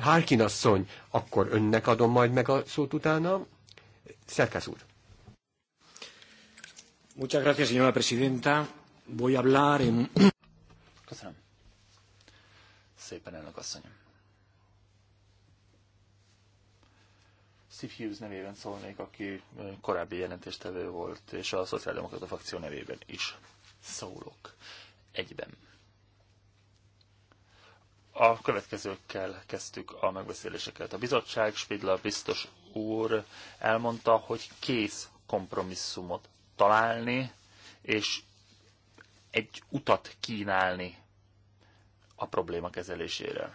Harkin asszony, akkor önnek adom majd meg a szót utána. Szerkász úr. Muchas gracias, señora presidenta. Voy a hablar en... Köszönöm. Szépen elnök asszonyom. Steve Hughes nevében szólnék, aki korábbi jelentéstevő volt, és a Szociáldemokrata frakció nevében is szólok egyben. A következőkkel kezdtük a megbeszéléseket. A bizottság, Spidla biztos úr elmondta, hogy kész kompromisszumot találni, és egy utat kínálni a probléma kezelésére.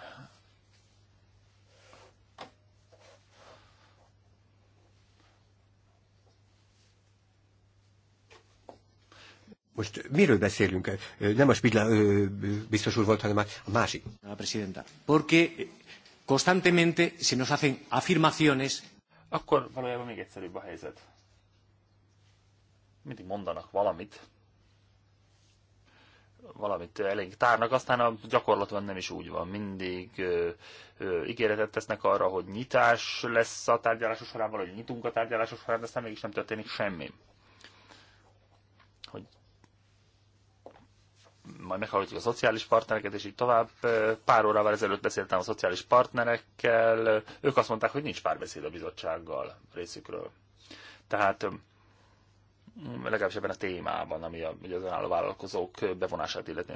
Most miről beszélünk? Nem a Spidla biztos úr volt, hanem a másik. A presidenta. Porque constantemente se nos hacen afirmaciones. Akkor valójában még egyszerűbb a helyzet mindig mondanak valamit, valamit elég tárnak, aztán a gyakorlatban nem is úgy van. Mindig ö, ö, ígéretet tesznek arra, hogy nyitás lesz a tárgyalások során, valahogy nyitunk a tárgyalások során, de aztán mégis nem történik semmi. Hogy majd meghallgatjuk a szociális partnereket, és így tovább. Pár órával ezelőtt beszéltem a szociális partnerekkel, ők azt mondták, hogy nincs párbeszéd a bizottsággal részükről. Tehát legalábbis ebben a témában, ami a, az önálló vállalkozók bevonását illeti.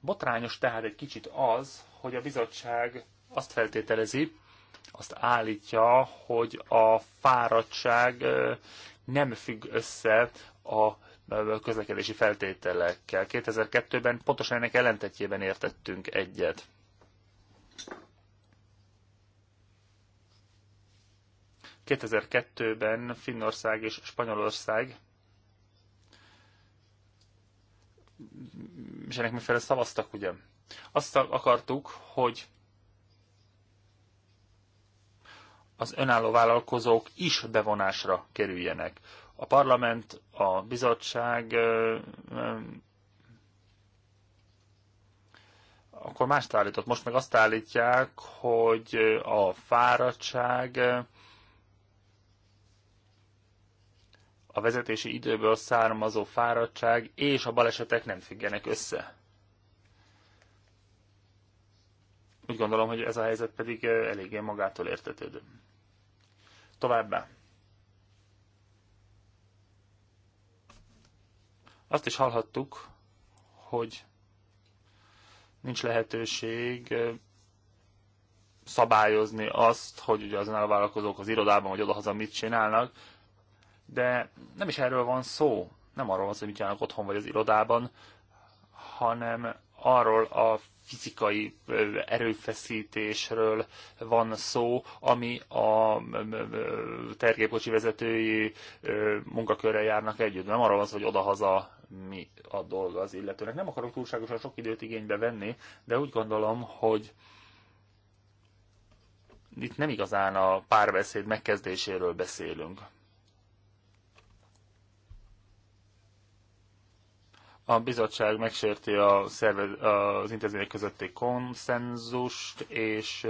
Botrányos tehát egy kicsit az, hogy a bizottság azt feltételezi, azt állítja, hogy a fáradtság nem függ össze a közlekedési feltételekkel. 2002-ben pontosan ennek ellentetjében értettünk egyet. ...2002-ben Finnország és Spanyolország és ennek megfelelően szavaztak, ugye? Azt akartuk, hogy az önálló vállalkozók is bevonásra kerüljenek. A parlament, a bizottság akkor mást állított. Most meg azt állítják, hogy a fáradtság a vezetési időből származó fáradtság és a balesetek nem függenek össze. Úgy gondolom, hogy ez a helyzet pedig eh, eléggé magától értetődő. Továbbá. Azt is hallhattuk, hogy nincs lehetőség eh, szabályozni azt, hogy ugye azon a vállalkozók az irodában vagy odahaza mit csinálnak, de nem is erről van szó, nem arról van szó, hogy mit csinálnak otthon vagy az irodában, hanem arról a fizikai erőfeszítésről van szó, ami a tergépkocsi vezetői munkakörrel járnak együtt. Nem arról van szó, hogy odahaza mi a dolga az illetőnek. Nem akarok túlságosan sok időt igénybe venni, de úgy gondolom, hogy itt nem igazán a párbeszéd megkezdéséről beszélünk. a bizottság megsérti a szervez, az intézmények közötti konszenzust, és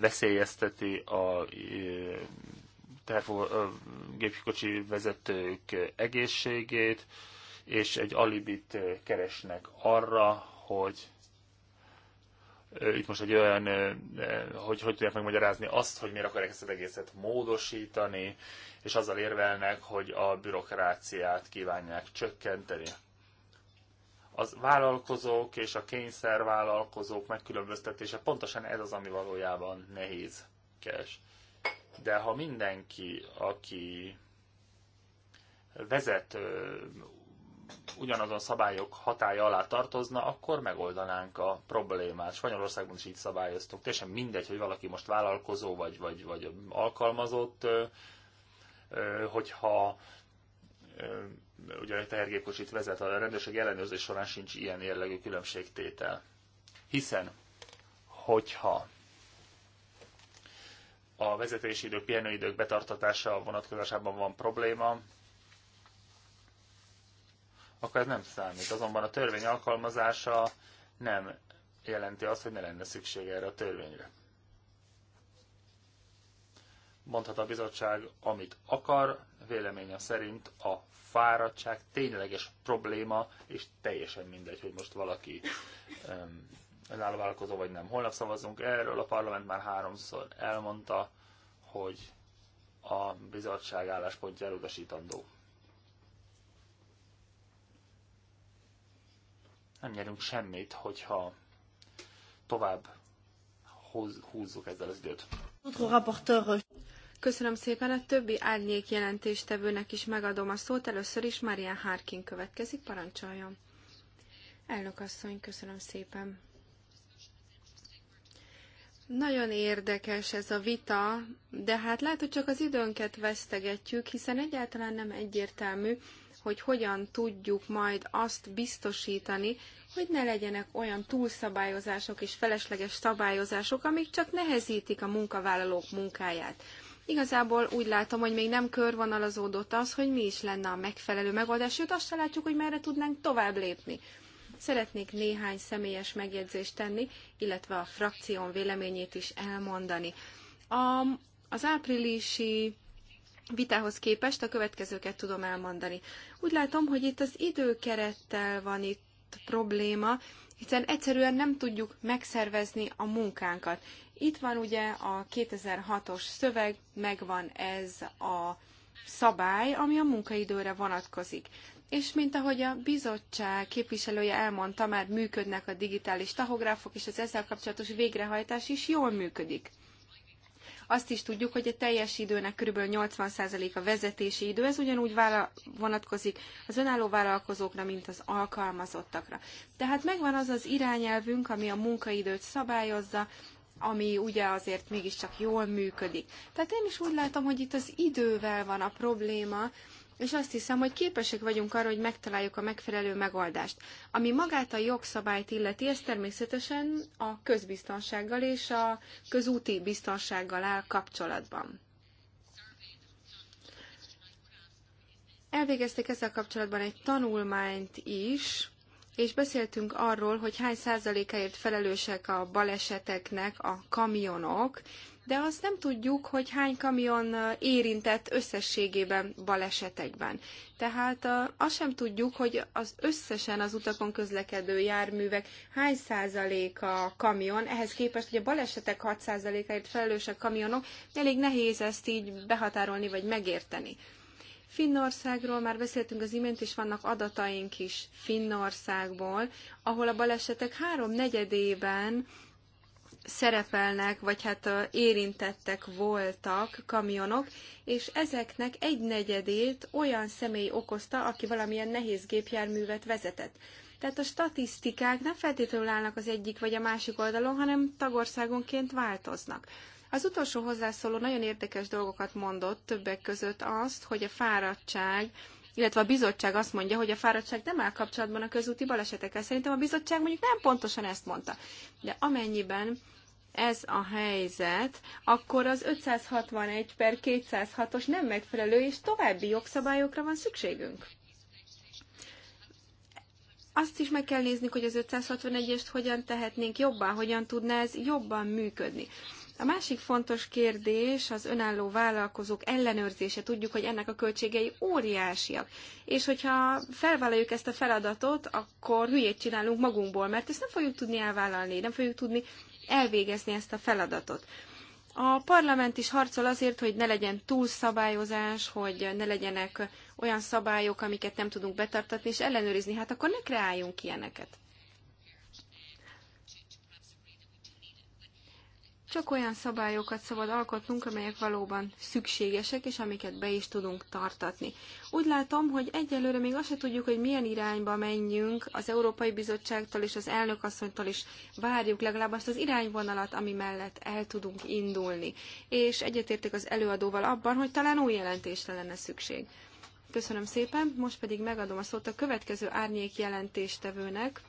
veszélyezteti a gépkocsi vezetők egészségét, és egy alibit keresnek arra, hogy itt most egy olyan, hogy hogy tudják megmagyarázni azt, hogy miért akarják ezt az egészet módosítani, és azzal érvelnek, hogy a bürokráciát kívánják csökkenteni az vállalkozók és a kényszervállalkozók megkülönböztetése pontosan ez az, ami valójában nehézkes. De ha mindenki, aki vezet ugyanazon szabályok hatája alá tartozna, akkor megoldanánk a problémát. Spanyolországban is így szabályoztuk. Teljesen mindegy, hogy valaki most vállalkozó vagy, vagy, vagy alkalmazott, hogyha ugye egy tehergépkocsit vezet, a rendőrség ellenőrzés során sincs ilyen érlegű különbségtétel. Hiszen, hogyha a vezetési idők, pihenőidők betartatása vonatkozásában van probléma, akkor ez nem számít. Azonban a törvény alkalmazása nem jelenti azt, hogy ne lenne szükség erre a törvényre mondhat a bizottság, amit akar, véleménye szerint a fáradtság tényleges probléma, és teljesen mindegy, hogy most valaki önállóvállalkozó vagy nem. Holnap szavazunk erről, a parlament már háromszor elmondta, hogy a bizottság álláspontja elutasítandó. Nem nyerünk semmit, hogyha tovább húzzuk ezzel az időt. Notre rapporteur Köszönöm szépen a többi árnyék jelentéstevőnek is megadom a szót. Először is Marian Harkin következik, parancsoljon. Elnök asszony, köszönöm szépen. Nagyon érdekes ez a vita, de hát lehet, hogy csak az időnket vesztegetjük, hiszen egyáltalán nem egyértelmű, hogy hogyan tudjuk majd azt biztosítani, hogy ne legyenek olyan túlszabályozások és felesleges szabályozások, amik csak nehezítik a munkavállalók munkáját. Igazából úgy látom, hogy még nem körvonalazódott az, hogy mi is lenne a megfelelő megoldás, sőt azt se látjuk, hogy merre tudnánk tovább lépni. Szeretnék néhány személyes megjegyzést tenni, illetve a frakción véleményét is elmondani. A, az áprilisi vitához képest a következőket tudom elmondani. Úgy látom, hogy itt az időkerettel van itt probléma, hiszen egyszerűen nem tudjuk megszervezni a munkánkat. Itt van ugye a 2006-os szöveg, megvan ez a szabály, ami a munkaidőre vonatkozik. És mint ahogy a bizottság képviselője elmondta, már működnek a digitális tahográfok, és az ezzel kapcsolatos végrehajtás is jól működik. Azt is tudjuk, hogy a teljes időnek kb. 80% a vezetési idő, ez ugyanúgy vála- vonatkozik az önálló vállalkozókra, mint az alkalmazottakra. Tehát megvan az az irányelvünk, ami a munkaidőt szabályozza, ami ugye azért mégiscsak jól működik. Tehát én is úgy látom, hogy itt az idővel van a probléma, és azt hiszem, hogy képesek vagyunk arra, hogy megtaláljuk a megfelelő megoldást. Ami magát a jogszabályt illeti, ez természetesen a közbiztonsággal és a közúti biztonsággal áll kapcsolatban. Elvégezték ezzel kapcsolatban egy tanulmányt is, és beszéltünk arról, hogy hány százalékáért felelősek a baleseteknek a kamionok, de azt nem tudjuk, hogy hány kamion érintett összességében balesetekben. Tehát azt sem tudjuk, hogy az összesen az utakon közlekedő járművek hány százaléka kamion, ehhez képest, hogy a balesetek 6 százalékáért felelősek kamionok, elég nehéz ezt így behatárolni vagy megérteni. Finnországról már beszéltünk az imént, és vannak adataink is Finnországból, ahol a balesetek három negyedében szerepelnek, vagy hát érintettek voltak kamionok, és ezeknek egy negyedét olyan személy okozta, aki valamilyen nehéz gépjárművet vezetett. Tehát a statisztikák nem feltétlenül állnak az egyik vagy a másik oldalon, hanem tagországonként változnak. Az utolsó hozzászóló nagyon érdekes dolgokat mondott, többek között azt, hogy a fáradtság, illetve a bizottság azt mondja, hogy a fáradtság nem áll kapcsolatban a közúti balesetekkel. Szerintem a bizottság mondjuk nem pontosan ezt mondta. De amennyiben ez a helyzet, akkor az 561 per 206-os nem megfelelő, és további jogszabályokra van szükségünk. Azt is meg kell néznünk, hogy az 561-est hogyan tehetnénk jobban, hogyan tudná ez jobban működni. A másik fontos kérdés az önálló vállalkozók ellenőrzése. Tudjuk, hogy ennek a költségei óriásiak. És hogyha felvállaljuk ezt a feladatot, akkor hülyét csinálunk magunkból, mert ezt nem fogjuk tudni elvállalni, nem fogjuk tudni elvégezni ezt a feladatot. A parlament is harcol azért, hogy ne legyen túlszabályozás, hogy ne legyenek olyan szabályok, amiket nem tudunk betartatni és ellenőrizni. Hát akkor ne kreáljunk ilyeneket. Csak olyan szabályokat szabad alkotnunk, amelyek valóban szükségesek, és amiket be is tudunk tartatni. Úgy látom, hogy egyelőre még azt se tudjuk, hogy milyen irányba menjünk az Európai Bizottságtól és az elnökasszonytól is várjuk legalább azt az irányvonalat, ami mellett el tudunk indulni. És egyetértek az előadóval abban, hogy talán új jelentésre lenne szükség. Köszönöm szépen, most pedig megadom a szót a következő árnyék jelentéstevőnek,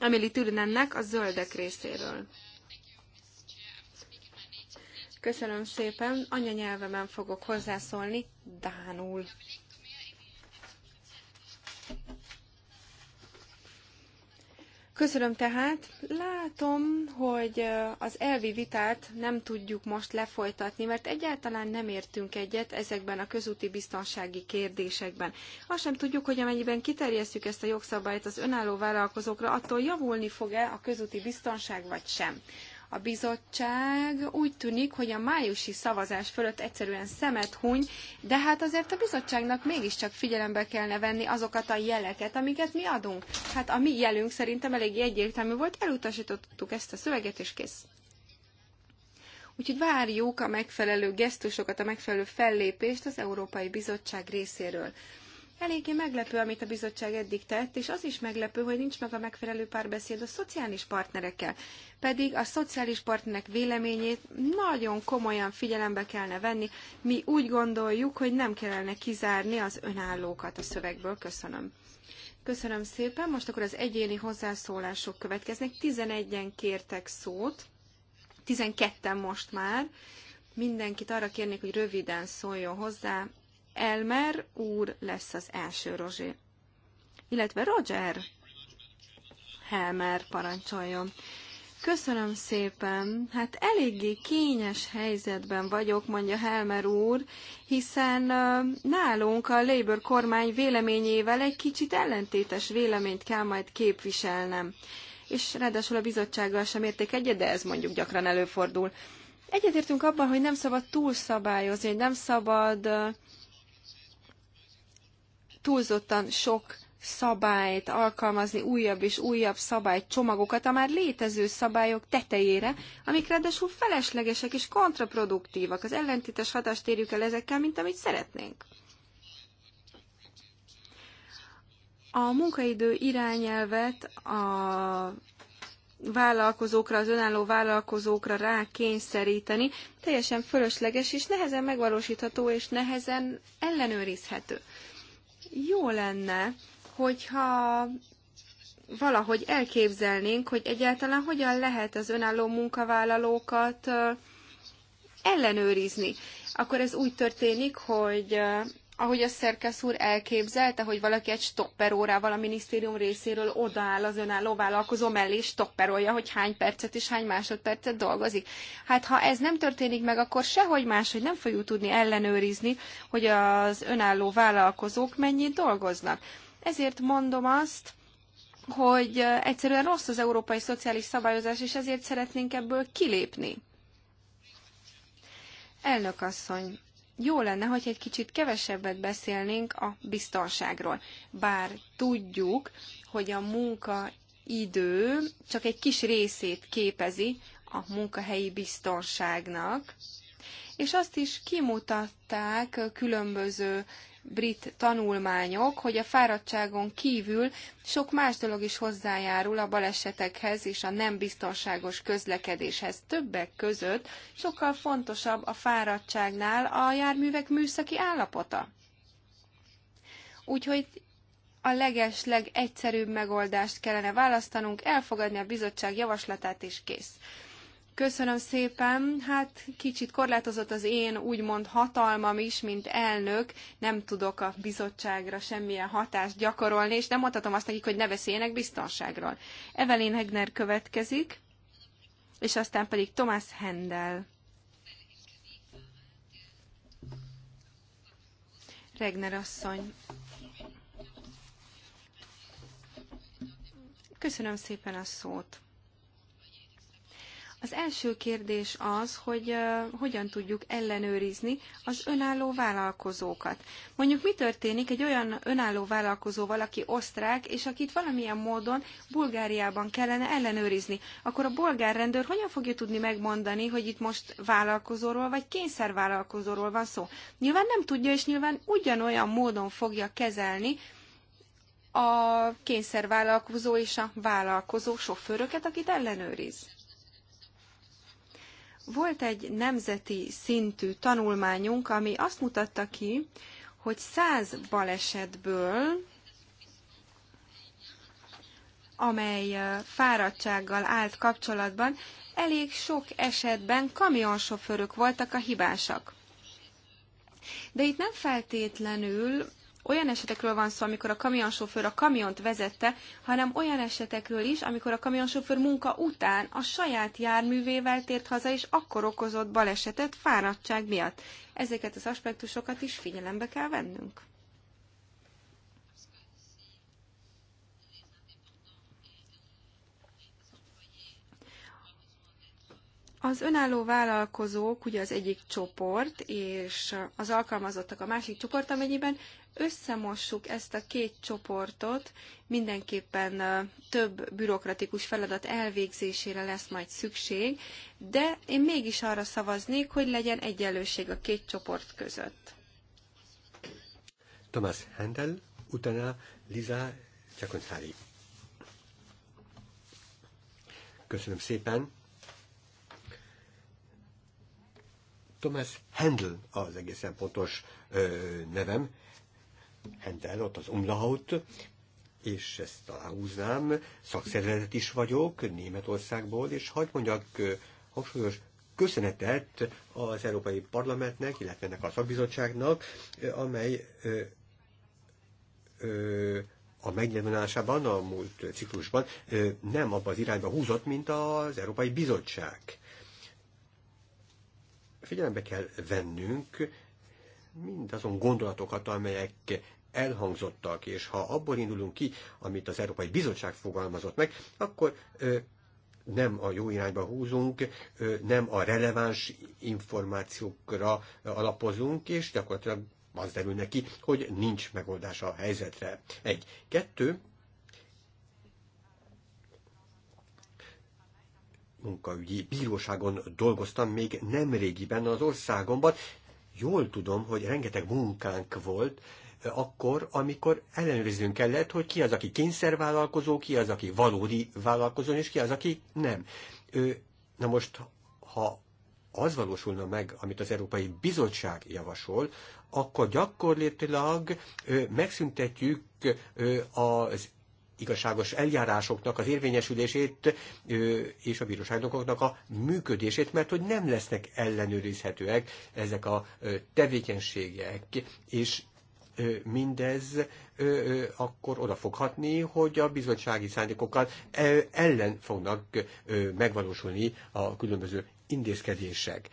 Emily Türnennek a zöldek részéről. Köszönöm szépen, anyanyelvemen fogok hozzászólni, Dánul. Köszönöm tehát. Látom, hogy az elvi vitát nem tudjuk most lefolytatni, mert egyáltalán nem értünk egyet ezekben a közúti biztonsági kérdésekben. Azt sem tudjuk, hogy amennyiben kiterjesztjük ezt a jogszabályt az önálló vállalkozókra, attól javulni fog-e a közúti biztonság vagy sem. A bizottság úgy tűnik, hogy a májusi szavazás fölött egyszerűen szemet huny, de hát azért a bizottságnak mégiscsak figyelembe kellene venni azokat a jeleket, amiket mi adunk. Hát a mi jelünk szerintem elég egyértelmű volt, elutasítottuk ezt a szöveget, és kész. Úgyhogy várjuk a megfelelő gesztusokat, a megfelelő fellépést az Európai Bizottság részéről. Eléggé meglepő, amit a bizottság eddig tett, és az is meglepő, hogy nincs meg a megfelelő párbeszéd a szociális partnerekkel. Pedig a szociális partnerek véleményét nagyon komolyan figyelembe kellene venni. Mi úgy gondoljuk, hogy nem kellene kizárni az önállókat a szövegből. Köszönöm. Köszönöm szépen. Most akkor az egyéni hozzászólások következnek. 11-en kértek szót, 12-en most már. Mindenkit arra kérnék, hogy röviden szóljon hozzá, Elmer úr lesz az első, Rozsi. Illetve Roger Helmer parancsoljon. Köszönöm szépen. Hát eléggé kényes helyzetben vagyok, mondja Helmer úr, hiszen nálunk a Labour kormány véleményével egy kicsit ellentétes véleményt kell majd képviselnem. És ráadásul a bizottsággal sem érték egyet, de ez mondjuk gyakran előfordul. Egyetértünk abban, hogy nem szabad túlszabályozni, nem szabad túlzottan sok szabályt alkalmazni, újabb és újabb szabálycsomagokat a már létező szabályok tetejére, amik ráadásul feleslegesek és kontraproduktívak. Az ellentétes hatást érjük el ezekkel, mint amit szeretnénk. A munkaidő irányelvet a vállalkozókra, az önálló vállalkozókra rá kényszeríteni, teljesen fölösleges és nehezen megvalósítható és nehezen ellenőrizhető jó lenne, hogyha valahogy elképzelnénk, hogy egyáltalán hogyan lehet az önálló munkavállalókat ellenőrizni. Akkor ez úgy történik, hogy ahogy a szerkesz úr elképzelte, hogy valaki egy stopperórával a minisztérium részéről odaáll az önálló vállalkozó mellé, és stopperolja, hogy hány percet és hány másodpercet dolgozik. Hát ha ez nem történik meg, akkor sehogy máshogy nem fogjuk tudni ellenőrizni, hogy az önálló vállalkozók mennyit dolgoznak. Ezért mondom azt, hogy egyszerűen rossz az európai szociális szabályozás, és ezért szeretnénk ebből kilépni. Elnök asszony, jó lenne, hogy egy kicsit kevesebbet beszélnénk a biztonságról. Bár tudjuk, hogy a munkaidő csak egy kis részét képezi a munkahelyi biztonságnak, és azt is kimutatták különböző brit tanulmányok, hogy a fáradtságon kívül sok más dolog is hozzájárul a balesetekhez és a nem biztonságos közlekedéshez. Többek között sokkal fontosabb a fáradtságnál a járművek műszaki állapota. Úgyhogy a leges, legegyszerűbb megoldást kellene választanunk, elfogadni a bizottság javaslatát, és kész. Köszönöm szépen. Hát kicsit korlátozott az én úgymond hatalmam is, mint elnök. Nem tudok a bizottságra semmilyen hatást gyakorolni, és nem mondhatom azt nekik, hogy ne beszéljenek biztonságról. Evelyn Hegner következik, és aztán pedig Thomas Hendel. Regner asszony. Köszönöm szépen a szót. Az első kérdés az, hogy uh, hogyan tudjuk ellenőrizni az önálló vállalkozókat. Mondjuk mi történik egy olyan önálló vállalkozóval, aki osztrák, és akit valamilyen módon Bulgáriában kellene ellenőrizni. Akkor a bolgár rendőr hogyan fogja tudni megmondani, hogy itt most vállalkozóról vagy kényszervállalkozóról van szó? Nyilván nem tudja, és nyilván ugyanolyan módon fogja kezelni, a kényszervállalkozó és a vállalkozó sofőröket, akit ellenőriz. Volt egy nemzeti szintű tanulmányunk, ami azt mutatta ki, hogy száz balesetből, amely fáradtsággal állt kapcsolatban, elég sok esetben kamionsofőrök voltak a hibásak. De itt nem feltétlenül olyan esetekről van szó, amikor a kamionsofőr a kamiont vezette, hanem olyan esetekről is, amikor a kamionsofőr munka után a saját járművével tért haza, és akkor okozott balesetet fáradtság miatt. Ezeket az aspektusokat is figyelembe kell vennünk. Az önálló vállalkozók ugye az egyik csoport, és az alkalmazottak a másik csoport, amennyiben összemossuk ezt a két csoportot, mindenképpen több bürokratikus feladat elvégzésére lesz majd szükség, de én mégis arra szavaznék, hogy legyen egyenlőség a két csoport között. Thomas Handel, utána Liza Csakonszári. Köszönöm szépen. Thomas Handel az egészen pontos ö, nevem Hendel, ott az Umlaut, és ezt aláhúznám, szakszervezet is vagyok Németországból, és hagyd mondjak hangsúlyos köszönetet az Európai Parlamentnek, illetve ennek a szakbizottságnak, amely ö, ö, a megnyilvánulásában a múlt ciklusban ö, nem abba az irányba húzott, mint az Európai Bizottság. Figyelembe kell vennünk mindazon gondolatokat, amelyek elhangzottak, és ha abból indulunk ki, amit az Európai Bizottság fogalmazott meg, akkor nem a jó irányba húzunk, nem a releváns információkra alapozunk, és gyakorlatilag az derül neki, hogy nincs megoldása a helyzetre. Egy. Kettő, munkaügyi bíróságon dolgoztam még nem az országomban. Jól tudom, hogy rengeteg munkánk volt, akkor, amikor ellenőriznünk kellett, hogy ki az, aki kényszervállalkozó, ki az, aki valódi vállalkozó, és ki az, aki nem. Na most, ha az valósulna meg, amit az Európai Bizottság javasol, akkor gyakorlatilag megszüntetjük az igazságos eljárásoknak az érvényesülését és a bíróságnokoknak a működését, mert hogy nem lesznek ellenőrizhetőek ezek a tevékenységek, és mindez akkor oda hogy a bizottsági szándékokkal ellen fognak megvalósulni a különböző intézkedések.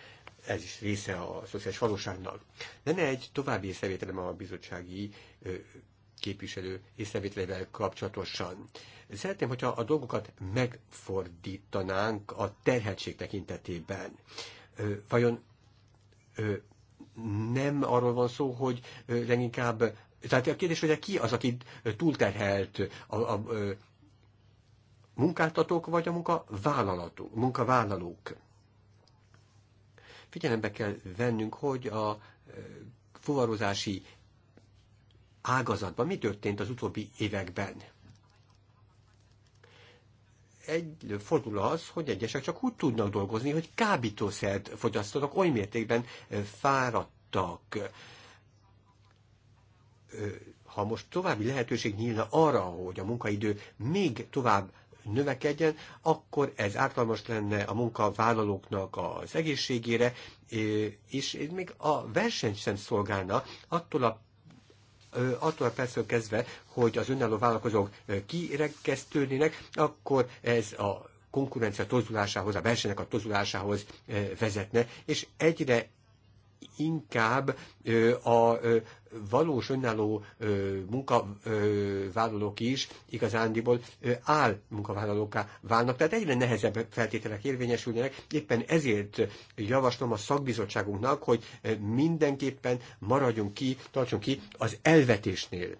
Ez is része a szociális valóságnak. Lenne egy további észrevételem a bizottsági képviselő észrevételével kapcsolatosan. Szeretném, hogyha a dolgokat megfordítanánk a terhetség tekintetében. Vajon nem arról van szó, hogy leginkább, tehát a kérdés, hogy ki az, aki túlterhelt a, a, a munkáltatók vagy a munkavállalatok, munkavállalók. Figyelembe kell vennünk, hogy a fuvarozási ágazatban mi történt az utóbbi években egy, fordul az, hogy egyesek csak úgy tudnak dolgozni, hogy kábítószert fogyasztanak, oly mértékben fáradtak. Ha most további lehetőség nyílna arra, hogy a munkaidő még tovább növekedjen, akkor ez ártalmas lenne a munkavállalóknak az egészségére, és még a versenyt sem szolgálna attól a attól a perctől kezdve, hogy az önálló vállalkozók kirekesztődnének, akkor ez a konkurencia tozulásához, a versenyek a tozulásához vezetne, és egyre inkább a valós önálló munkavállalók is igazándiból áll munkavállalóká válnak, tehát egyre nehezebb feltételek érvényesülnek, éppen ezért javaslom a szakbizottságunknak, hogy mindenképpen maradjunk ki, tartsunk ki az elvetésnél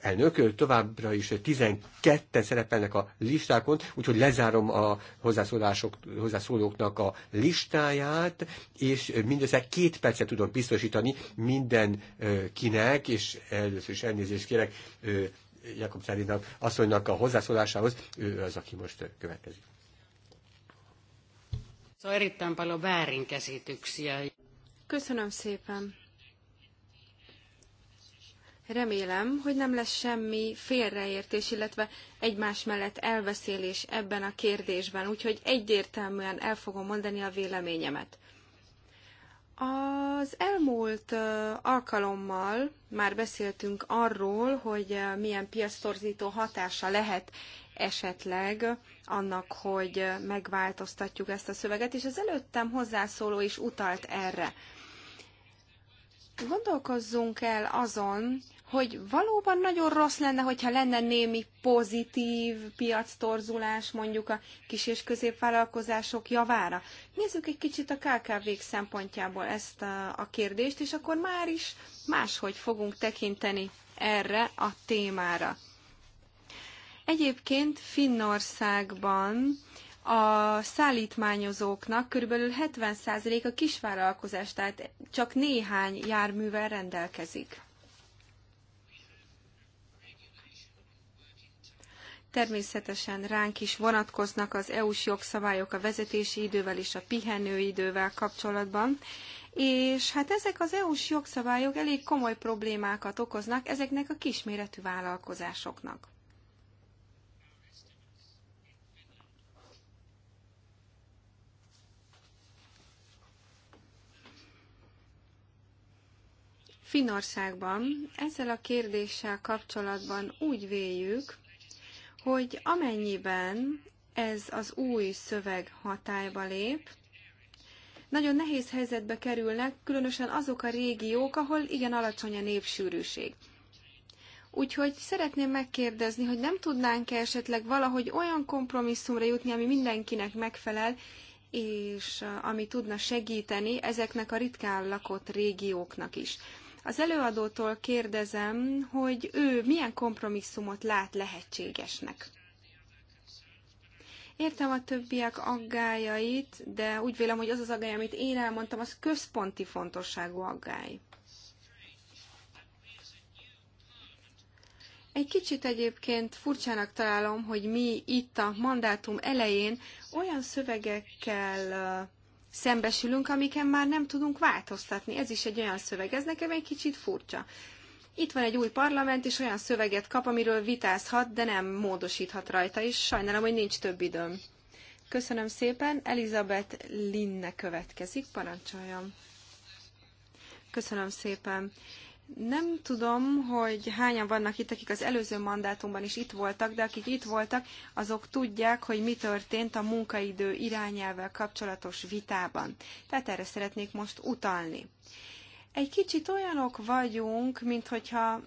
elnök, továbbra is 12-en szerepelnek a listákon, úgyhogy lezárom a hozzászólások, hozzászólóknak a listáját, és mindössze két percet tudok biztosítani minden kinek, és először is elnézést kérek Jakob Szerinak, asszonynak a hozzászólásához, ő az, aki most következik. Szóval Köszönöm szépen. Remélem, hogy nem lesz semmi félreértés, illetve egymás mellett elveszélés ebben a kérdésben, úgyhogy egyértelműen el fogom mondani a véleményemet. Az elmúlt alkalommal már beszéltünk arról, hogy milyen piasztorzító hatása lehet esetleg annak, hogy megváltoztatjuk ezt a szöveget, és az előttem hozzászóló is utalt erre. Gondolkozzunk el azon, hogy valóban nagyon rossz lenne, hogyha lenne némi pozitív piactorzulás mondjuk a kis és középvállalkozások javára. Nézzük egy kicsit a kkv szempontjából ezt a, a kérdést, és akkor már is máshogy fogunk tekinteni erre a témára. Egyébként Finnországban a szállítmányozóknak kb. 70% a kisvállalkozás, tehát csak néhány járművel rendelkezik. Természetesen ránk is vonatkoznak az EU-s jogszabályok a vezetési idővel és a pihenőidővel kapcsolatban, és hát ezek az EU-s jogszabályok elég komoly problémákat okoznak ezeknek a kisméretű vállalkozásoknak. Finországban ezzel a kérdéssel kapcsolatban úgy véljük, hogy amennyiben ez az új szöveg hatályba lép, nagyon nehéz helyzetbe kerülnek, különösen azok a régiók, ahol igen alacsony a népsűrűség. Úgyhogy szeretném megkérdezni, hogy nem tudnánk-e esetleg valahogy olyan kompromisszumra jutni, ami mindenkinek megfelel, és uh, ami tudna segíteni ezeknek a ritkán lakott régióknak is. Az előadótól kérdezem, hogy ő milyen kompromisszumot lát lehetségesnek. Értem a többiek aggájait, de úgy vélem, hogy az az aggály, amit én elmondtam, az központi fontosságú aggály. Egy kicsit egyébként furcsának találom, hogy mi itt a mandátum elején olyan szövegekkel szembesülünk, amiken már nem tudunk változtatni. Ez is egy olyan szöveg, ez nekem egy kicsit furcsa. Itt van egy új parlament, és olyan szöveget kap, amiről vitázhat, de nem módosíthat rajta, és sajnálom, hogy nincs több időm. Köszönöm szépen, Elizabeth Linne következik, parancsoljam. Köszönöm szépen. Nem tudom, hogy hányan vannak itt, akik az előző mandátumban is itt voltak, de akik itt voltak, azok tudják, hogy mi történt a munkaidő irányelvvel kapcsolatos vitában. Tehát erre szeretnék most utalni. Egy kicsit olyanok vagyunk, mint hogyha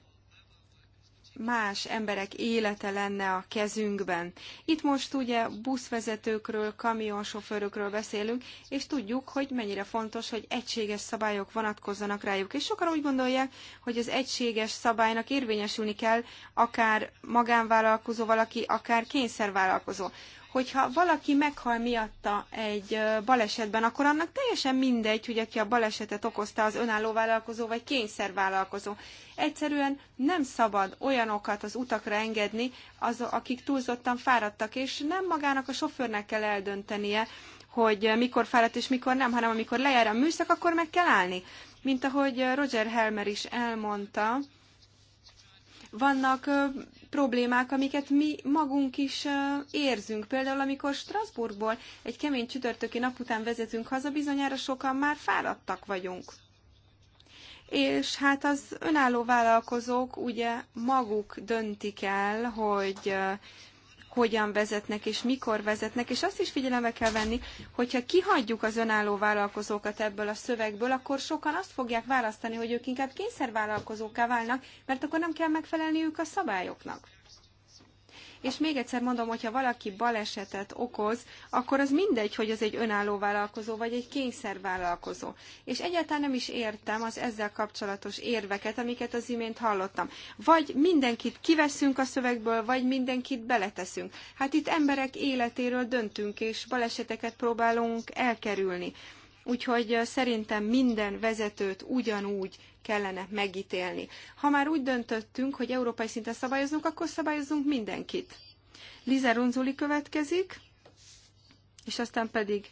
más emberek élete lenne a kezünkben. Itt most ugye buszvezetőkről, kamionsofőrökről beszélünk, és tudjuk, hogy mennyire fontos, hogy egységes szabályok vonatkozzanak rájuk. És sokan úgy gondolják, hogy az egységes szabálynak érvényesülni kell akár magánvállalkozó valaki, akár kényszervállalkozó hogyha valaki meghal miatta egy balesetben, akkor annak teljesen mindegy, hogy aki a balesetet okozta, az önálló vállalkozó vagy kényszervállalkozó. Egyszerűen nem szabad olyanokat az utakra engedni, az, akik túlzottan fáradtak, és nem magának a sofőrnek kell eldöntenie, hogy mikor fáradt és mikor nem, hanem amikor lejár a műszak, akkor meg kell állni. Mint ahogy Roger Helmer is elmondta, vannak problémák, amiket mi magunk is érzünk. Például, amikor Strasbourgból egy kemény csütörtöki nap után vezetünk haza, bizonyára sokan már fáradtak vagyunk. És hát az önálló vállalkozók ugye maguk döntik el, hogy hogyan vezetnek és mikor vezetnek, és azt is figyelembe kell venni, hogyha kihagyjuk az önálló vállalkozókat ebből a szövegből, akkor sokan azt fogják választani, hogy ők inkább kényszervállalkozóká válnak, mert akkor nem kell megfelelniük a szabályoknak. És még egyszer mondom, hogyha valaki balesetet okoz, akkor az mindegy, hogy az egy önálló vállalkozó vagy egy kényszervállalkozó. És egyáltalán nem is értem az ezzel kapcsolatos érveket, amiket az imént hallottam. Vagy mindenkit kiveszünk a szövegből, vagy mindenkit beleteszünk. Hát itt emberek életéről döntünk, és baleseteket próbálunk elkerülni. Úgyhogy szerintem minden vezetőt ugyanúgy kellene megítélni. Ha már úgy döntöttünk, hogy európai szinten szabályozunk, akkor szabályozunk mindenkit. Liza Runzuli következik, és aztán pedig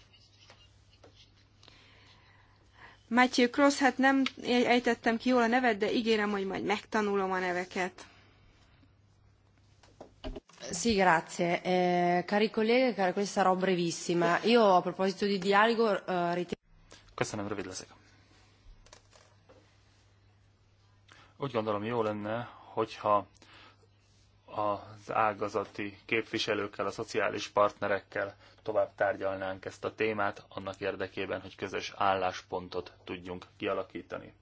Matthew Cross, hát nem ejtettem ki jól a nevet, de ígérem, hogy majd megtanulom a neveket. Sì, grazie. Eh, cari colleghi, cari colleghi, sarò brevissima. Io a proposito di dialogo eh, ritengo... Köszönöm, rövid leszek. Úgy gondolom jó lenne, hogyha az ágazati képviselőkkel, a szociális partnerekkel tovább tárgyalnánk ezt a témát, annak érdekében, hogy közös álláspontot tudjunk kialakítani.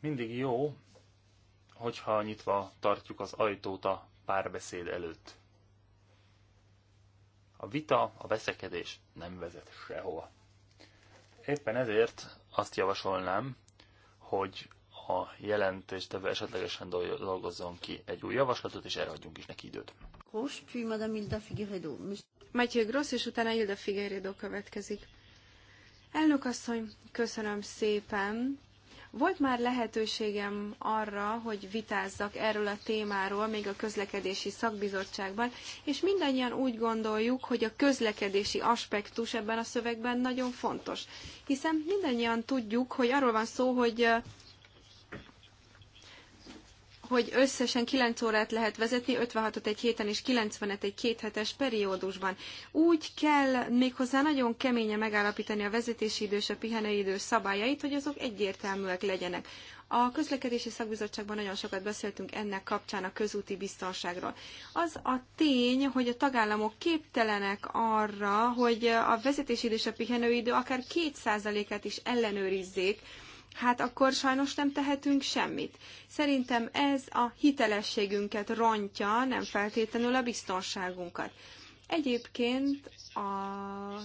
Mindig jó, hogyha nyitva tartjuk az ajtót a párbeszéd előtt. A vita, a veszekedés nem vezet sehova. Éppen ezért azt javasolnám, hogy a jelentéstevő esetlegesen dolgozzon ki egy új javaslatot, és erre adjunk is neki időt. Grosz, puis és utána Hilda Figueredo következik. Elnök asszony, köszönöm szépen. Volt már lehetőségem arra, hogy vitázzak erről a témáról még a közlekedési szakbizottságban, és mindannyian úgy gondoljuk, hogy a közlekedési aspektus ebben a szövegben nagyon fontos. Hiszen mindannyian tudjuk, hogy arról van szó, hogy hogy összesen 9 órát lehet vezetni, 56-ot egy héten és 90-et egy kéthetes periódusban. Úgy kell méghozzá nagyon keményen megállapítani a vezetési idő és a pihenőidő szabályait, hogy azok egyértelműek legyenek. A közlekedési szakbizottságban nagyon sokat beszéltünk ennek kapcsán a közúti biztonságról. Az a tény, hogy a tagállamok képtelenek arra, hogy a vezetési idő és a pihenőidő akár 2%-át is ellenőrizzék, hát akkor sajnos nem tehetünk semmit. Szerintem ez a hitelességünket rontja, nem feltétlenül a biztonságunkat. Egyébként a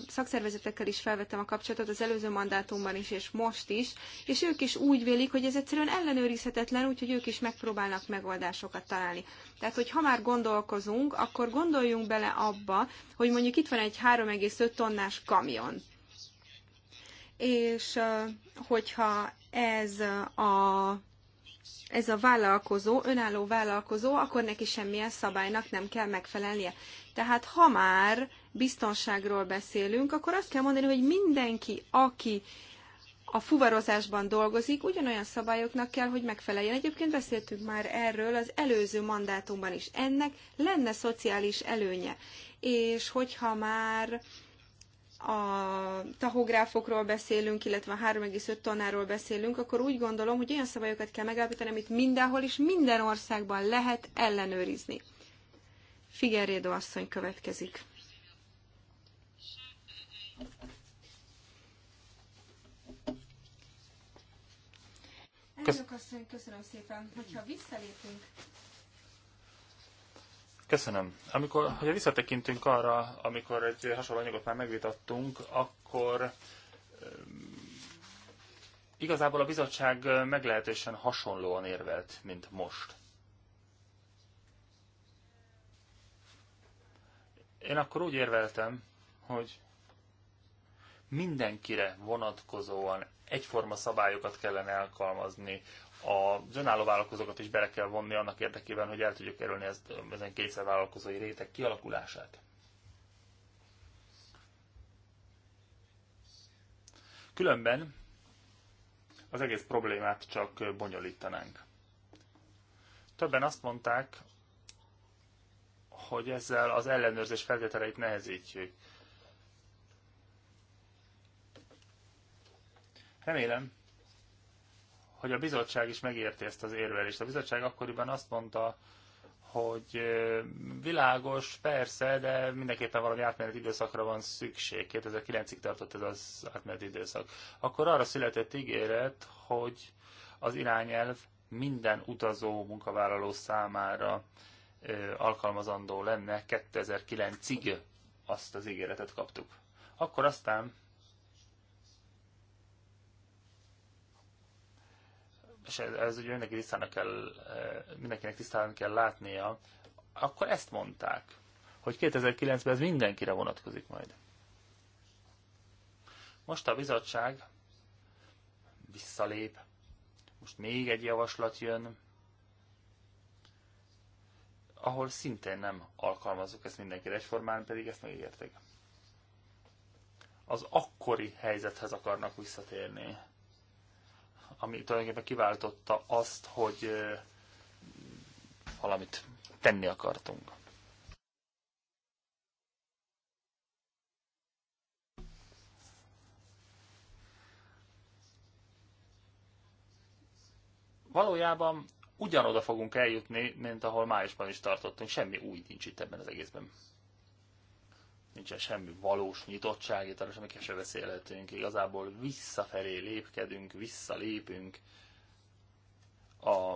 szakszervezetekkel is felvettem a kapcsolatot az előző mandátumban is, és most is, és ők is úgy vélik, hogy ez egyszerűen ellenőrizhetetlen, úgyhogy ők is megpróbálnak megoldásokat találni. Tehát, hogy ha már gondolkozunk, akkor gondoljunk bele abba, hogy mondjuk itt van egy 3,5 tonnás kamion és hogyha ez a ez a vállalkozó, önálló vállalkozó, akkor neki semmilyen szabálynak nem kell megfelelnie. Tehát ha már biztonságról beszélünk, akkor azt kell mondani, hogy mindenki, aki a fuvarozásban dolgozik, ugyanolyan szabályoknak kell, hogy megfeleljen. Egyébként beszéltünk már erről az előző mandátumban is. Ennek lenne szociális előnye. És hogyha már a tahográfokról beszélünk, illetve a 3,5 tonnáról beszélünk, akkor úgy gondolom, hogy olyan szabályokat kell megállapítani, amit mindenhol és minden országban lehet ellenőrizni. Figyeljédó asszony következik. Elnök asszony, köszönöm szépen, hogyha visszalépünk Köszönöm. Amikor, hogyha visszatekintünk arra, amikor egy hasonló anyagot már megvitattunk, akkor igazából a bizottság meglehetősen hasonlóan érvelt, mint most. Én akkor úgy érveltem, hogy mindenkire vonatkozóan egyforma szabályokat kellene alkalmazni az önálló vállalkozókat is bele kell vonni annak érdekében, hogy el tudjuk kerülni ezt, ezen kétszer vállalkozói réteg kialakulását. Különben az egész problémát csak bonyolítanánk. Többen azt mondták, hogy ezzel az ellenőrzés feltételeit nehezítjük. Remélem, hogy a bizottság is megérti ezt az érvelést. A bizottság akkoriban azt mondta, hogy világos, persze, de mindenképpen valami átmeneti időszakra van szükség. 2009-ig tartott ez az átmeneti időszak. Akkor arra született ígéret, hogy az irányelv minden utazó munkavállaló számára alkalmazandó lenne 2009-ig azt az ígéretet kaptuk. Akkor aztán és ez, ez ugye mindenki kell, eh, mindenkinek tisztán kell látnia, akkor ezt mondták, hogy 2009-ben ez mindenkire vonatkozik majd. Most a bizottság visszalép, most még egy javaslat jön, ahol szintén nem alkalmazzuk ezt mindenkire egyformán, pedig ezt megérték. Az akkori helyzethez akarnak visszatérni ami tulajdonképpen kiváltotta azt, hogy valamit tenni akartunk. Valójában ugyanoda fogunk eljutni, mint ahol májusban is tartottunk, semmi új nincs itt ebben az egészben nincsen semmi valós nyitottság, itt arra semmi se beszélhetünk, igazából visszafelé lépkedünk, visszalépünk a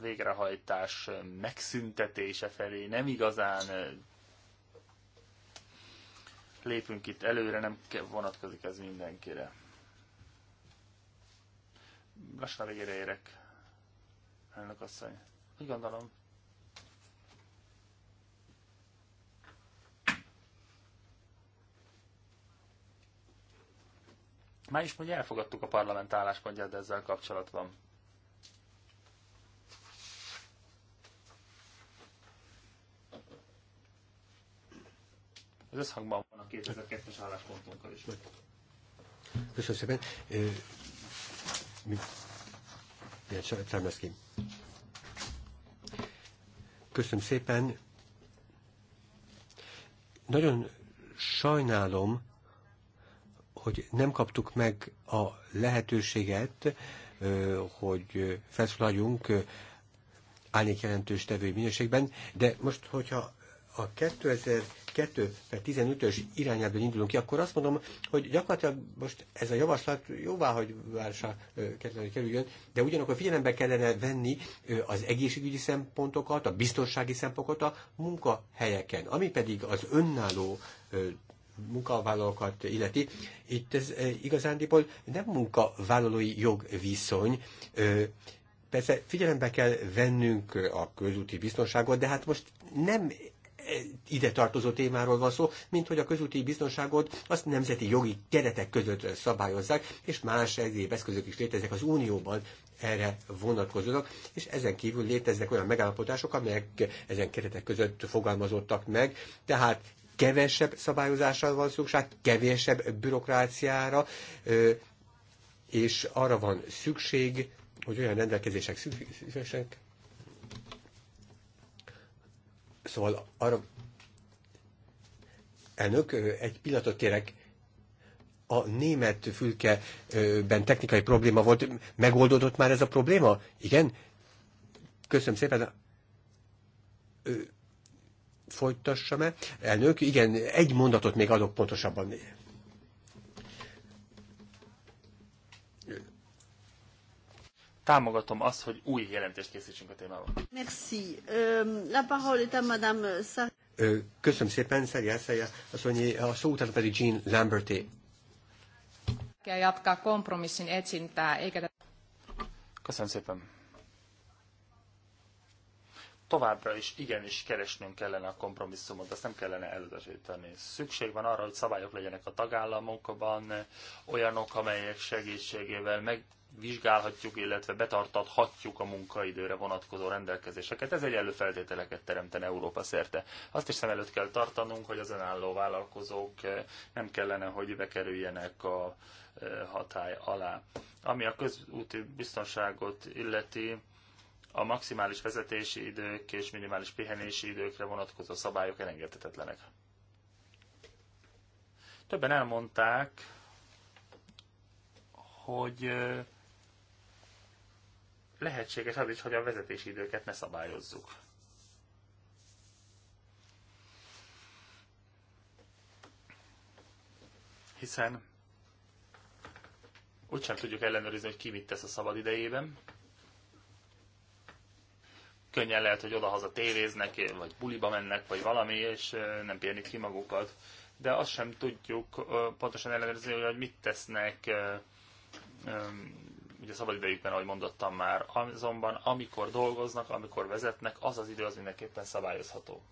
végrehajtás megszüntetése felé, nem igazán eh, lépünk itt előre, nem vonatkozik ez mindenkire. Lassan a végére érek, elnök asszony. Úgy gondolom, is mondja, elfogadtuk a parlament álláspontját ezzel kapcsolatban. Ez összhangban van a 2002-es álláspontunkkal is. Köszönöm szépen. Termeszkém. Köszönöm szépen. Nagyon sajnálom, hogy nem kaptuk meg a lehetőséget, hogy felszólaljunk állnék jelentős tevői minőségben, de most, hogyha a 2002 15-ös irányában indulunk ki, akkor azt mondom, hogy gyakorlatilag most ez a javaslat jóvá, hogy vársa kellene, hogy kerüljön, de ugyanakkor figyelembe kellene venni az egészségügyi szempontokat, a biztonsági szempontokat a munkahelyeken, ami pedig az önálló munkavállalókat illeti, itt ez eh, igazándiból nem munkavállalói jogviszony, persze figyelembe kell vennünk a közúti biztonságot, de hát most nem eh, ide tartozó témáról van szó, mint hogy a közúti biztonságot azt nemzeti jogi keretek között szabályozzák, és más egyéb eszközök is léteznek az Unióban erre vonatkozóak, és ezen kívül léteznek olyan megállapodások, amelyek ezen keretek között fogalmazottak meg, tehát kevesebb szabályozásra van szükség, kevesebb bürokráciára, és arra van szükség, hogy olyan rendelkezések szükségesek. Szóval arra... Elnök, egy pillanatot kérek, a német fülkeben technikai probléma volt. Megoldódott már ez a probléma? Igen? Köszönöm szépen folytassam-e? Elnök, igen, egy mondatot még adok pontosabban. Támogatom azt, hogy új jelentést készítsünk a témában. Merci. Euh, la parole est à madame Köszönöm szépen, Szerje, Szerje. A szó után pedig Jean Lamberté. Kell jatkaa kompromissin etsintää, eikä Köszönöm szépen továbbra is igenis keresnünk kellene a kompromisszumot, azt nem kellene elutasítani. Szükség van arra, hogy szabályok legyenek a tagállamokban, olyanok, amelyek segítségével megvizsgálhatjuk, illetve betartathatjuk a munkaidőre vonatkozó rendelkezéseket. Ez egy előfeltételeket teremten Európa szerte. Azt is szem előtt kell tartanunk, hogy az önálló vállalkozók eh, nem kellene, hogy bekerüljenek a eh, hatály alá. Ami a közúti biztonságot illeti, a maximális vezetési idők és minimális pihenési időkre vonatkozó szabályok elengedhetetlenek. Többen elmondták, hogy lehetséges az is, hogy a vezetési időket ne szabályozzuk. Hiszen úgysem tudjuk ellenőrizni, hogy ki mit tesz a szabad idejében, könnyen lehet, hogy odahaza tévéznek, vagy buliba mennek, vagy valami, és nem pihenik ki magukat. De azt sem tudjuk pontosan ellenőrizni, hogy mit tesznek ugye szabadidejükben, ahogy mondottam már. Azonban amikor dolgoznak, amikor vezetnek, az az idő az mindenképpen szabályozható.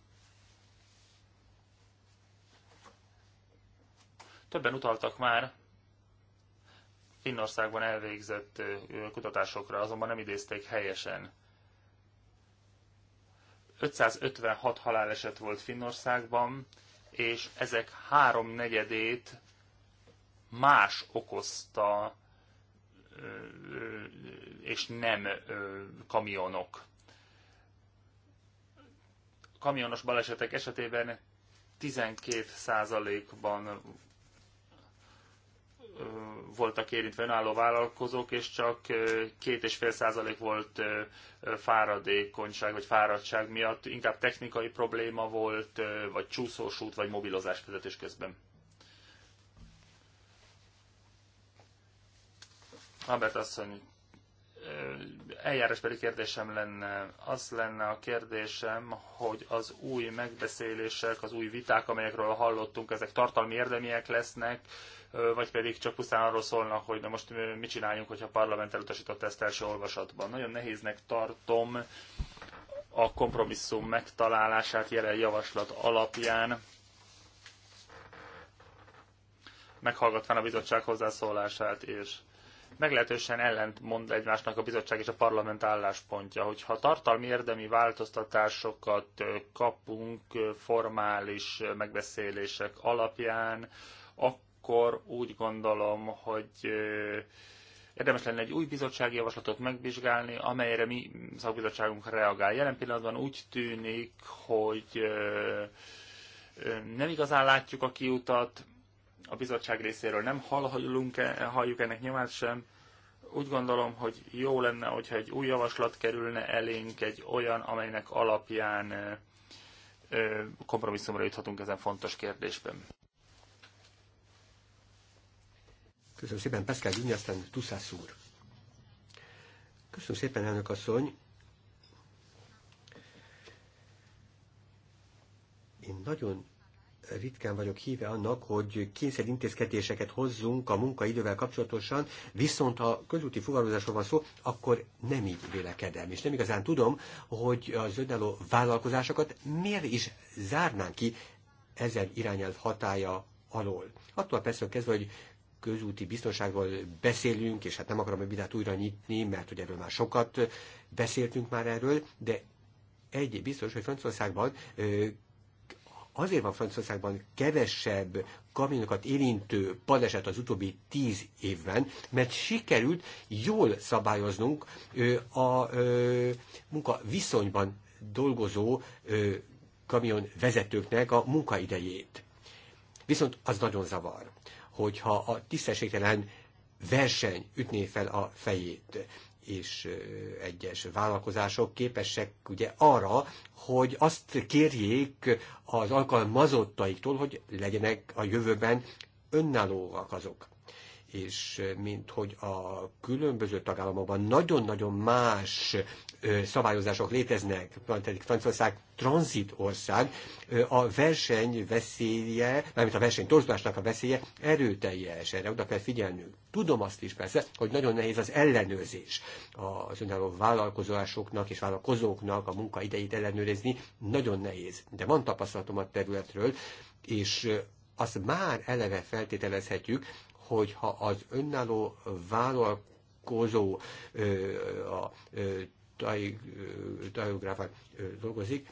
Többen utaltak már Finnországban elvégzett kutatásokra, azonban nem idézték helyesen 556 haláleset volt Finnországban, és ezek háromnegyedét más okozta, és nem kamionok. Kamionos balesetek esetében 12%-ban voltak érintve önálló vállalkozók, és csak 2,5 százalék volt fáradékonyság vagy fáradtság miatt, inkább technikai probléma volt, vagy csúszósút, vagy mobilozás vezetés közben. Albert asszony eljárásbeli kérdésem lenne, az lenne a kérdésem, hogy az új megbeszélések, az új viták, amelyekről hallottunk, ezek tartalmi érdemiek lesznek, vagy pedig csak pusztán arról szólnak, hogy na most mit csináljunk, hogyha a parlament elutasított ezt első olvasatban. Nagyon nehéznek tartom a kompromisszum megtalálását jelen javaslat alapján, meghallgatván a bizottság hozzászólását is. És meglehetősen ellentmond egymásnak a bizottság és a parlament álláspontja, hogyha tartalmi érdemi változtatásokat kapunk formális megbeszélések alapján, akkor úgy gondolom, hogy érdemes lenne egy új bizottsági javaslatot megvizsgálni, amelyre mi szakbizottságunk reagál. Jelen pillanatban úgy tűnik, hogy nem igazán látjuk a kiutat, a bizottság részéről nem hallhallunk -e, halljuk ennek nyomát sem. Úgy gondolom, hogy jó lenne, hogyha egy új javaslat kerülne elénk, egy olyan, amelynek alapján kompromisszumra juthatunk ezen fontos kérdésben. Köszönöm szépen, Peszkál Gyunyi, Tuszász úr. Köszönöm szépen, elnök asszony. Én nagyon ritkán vagyok híve annak, hogy kényszer intézkedéseket hozzunk a munkaidővel kapcsolatosan, viszont ha közúti fogalmazásról van szó, akkor nem így vélekedem. És nem igazán tudom, hogy az önálló vállalkozásokat miért is zárnánk ki ezen irányelv hatája alól. Attól persze kezdve, hogy közúti biztonságról beszélünk, és hát nem akarom a vidát újra nyitni, mert hogy erről már sokat beszéltünk már erről, de egy biztos, hogy Franciaországban Azért van Franciaországban kevesebb kamionokat érintő baleset az utóbbi tíz évben, mert sikerült jól szabályoznunk a munka viszonyban dolgozó kamionvezetőknek a munkaidejét. Viszont az nagyon zavar, hogyha a tisztességtelen verseny ütné fel a fejét és egyes vállalkozások képesek ugye arra, hogy azt kérjék az alkalmazottaiktól, hogy legyenek a jövőben önállóak azok és mint hogy a különböző tagállamokban nagyon-nagyon más szabályozások léteznek, pedig Franciaország tranzit ország, a verseny veszélye, mármint a verseny torzulásnak a veszélye erőteljes, erre oda kell figyelnünk. Tudom azt is persze, hogy nagyon nehéz az ellenőrzés az önálló vállalkozásoknak és vállalkozóknak a munkaidejét ellenőrizni, nagyon nehéz. De van tapasztalatom a területről, és azt már eleve feltételezhetjük, hogyha az önálló vállalkozó a tajográfát dolgozik,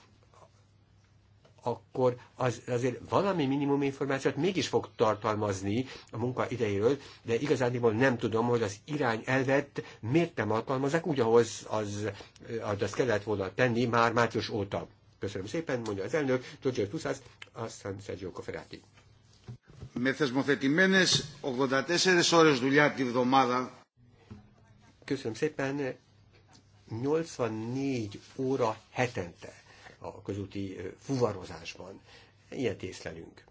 akkor az, azért valami minimum információt mégis fog tartalmazni a munka idejéről, de igazából nem tudom, hogy az irány elvett, miért nem alkalmazák, úgy, ahhoz az, az, az kellett volna tenni már március óta. Köszönöm szépen, mondja az elnök, Giorgio Tuszász, aztán Sergio Koferáti με θεσμοθετημένες 84 ώρες δουλειά τη βδομάδα. Köszönöm szépen, 84 óra hetente a közúti fuvarozásban. Ilyet észlelünk.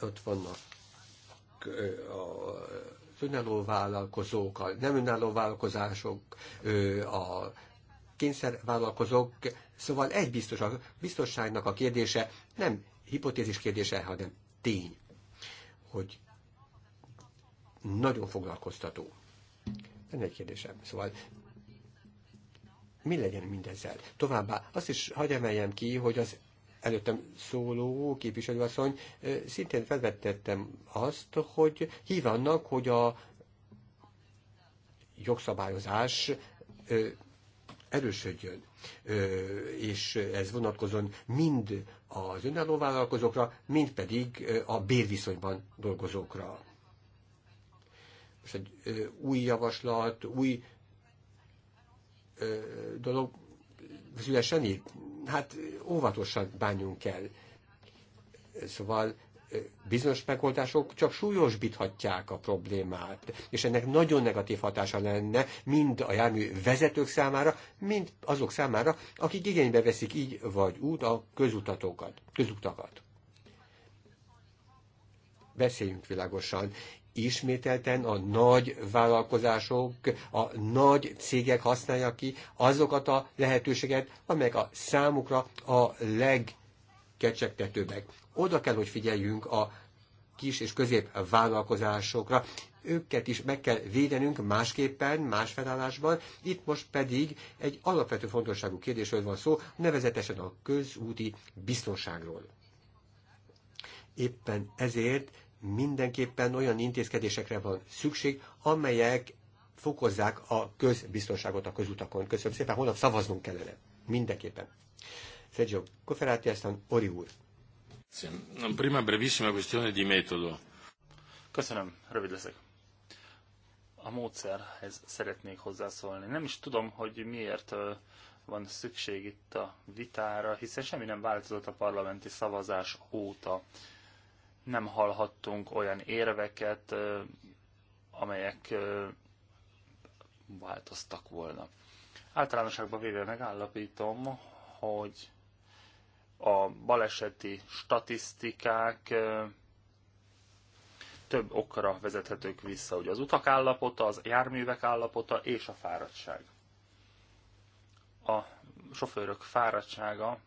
Ott vannak a önálló vállalkozók, a nem önálló vállalkozások, a kényszervállalkozók, szóval egy biztos, a biztonságnak a kérdése nem hipotézis kérdése, hanem tény, hogy nagyon foglalkoztató. nem egy kérdésem. Szóval mi legyen mindezzel? Továbbá azt is hagy emeljem ki, hogy az előttem szóló képviselőasszony szintén felvettettem azt, hogy hív annak, hogy a jogszabályozás erősödjön, és ez vonatkozon mind az önálló vállalkozókra, mind pedig a bérviszonyban dolgozókra. Most egy új javaslat, új dolog szülesen itt? Hát óvatosan bánjunk el. Szóval bizonyos megoldások csak súlyosbíthatják a problémát, és ennek nagyon negatív hatása lenne mind a jármű vezetők számára, mind azok számára, akik igénybe veszik így vagy úgy a közutatókat, közutakat. Beszéljünk világosan ismételten a nagy vállalkozások, a nagy cégek használják ki azokat a lehetőséget, amelyek a számukra a legkecsegtetőbbek oda kell, hogy figyeljünk a kis és közép vállalkozásokra. Őket is meg kell védenünk másképpen, más felállásban. Itt most pedig egy alapvető fontosságú kérdésről van szó, nevezetesen a közúti biztonságról. Éppen ezért mindenképpen olyan intézkedésekre van szükség, amelyek fokozzák a közbiztonságot a közutakon. Köszönöm szépen, holnap szavaznunk kellene. Mindenképpen. Szedzsó Koferáti, aztán Ori úr. Prima brevissima questione di metodo. Köszönöm, rövid leszek. A módszerhez szeretnék hozzászólni. Nem is tudom, hogy miért van szükség itt a vitára, hiszen semmi nem változott a parlamenti szavazás óta. Nem hallhattunk olyan érveket, amelyek változtak volna. Általánosságban véve megállapítom, hogy a baleseti statisztikák több okra vezethetők vissza, ugye az utak állapota, az járművek állapota és a fáradtság. A sofőrök fáradtsága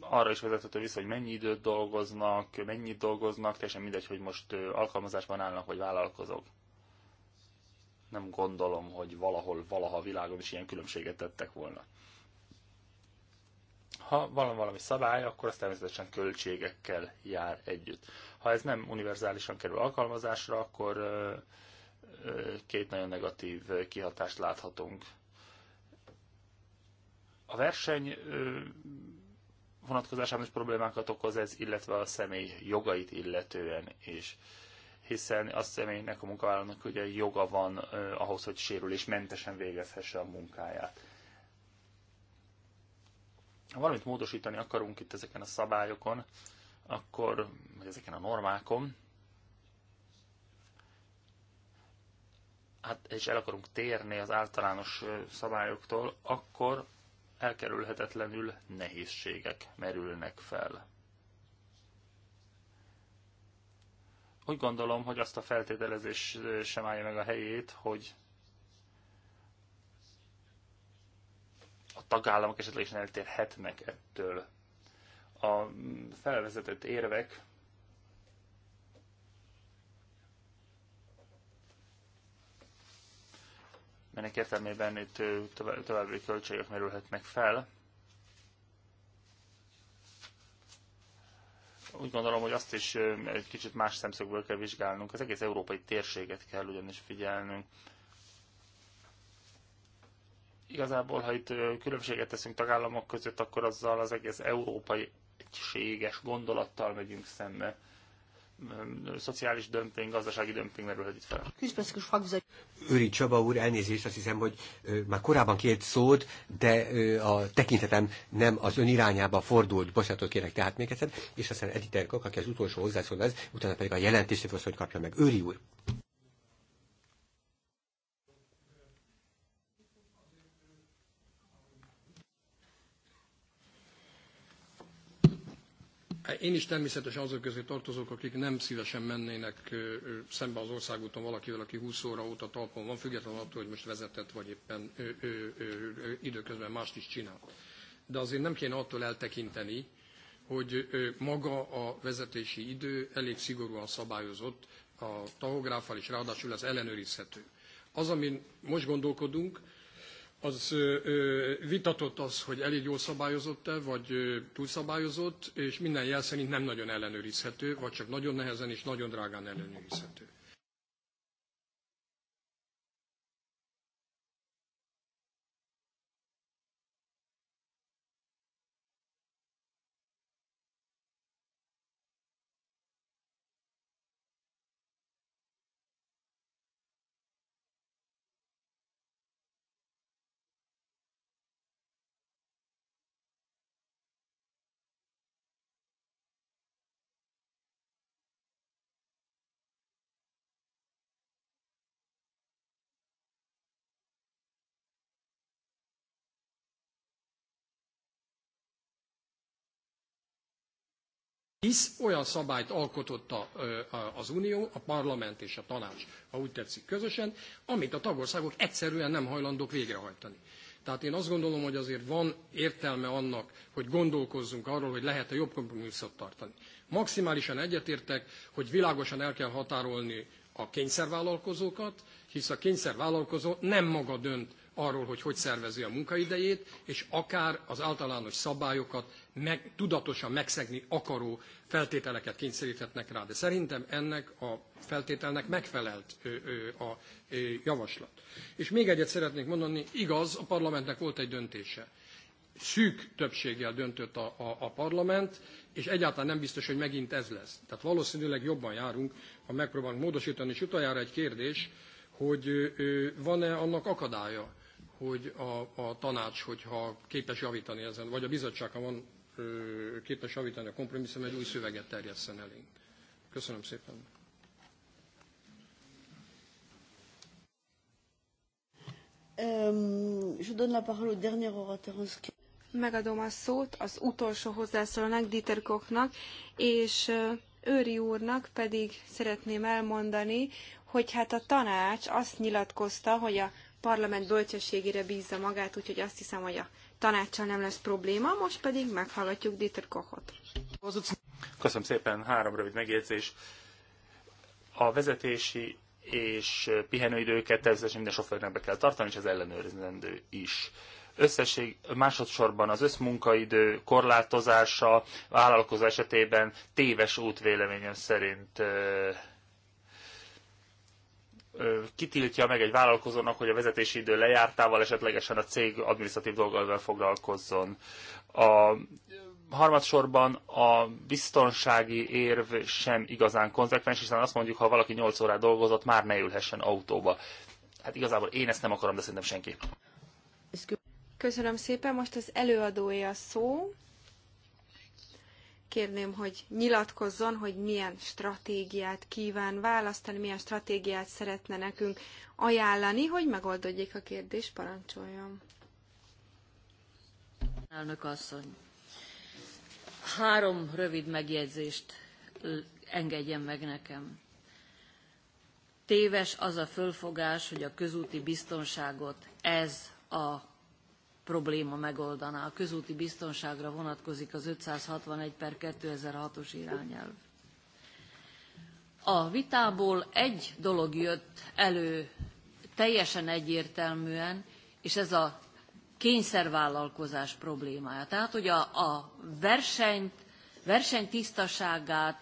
arra is vezethető vissza, hogy mennyi időt dolgoznak, mennyit dolgoznak, teljesen mindegy, hogy most alkalmazásban állnak, vagy vállalkozók. Nem gondolom, hogy valahol, valaha a világon is ilyen különbséget tettek volna. Ha van valami szabály, akkor az természetesen költségekkel jár együtt. Ha ez nem univerzálisan kerül alkalmazásra, akkor két nagyon negatív kihatást láthatunk. A verseny vonatkozásában is problémákat okoz ez, illetve a személy jogait illetően is hiszen a személynek, a munkavállalónak ugye joga van ahhoz, hogy sérülés mentesen végezhesse a munkáját. Ha valamit módosítani akarunk itt ezeken a szabályokon, akkor, vagy ezeken a normákon, hát, és el akarunk térni az általános szabályoktól, akkor elkerülhetetlenül nehézségek merülnek fel. Úgy gondolom, hogy azt a feltételezés sem állja meg a helyét, hogy tagállamok tagállamok esetlegesen eltérhetnek ettől. A felvezetett érvek melynek értelmében itt további költségek merülhetnek fel. Úgy gondolom, hogy azt is egy kicsit más szemszögből kell vizsgálnunk. Az egész európai térséget kell ugyanis figyelnünk. Igazából, ha itt különbséget teszünk tagállamok között, akkor azzal az egész európai egységes gondolattal megyünk szembe szociális dömping, gazdasági dömping merülhet itt fel. Őri Csaba úr, elnézést, azt hiszem, hogy már korábban két szót, de a tekintetem nem az ön irányába fordult, bocsánatot kérek tehát még egyszer, és aztán Editer Kok, aki az utolsó hozzászól lesz, utána pedig a jelentést, hogy kapja meg. Őri úr! Hát én is természetesen azok közé tartozok, akik nem szívesen mennének szembe az országúton valakivel, aki 20 óra óta talpon van, függetlenül attól, hogy most vezetett, vagy éppen ö, ö, ö, időközben mást is csinál. De azért nem kéne attól eltekinteni, hogy maga a vezetési idő elég szigorúan szabályozott a tahográfal, és ráadásul az ellenőrizhető. Az, amin most gondolkodunk, az vitatott az, hogy elég jól szabályozott-e, vagy túlszabályozott, és minden jel szerint nem nagyon ellenőrizhető, vagy csak nagyon nehezen és nagyon drágán ellenőrizhető. hisz olyan szabályt alkotott a, az Unió, a parlament és a tanács, ha úgy tetszik közösen, amit a tagországok egyszerűen nem hajlandók végrehajtani. Tehát én azt gondolom, hogy azért van értelme annak, hogy gondolkozzunk arról, hogy lehet-e jobb kompromisszot tartani. Maximálisan egyetértek, hogy világosan el kell határolni a kényszervállalkozókat, hisz a kényszervállalkozó nem maga dönt arról, hogy hogy szervezi a munkaidejét, és akár az általános szabályokat meg, tudatosan megszegni akaró feltételeket kényszeríthetnek rá. De szerintem ennek a feltételnek megfelelt ö, ö, a ö, javaslat. És még egyet szeretnék mondani, igaz, a parlamentnek volt egy döntése szűk többséggel döntött a, a, a, parlament, és egyáltalán nem biztos, hogy megint ez lesz. Tehát valószínűleg jobban járunk, ha megpróbálunk módosítani. És utoljára egy kérdés, hogy van-e annak akadálya, hogy a, a tanács, hogyha képes javítani ezen, vagy a bizottság, ha van ö, képes javítani a kompromisszum, egy új szöveget terjesszen elénk. Köszönöm szépen. megadom a szót az utolsó hozzászólónak, Dieter Kochnak, és Őri úrnak pedig szeretném elmondani, hogy hát a tanács azt nyilatkozta, hogy a parlament bölcsességére bízza magát, úgyhogy azt hiszem, hogy a tanácssal nem lesz probléma, most pedig meghallgatjuk Dieter Kochot. Köszönöm szépen, három rövid megjegyzés. A vezetési és pihenőidőket természetesen minden sofőrnek be kell tartani, és az ellenőrizendő is összesség másodszorban az összmunkaidő korlátozása vállalkozás vállalkozó esetében téves útvéleményem szerint kitiltja meg egy vállalkozónak, hogy a vezetési idő lejártával esetlegesen a cég adminisztratív dolgával foglalkozzon. A harmadsorban a biztonsági érv sem igazán konzekvens, hiszen azt mondjuk, ha valaki 8 órát dolgozott, már ne ülhessen autóba. Hát igazából én ezt nem akarom, de szerintem senki. Köszönöm szépen, most az előadója szó kérném, hogy nyilatkozzon, hogy milyen stratégiát kíván választani, milyen stratégiát szeretne nekünk ajánlani, hogy megoldódjék a kérdés, parancsoljon. Elnök asszony, három rövid megjegyzést engedjen meg nekem. Téves az a fölfogás, hogy a közúti biztonságot ez a probléma megoldaná. A közúti biztonságra vonatkozik az 561 per 2006-os irányelv. A vitából egy dolog jött elő teljesen egyértelműen, és ez a kényszervállalkozás problémája. Tehát, hogy a, a versenyt, versenytisztaságát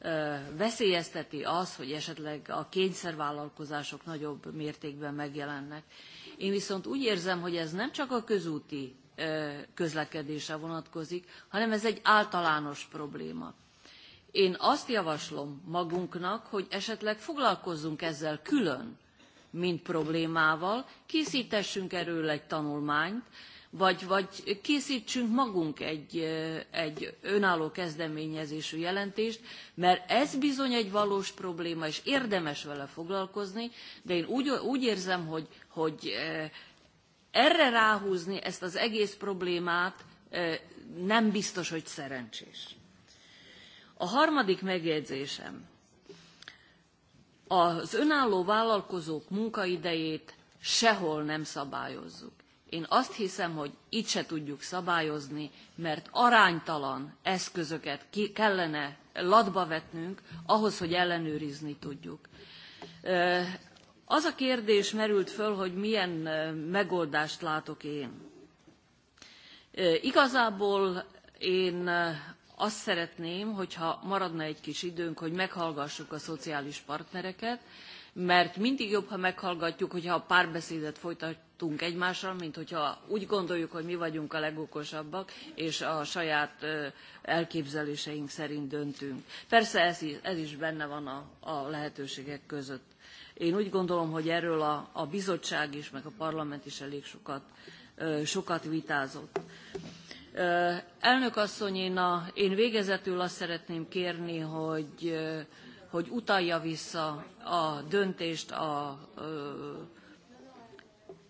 ö, veszélyezteti az, hogy esetleg a kényszervállalkozások nagyobb mértékben megjelennek. Én viszont úgy érzem, hogy ez nem csak a közúti közlekedése vonatkozik, hanem ez egy általános probléma. Én azt javaslom magunknak, hogy esetleg foglalkozzunk ezzel külön, mint problémával, készítessünk erről egy tanulmányt, vagy, vagy készítsünk magunk egy, egy önálló kezdeményezésű jelentést, mert ez bizony egy valós probléma, és érdemes vele foglalkozni, de én úgy, úgy érzem, hogy hogy eh, erre ráhúzni ezt az egész problémát eh, nem biztos, hogy szerencsés. A harmadik megjegyzésem. Az önálló vállalkozók munkaidejét sehol nem szabályozzuk. Én azt hiszem, hogy itt se tudjuk szabályozni, mert aránytalan eszközöket kellene latba vetnünk ahhoz, hogy ellenőrizni tudjuk. Eh, az a kérdés merült föl, hogy milyen megoldást látok én. Igazából én azt szeretném, hogyha maradna egy kis időnk, hogy meghallgassuk a szociális partnereket, mert mindig jobb, ha meghallgatjuk, hogyha a párbeszédet folytatunk egymással, mint hogyha úgy gondoljuk, hogy mi vagyunk a legokosabbak, és a saját elképzeléseink szerint döntünk. Persze ez, is benne van a lehetőségek között. Én úgy gondolom, hogy erről a, a bizottság is, meg a parlament is elég sokat, sokat vitázott. Elnök asszony, én, a, én végezetül azt szeretném kérni, hogy, hogy utalja vissza a döntést a, a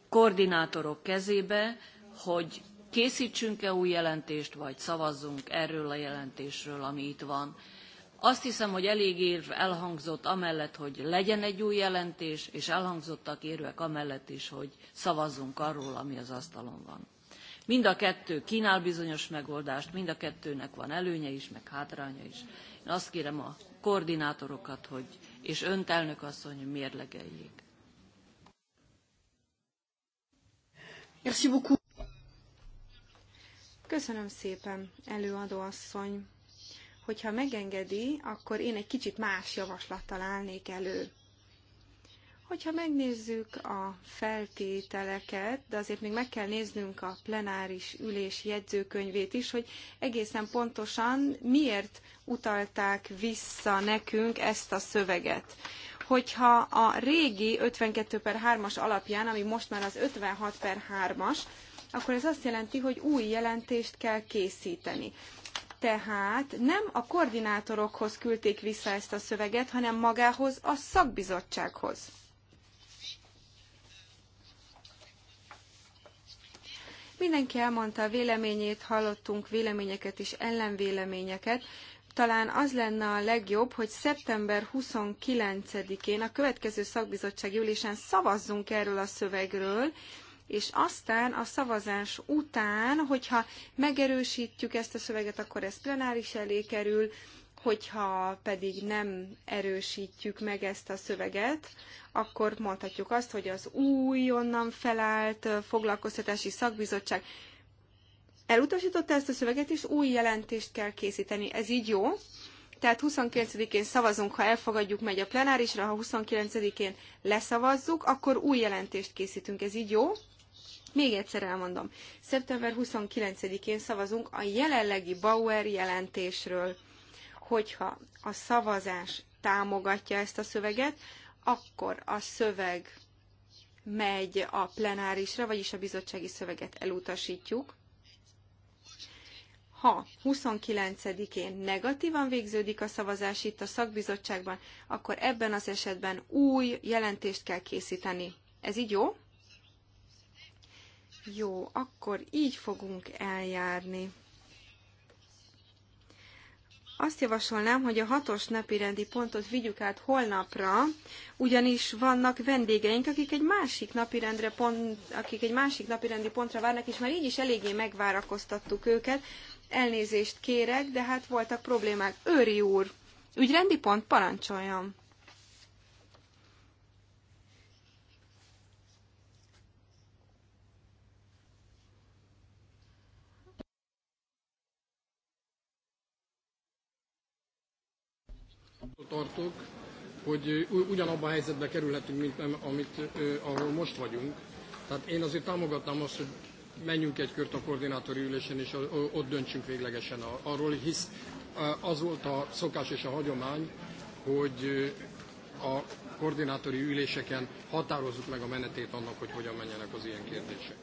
koordinátorok kezébe, hogy készítsünk-e új jelentést, vagy szavazzunk erről a jelentésről, ami itt van. Azt hiszem, hogy elég érv elhangzott amellett, hogy legyen egy új jelentés, és elhangzottak érvek amellett is, hogy szavazzunk arról, ami az asztalon van. Mind a kettő kínál bizonyos megoldást, mind a kettőnek van előnye is, meg hátránya is. Én azt kérem a koordinátorokat, hogy, és önt elnök asszony, hogy mérlegeljék. Köszönöm szépen, előadó asszony. Hogyha megengedi, akkor én egy kicsit más javaslattal állnék elő. Hogyha megnézzük a feltételeket, de azért még meg kell néznünk a plenáris ülés jegyzőkönyvét is, hogy egészen pontosan miért utalták vissza nekünk ezt a szöveget hogyha a régi 52 per 3-as alapján, ami most már az 56 per 3-as, akkor ez azt jelenti, hogy új jelentést kell készíteni tehát nem a koordinátorokhoz küldték vissza ezt a szöveget, hanem magához a szakbizottsághoz. Mindenki elmondta a véleményét, hallottunk véleményeket és ellenvéleményeket. Talán az lenne a legjobb, hogy szeptember 29-én a következő szakbizottsági ülésen szavazzunk erről a szövegről, és aztán a szavazás után, hogyha megerősítjük ezt a szöveget, akkor ez plenáris elé kerül, hogyha pedig nem erősítjük meg ezt a szöveget, akkor mondhatjuk azt, hogy az újonnan felállt foglalkoztatási szakbizottság elutasította ezt a szöveget, és új jelentést kell készíteni. Ez így jó? Tehát 29-én szavazunk, ha elfogadjuk, megy a plenárisra, ha 29-én leszavazzuk, akkor új jelentést készítünk. Ez így jó? Még egyszer elmondom, szeptember 29-én szavazunk a jelenlegi Bauer jelentésről. Hogyha a szavazás támogatja ezt a szöveget, akkor a szöveg megy a plenárisra, vagyis a bizottsági szöveget elutasítjuk. Ha 29-én negatívan végződik a szavazás itt a szakbizottságban, akkor ebben az esetben új jelentést kell készíteni. Ez így jó? Jó, akkor így fogunk eljárni. Azt javasolnám, hogy a hatos napirendi pontot vigyük át holnapra, ugyanis vannak vendégeink, akik egy másik napirendre pont, akik egy másik napirendi pontra várnak, és már így is eléggé megvárakoztattuk őket. Elnézést kérek, de hát voltak problémák. Őri úr, ügyrendi pont parancsoljam. tartok, hogy ugyanabban a helyzetbe kerülhetünk, mint amit, ahol most vagyunk. Tehát én azért támogatnám azt, hogy menjünk egy kört a koordinátori ülésen, és ott döntsünk véglegesen arról, hisz az volt a szokás és a hagyomány, hogy a koordinátori üléseken határozzuk meg a menetét annak, hogy hogyan menjenek az ilyen kérdések.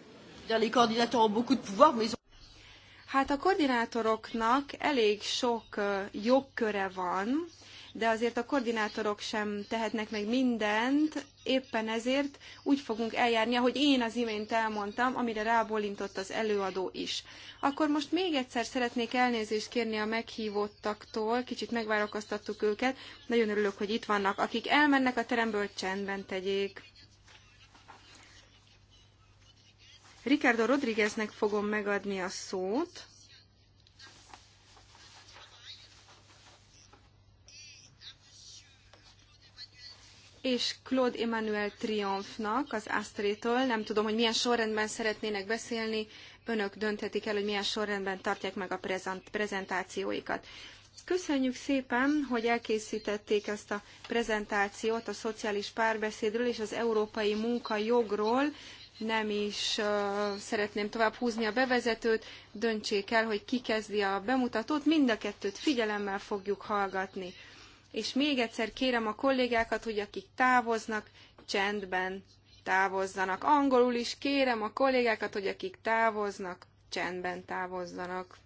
Hát a koordinátoroknak elég sok jogköre van, de azért a koordinátorok sem tehetnek meg mindent, éppen ezért úgy fogunk eljárni, ahogy én az imént elmondtam, amire rábólintott az előadó is. Akkor most még egyszer szeretnék elnézést kérni a meghívottaktól, kicsit megvárakoztattuk őket, nagyon örülök, hogy itt vannak. Akik elmennek a teremből, csendben tegyék. Ricardo Rodrigueznek fogom megadni a szót és Claude Emmanuel Triomphnak, az Astrétól. Nem tudom, hogy milyen sorrendben szeretnének beszélni, önök dönthetik el, hogy milyen sorrendben tartják meg a prezentációikat. Köszönjük szépen, hogy elkészítették ezt a prezentációt a szociális párbeszédről és az európai munkajogról. Nem is uh, szeretném tovább húzni a bevezetőt, döntsék el, hogy ki kezdi a bemutatót, mind a kettőt figyelemmel fogjuk hallgatni és még egyszer kérem a kollégákat, hogy akik távoznak, csendben távozzanak. Angolul is kérem a kollégákat, hogy akik távoznak, csendben távozzanak.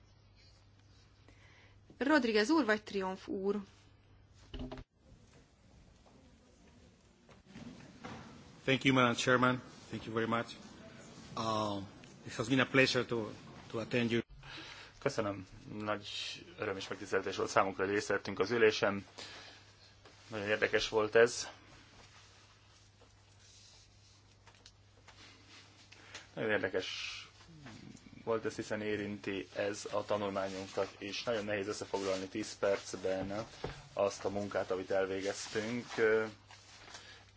Rodriguez úr vagy Triumf úr? Thank you, Madam Chairman. Thank you very much. Uh, it has been a pleasure to, to attend you. Köszönöm. Nagy öröm és megtiszteltetés volt számunkra, hogy részt vettünk az ülésen. Nagyon érdekes volt ez. Nagyon érdekes volt ez, hiszen érinti ez a tanulmányunkat, és nagyon nehéz összefoglalni 10 percben azt a munkát, amit elvégeztünk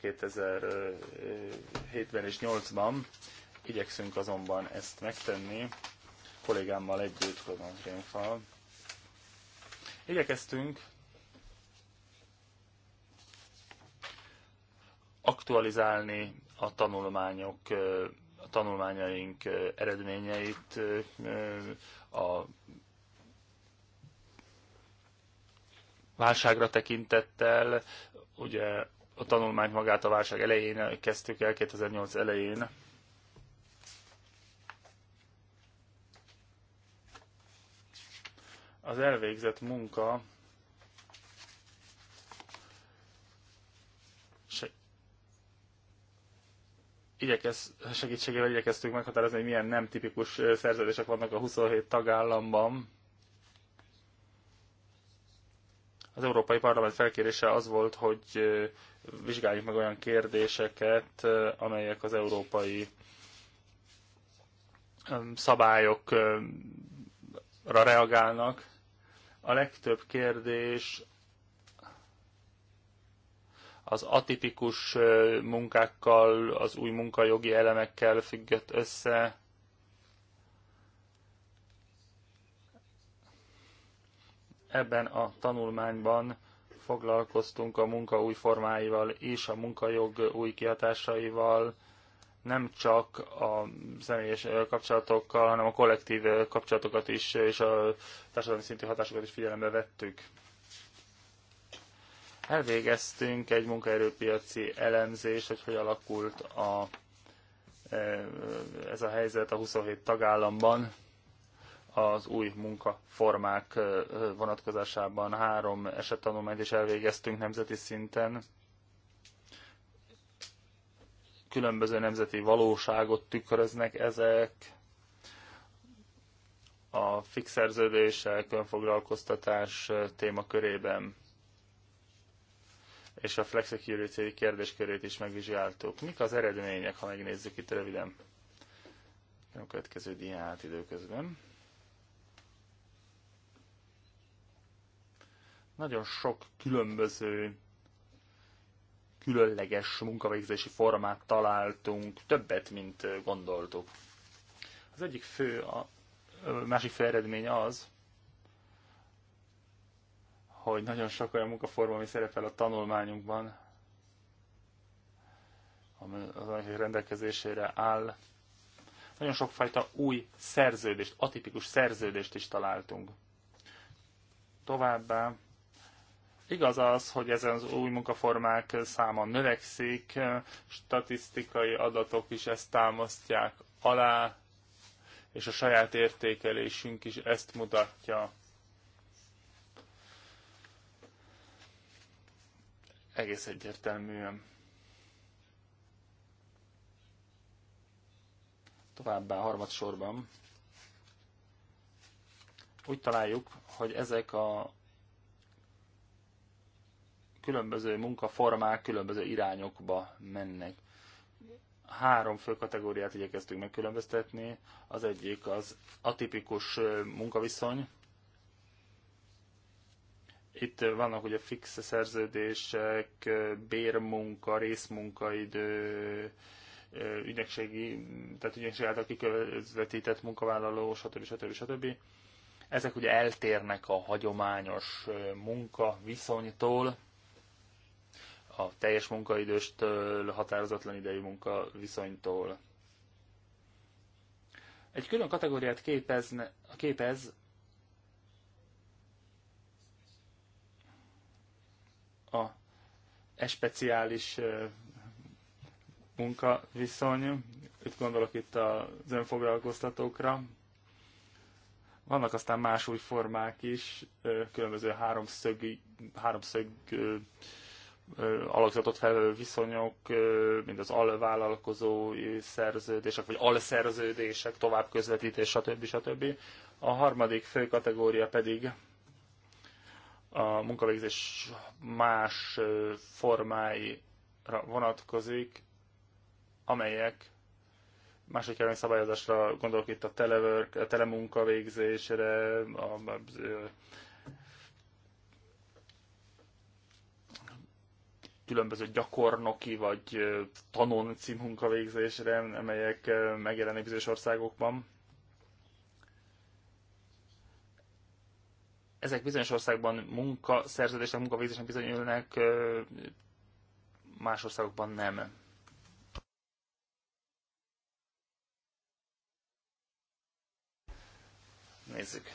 2007-ben és 2008-ban. Igyekszünk azonban ezt megtenni kollégámmal együtt, Kodon Rénfal. Igyekeztünk aktualizálni a tanulmányok, a tanulmányaink eredményeit, a válságra tekintettel, ugye a tanulmányt magát a válság elején kezdtük el, 2008 elején, az elvégzett munka igyekez, segítségével igyekeztünk meghatározni, hogy milyen nem tipikus szerződések vannak a 27 tagállamban. Az Európai Parlament felkérése az volt, hogy vizsgáljuk meg olyan kérdéseket, amelyek az európai szabályokra reagálnak. A legtöbb kérdés az atipikus munkákkal, az új munkajogi elemekkel függött össze. Ebben a tanulmányban foglalkoztunk a munka új formáival és a munkajog új kihatásaival, nem csak a személyes kapcsolatokkal, hanem a kollektív kapcsolatokat is, és a társadalmi szintű hatásokat is figyelembe vettük. Elvégeztünk egy munkaerőpiaci elemzés, hogy hogy alakult a, e, ez a helyzet a 27 tagállamban az új munkaformák e, vonatkozásában. Három esettanulmányt is elvégeztünk nemzeti szinten. Különböző nemzeti valóságot tükröznek ezek, a fix szerződések, önfoglalkoztatás témakörében és a flexicurity kérdéskörét is megvizsgáltuk. Mik az eredmények, ha megnézzük itt röviden? A következő diát időközben. Nagyon sok különböző különleges munkavégzési formát találtunk, többet, mint gondoltuk. Az egyik fő, a másik fő eredmény az, hogy nagyon sok olyan munkaforma, ami szerepel a tanulmányunkban, ami az anyag rendelkezésére áll. Nagyon sokfajta új szerződést, atipikus szerződést is találtunk. Továbbá Igaz az, hogy ezen az új munkaformák száma növekszik, statisztikai adatok is ezt támasztják alá, és a saját értékelésünk is ezt mutatja. egész egyértelműen. Továbbá harmadsorban úgy találjuk, hogy ezek a különböző munkaformák különböző irányokba mennek. Három fő kategóriát igyekeztünk megkülönböztetni. Az egyik az atipikus munkaviszony, itt vannak ugye fix szerződések, bérmunka, részmunkaidő, ügynökségi, tehát ügynökség által kiközvetített munkavállaló, stb. stb. stb. Ezek ugye eltérnek a hagyományos munka viszonytól, a teljes munkaidőstől, határozatlan idejű munka viszonytól. Egy külön kategóriát képezne, képez e speciális munkaviszony, itt gondolok itt az önfoglalkoztatókra. Vannak aztán más új formák is, különböző háromszög, háromszög alakzatot felvő viszonyok, mint az alvállalkozói szerződések, vagy alszerződések, tovább közvetítés, stb. stb. A harmadik fő kategória pedig a munkavégzés más formáira vonatkozik, amelyek Második kerülni szabályozásra, gondolok itt a, telework, a telemunkavégzésre, a, a, különböző gyakornoki vagy tanonci munkavégzésre, amelyek megjelennek bizonyos országokban. ezek bizonyos országban munkaszerződésnek, munkavégzésnek bizonyulnak, más országokban nem. Nézzük.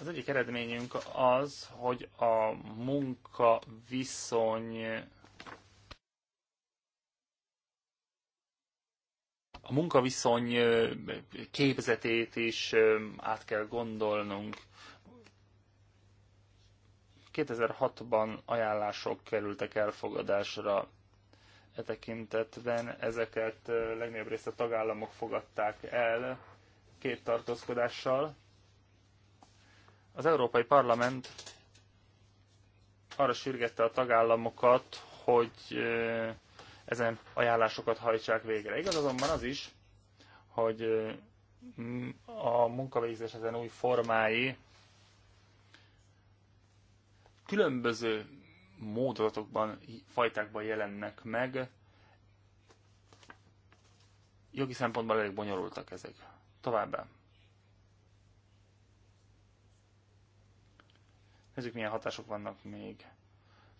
Az egyik eredményünk az, hogy a munkaviszony a munkaviszony képzetét is át kell gondolnunk. 2006-ban ajánlások kerültek elfogadásra e tekintetben, ezeket legnagyobb részt a tagállamok fogadták el két tartózkodással. Az Európai Parlament arra sürgette a tagállamokat, hogy ezen ajánlásokat hajtsák végre. Igaz azonban az is, hogy a munkavégzés ezen új formái különböző módozatokban, fajtákban jelennek meg. Jogi szempontból elég bonyolultak ezek. Továbbá. Nézzük, milyen hatások vannak még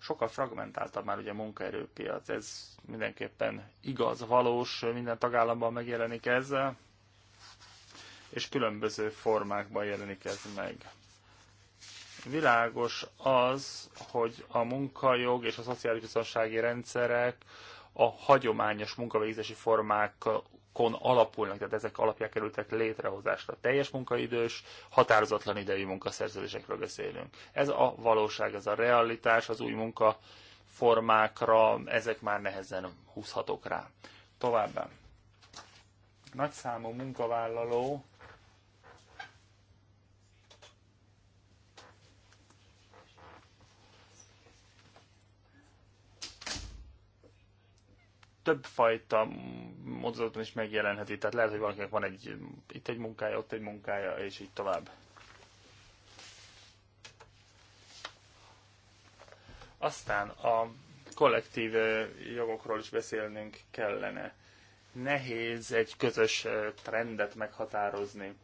sokkal fragmentáltabb már ugye a munkaerőpiac. Ez mindenképpen igaz, valós, minden tagállamban megjelenik ez, és különböző formákban jelenik ez meg. Világos az, hogy a munkajog és a szociális biztonsági rendszerek a hagyományos munkavégzési formák kon alapulnak, tehát ezek alapján kerültek létrehozásra. Teljes munkaidős, határozatlan idejű munkaszerződésekről beszélünk. Ez a valóság, ez a realitás, az új munkaformákra, ezek már nehezen húzhatók rá. Továbbá. Nagyszámú munkavállaló többfajta mozdulaton is megjelenheti, tehát lehet, hogy valakinek van egy, itt egy munkája, ott egy munkája, és így tovább. Aztán a kollektív jogokról is beszélnünk kellene. Nehéz egy közös trendet meghatározni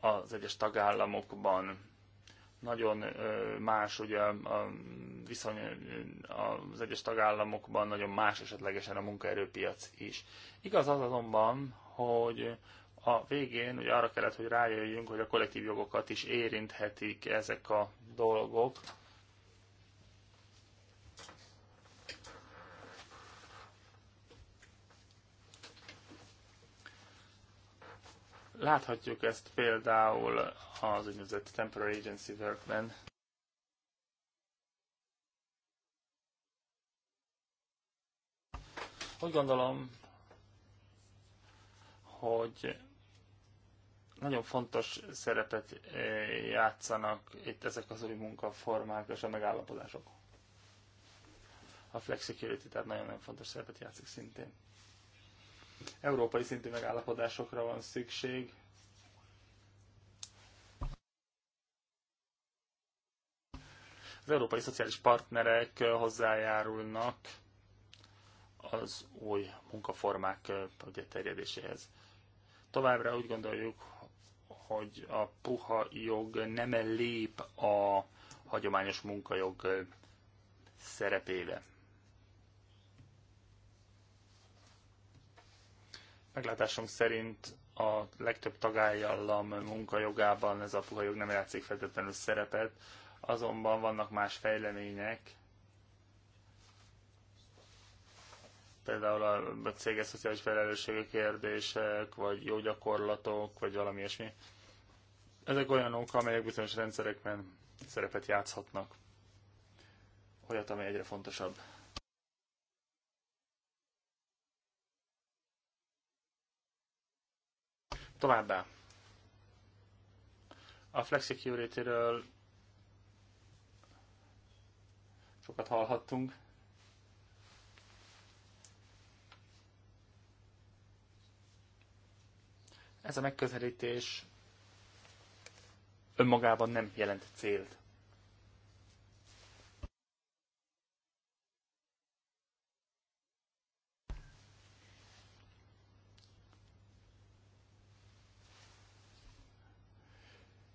az egyes tagállamokban nagyon más ugye a viszony az egyes tagállamokban, nagyon más esetlegesen a munkaerőpiac is. Igaz az azonban, hogy a végén ugye arra kellett, hogy rájöjjünk, hogy a kollektív jogokat is érinthetik ezek a dolgok, Láthatjuk ezt például az úgynevezett Temporary Agency Workben. Úgy gondolom, hogy nagyon fontos szerepet eh, játszanak itt ezek az új munkaformák és a megállapodások. A flexicurity tehát nagyon-nagyon fontos szerepet játszik szintén európai szintű megállapodásokra van szükség. Az európai szociális partnerek hozzájárulnak az új munkaformák terjedéséhez. Továbbra úgy gondoljuk, hogy a puha jog nem lép a hagyományos munkajog szerepébe. Meglátásom szerint a legtöbb tagállam munkajogában ez a jog nem játszik feltétlenül szerepet, azonban vannak más fejlemények, például a céges szociális felelősségi kérdések, vagy jó gyakorlatok, vagy valami ilyesmi. Ezek olyanok, amelyek bizonyos rendszerekben szerepet játszhatnak. Olyat, ami egyre fontosabb. Továbbá a flexicurity-ről sokat hallhattunk. Ez a megközelítés önmagában nem jelent célt.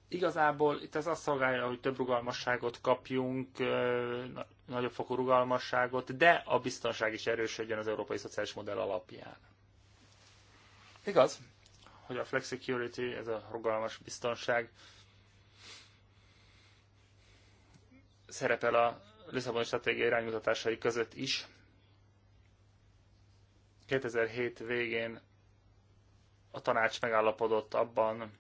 Igazából itt ez azt szolgálja, hogy több rugalmasságot kapjunk, nagyobb fokú rugalmasságot, de a biztonság is erősödjön az európai szociális modell alapján. Igaz, hogy a flexicurity, ez a rugalmas biztonság szerepel a Lisszaboni stratégia iránymutatásai között is. 2007 végén a tanács megállapodott abban,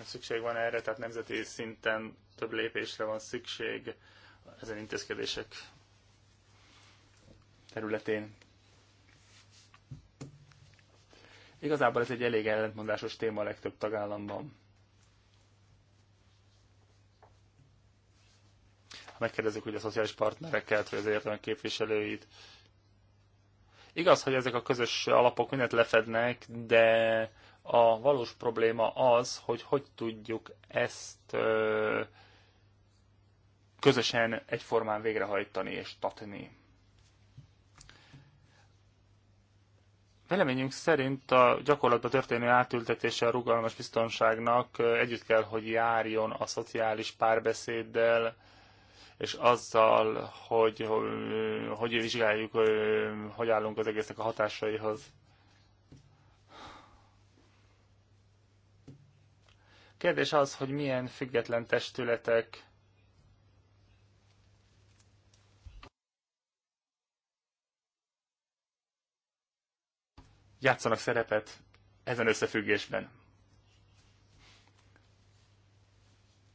szükség van erre, tehát nemzeti szinten több lépésre van szükség ezen intézkedések területén. Igazából ez egy elég ellentmondásos téma a legtöbb tagállamban. Ha megkérdezzük hogy a szociális partnereket, vagy az egyetemek képviselőit, igaz, hogy ezek a közös alapok mindent lefednek, de a valós probléma az, hogy hogy tudjuk ezt közösen egyformán végrehajtani és tatni. Véleményünk szerint a gyakorlatban történő átültetése a rugalmas biztonságnak együtt kell, hogy járjon a szociális párbeszéddel, és azzal, hogy hogy vizsgáljuk, hogy állunk az egésznek a hatásaihoz. Kérdés az, hogy milyen független testületek játszanak szerepet ezen összefüggésben.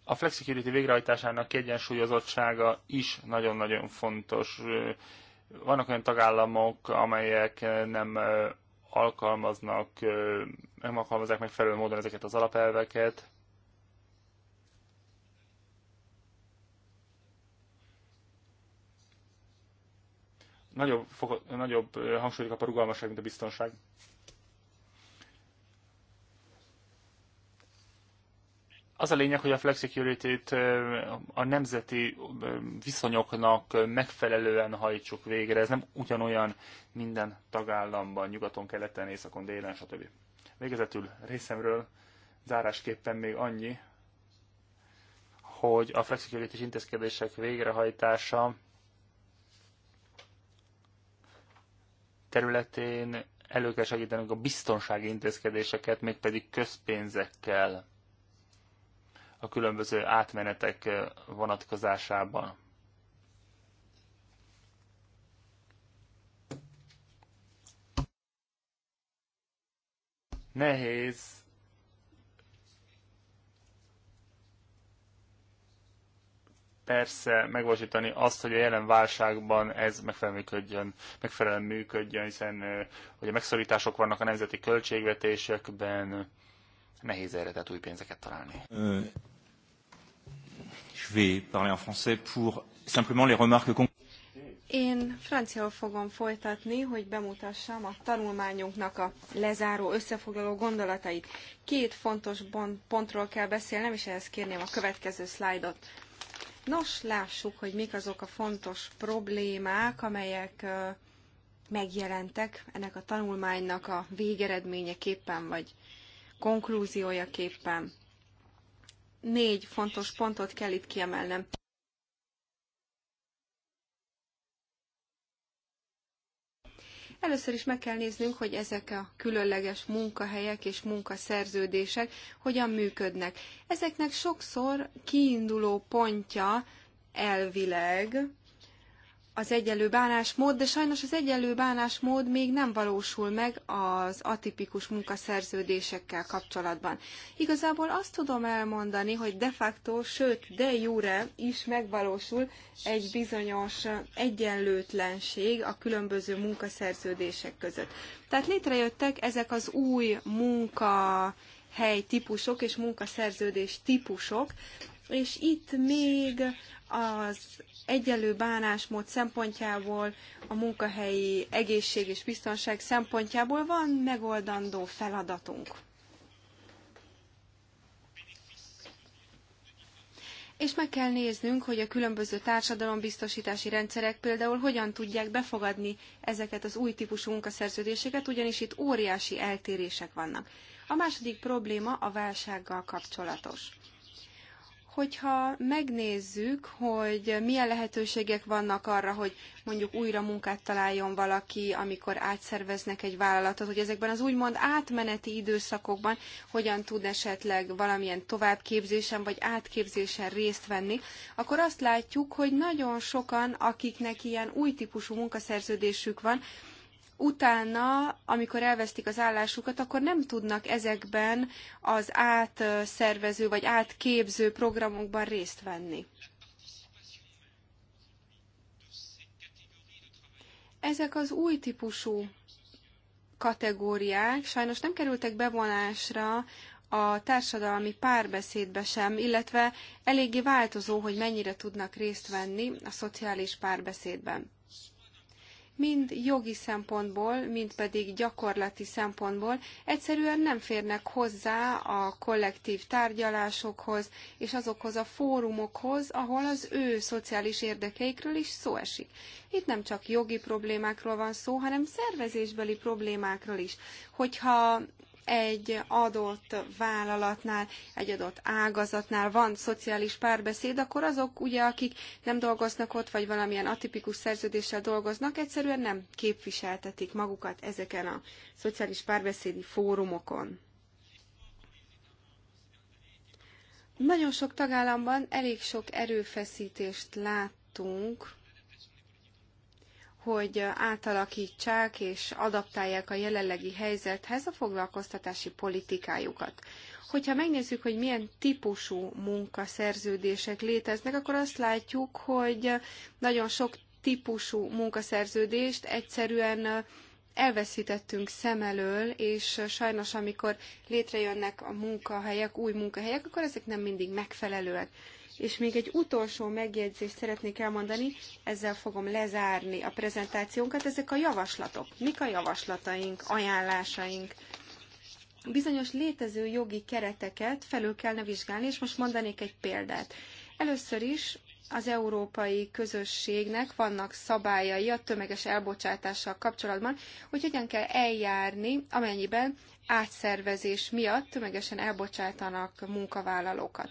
A flexicurity végrehajtásának kiegyensúlyozottsága is nagyon-nagyon fontos. Vannak olyan tagállamok, amelyek nem alkalmaznak, nem alkalmazzák megfelelő módon ezeket az alapelveket. nagyobb, nagyobb hangsúlyt kap a rugalmasság, mint a biztonság. Az a lényeg, hogy a flexicurity a nemzeti viszonyoknak megfelelően hajtsuk végre. Ez nem ugyanolyan minden tagállamban, nyugaton, keleten, északon, délen, stb. Végezetül részemről zárásképpen még annyi, hogy a flexicurity intézkedések végrehajtása területén elő kell segítenünk a biztonsági intézkedéseket, mégpedig közpénzekkel a különböző átmenetek vonatkozásában. Nehéz persze megvalósítani azt, hogy a jelen válságban ez megfelelően működjön, megfelelően működjön hiszen hogy a megszorítások vannak a nemzeti költségvetésekben, nehéz erre tehát új pénzeket találni. je vais parler en français pour simplement les remarques én franciául fogom folytatni, hogy bemutassam a tanulmányunknak a lezáró, összefoglaló gondolatait. Két fontos pontról kell beszélnem, és ehhez kérném a következő szlájdot. Nos, lássuk, hogy mik azok a fontos problémák, amelyek megjelentek ennek a tanulmánynak a végeredményeképpen, vagy konklúziójaképpen. Négy fontos pontot kell itt kiemelnem. Először is meg kell néznünk, hogy ezek a különleges munkahelyek és munkaszerződések hogyan működnek. Ezeknek sokszor kiinduló pontja elvileg az egyenlő bánásmód, de sajnos az egyenlő bánásmód még nem valósul meg az atipikus munkaszerződésekkel kapcsolatban. Igazából azt tudom elmondani, hogy de facto, sőt de jure is megvalósul egy bizonyos egyenlőtlenség a különböző munkaszerződések között. Tehát létrejöttek ezek az új munkahely típusok és munkaszerződés típusok, és itt még az egyenlő bánásmód szempontjából, a munkahelyi egészség és biztonság szempontjából van megoldandó feladatunk. És meg kell néznünk, hogy a különböző társadalombiztosítási rendszerek például hogyan tudják befogadni ezeket az új típusú munkaszerződéseket, ugyanis itt óriási eltérések vannak. A második probléma a válsággal kapcsolatos hogyha megnézzük, hogy milyen lehetőségek vannak arra, hogy mondjuk újra munkát találjon valaki, amikor átszerveznek egy vállalatot, hogy ezekben az úgymond átmeneti időszakokban hogyan tud esetleg valamilyen továbbképzésen vagy átképzésen részt venni, akkor azt látjuk, hogy nagyon sokan, akiknek ilyen új típusú munkaszerződésük van, utána, amikor elvesztik az állásukat, akkor nem tudnak ezekben az átszervező vagy átképző programokban részt venni. Ezek az új típusú kategóriák sajnos nem kerültek bevonásra a társadalmi párbeszédbe sem, illetve eléggé változó, hogy mennyire tudnak részt venni a szociális párbeszédben mind jogi szempontból, mind pedig gyakorlati szempontból egyszerűen nem férnek hozzá a kollektív tárgyalásokhoz és azokhoz a fórumokhoz, ahol az ő szociális érdekeikről is szó esik. Itt nem csak jogi problémákról van szó, hanem szervezésbeli problémákról is. Hogyha egy adott vállalatnál, egy adott ágazatnál van szociális párbeszéd, akkor azok, ugye, akik nem dolgoznak ott, vagy valamilyen atipikus szerződéssel dolgoznak, egyszerűen nem képviseltetik magukat ezeken a szociális párbeszédi fórumokon. Nagyon sok tagállamban elég sok erőfeszítést láttunk hogy átalakítsák és adaptálják a jelenlegi helyzethez a foglalkoztatási politikájukat. Hogyha megnézzük, hogy milyen típusú munkaszerződések léteznek, akkor azt látjuk, hogy nagyon sok típusú munkaszerződést egyszerűen elveszítettünk szem elől, és sajnos amikor létrejönnek a munkahelyek, új munkahelyek, akkor ezek nem mindig megfelelőek. És még egy utolsó megjegyzést szeretnék elmondani, ezzel fogom lezárni a prezentációnkat. Ezek a javaslatok. Mik a javaslataink, ajánlásaink? Bizonyos létező jogi kereteket felül kellene vizsgálni, és most mondanék egy példát. Először is az európai közösségnek vannak szabályai a tömeges elbocsátással kapcsolatban, hogy hogyan kell eljárni, amennyiben átszervezés miatt tömegesen elbocsátanak munkavállalókat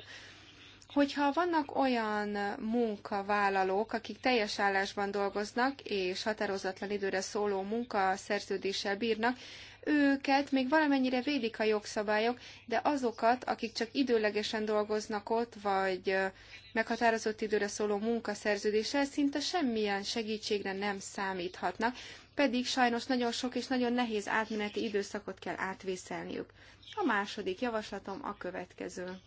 hogyha vannak olyan munkavállalók, akik teljes állásban dolgoznak, és határozatlan időre szóló munkaszerződéssel bírnak, őket még valamennyire védik a jogszabályok, de azokat, akik csak időlegesen dolgoznak ott, vagy meghatározott időre szóló munkaszerződéssel, szinte semmilyen segítségre nem számíthatnak, pedig sajnos nagyon sok és nagyon nehéz átmeneti időszakot kell átvészelniük. A második javaslatom a következő.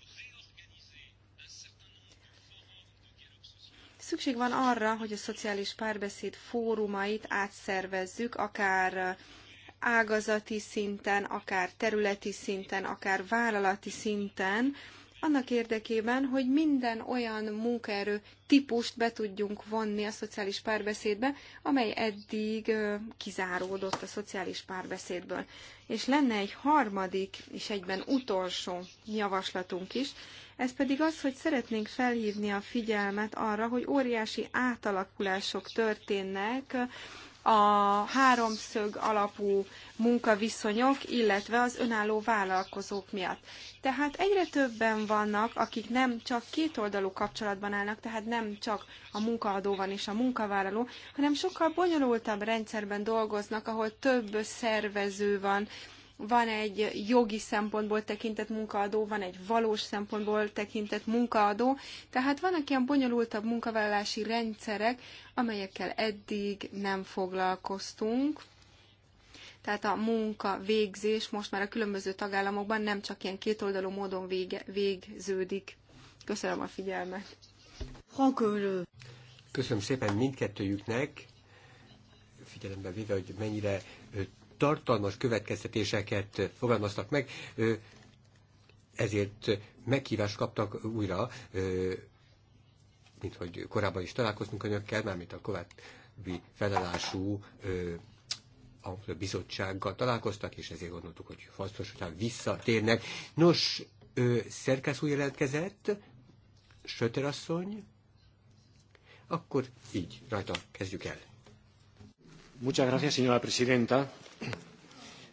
Szükség van arra, hogy a szociális párbeszéd fórumait átszervezzük, akár ágazati szinten, akár területi szinten, akár vállalati szinten, annak érdekében, hogy minden olyan munkaerő típust be tudjunk vonni a szociális párbeszédbe, amely eddig kizáródott a szociális párbeszédből. És lenne egy harmadik és egyben utolsó javaslatunk is, ez pedig az, hogy szeretnénk felhívni a figyelmet arra, hogy óriási átalakulások történnek a háromszög alapú munkaviszonyok, illetve az önálló vállalkozók miatt. Tehát egyre többen vannak, akik nem csak kétoldalú kapcsolatban állnak, tehát nem csak a munkaadó van és a munkavállaló, hanem sokkal bonyolultabb rendszerben dolgoznak, ahol több szervező van, van egy jogi szempontból tekintett munkaadó, van egy valós szempontból tekintett munkaadó, tehát vannak ilyen bonyolultabb munkavállalási rendszerek, amelyekkel eddig nem foglalkoztunk. Tehát a munka végzés most már a különböző tagállamokban nem csak ilyen kétoldalú módon vége, végződik. Köszönöm a figyelmet. Köszönöm szépen mindkettőjüknek, figyelembe véve, hogy mennyire tartalmas következtetéseket fogalmaztak meg, ezért meghívást kaptak újra, mint hogy korábban is találkoztunk önökkel, mármint a korábbi felelású a bizottsággal találkoztak, és ezért gondoltuk, hogy fasztos, hogy visszatérnek. Nos, szerkesz új jelentkezett, Söter asszony, akkor így, rajta kezdjük el. Muchas gracias, señora presidenta.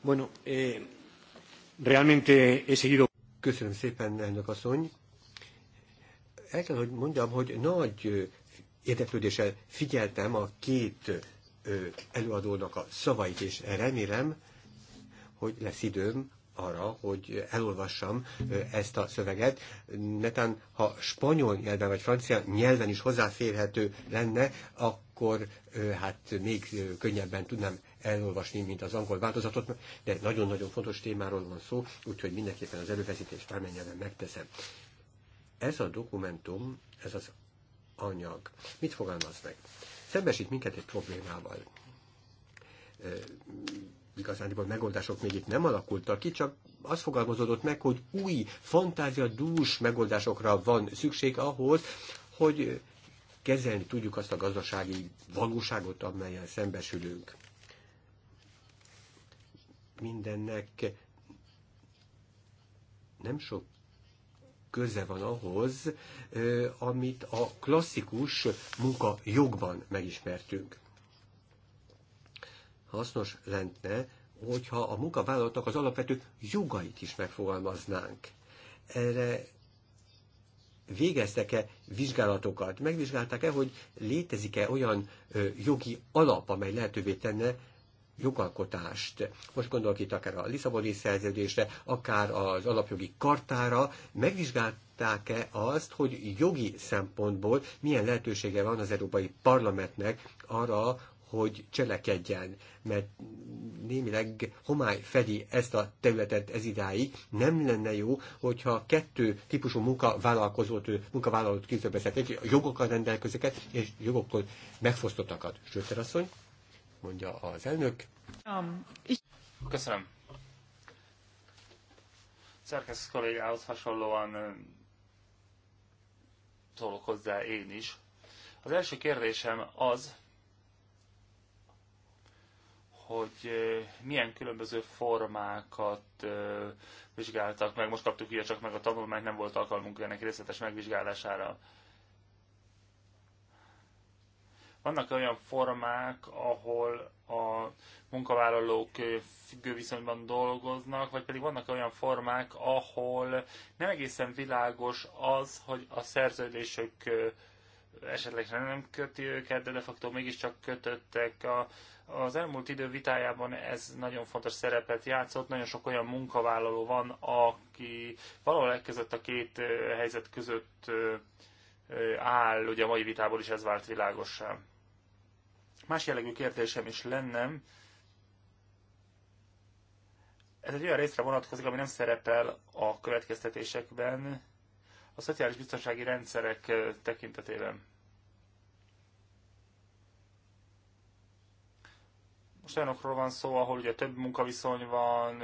Bueno, eh, realmente he seguido... Köszönöm szépen, elnök asszony. El kell, hogy mondjam, hogy nagy érdeklődéssel figyeltem a két előadónak a szavait, és remélem, hogy lesz időm arra, hogy elolvassam ezt a szöveget. Netán, ha spanyol nyelven vagy francia nyelven is hozzáférhető lenne, akkor hát még könnyebben tudnám elolvasni, mint az angol változatot, de nagyon-nagyon fontos témáról van szó, úgyhogy mindenképpen az előfeszítést bármennyiben megteszem. Ez a dokumentum, ez az anyag, mit fogalmaz meg? Szembesít minket egy problémával. E, igazándiból megoldások még itt nem alakultak ki, csak az fogalmazódott meg, hogy új, dús megoldásokra van szükség ahhoz, hogy kezelni tudjuk azt a gazdasági valóságot, amelyen szembesülünk mindennek nem sok köze van ahhoz, amit a klasszikus munka jogban megismertünk. Hasznos lenne, hogyha a munkavállalóknak az alapvető jogait is megfogalmaznánk. Erre végeztek-e vizsgálatokat? Megvizsgálták-e, hogy létezik-e olyan jogi alap, amely lehetővé tenne jogalkotást. Most gondolok itt akár a Lisszaboni szerződésre, akár az alapjogi kartára, megvizsgálták-e azt, hogy jogi szempontból milyen lehetősége van az Európai Parlamentnek arra, hogy cselekedjen, mert némileg homály fedi ezt a területet ez idáig. Nem lenne jó, hogyha kettő típusú munkavállalkozót, munkavállalót kizöbezhetnék, jogokkal rendelkezőket és jogokkal megfosztottakat. Sőt, asszony? mondja az elnök. Um, Köszönöm. Szerkesz kollégához hasonlóan szólok hozzá én is. Az első kérdésem az, hogy milyen különböző formákat vizsgáltak meg. Most kaptuk ugye csak meg a tanulmányt, nem volt alkalmunk ennek részletes megvizsgálására. Vannak olyan formák, ahol a munkavállalók függő viszonyban dolgoznak, vagy pedig vannak olyan formák, ahol nem egészen világos az, hogy a szerződésük esetleg nem köti őket, de de facto mégiscsak kötöttek. A, az elmúlt idő vitájában ez nagyon fontos szerepet játszott. Nagyon sok olyan munkavállaló van, aki valahol elkezdett a két helyzet között áll, ugye a mai vitából is ez vált világosan. Más jellegű kérdésem is lenne, ez egy olyan részre vonatkozik, ami nem szerepel a következtetésekben, a szociális biztonsági rendszerek tekintetében. Most olyanokról van szó, ahol ugye több munkaviszony van,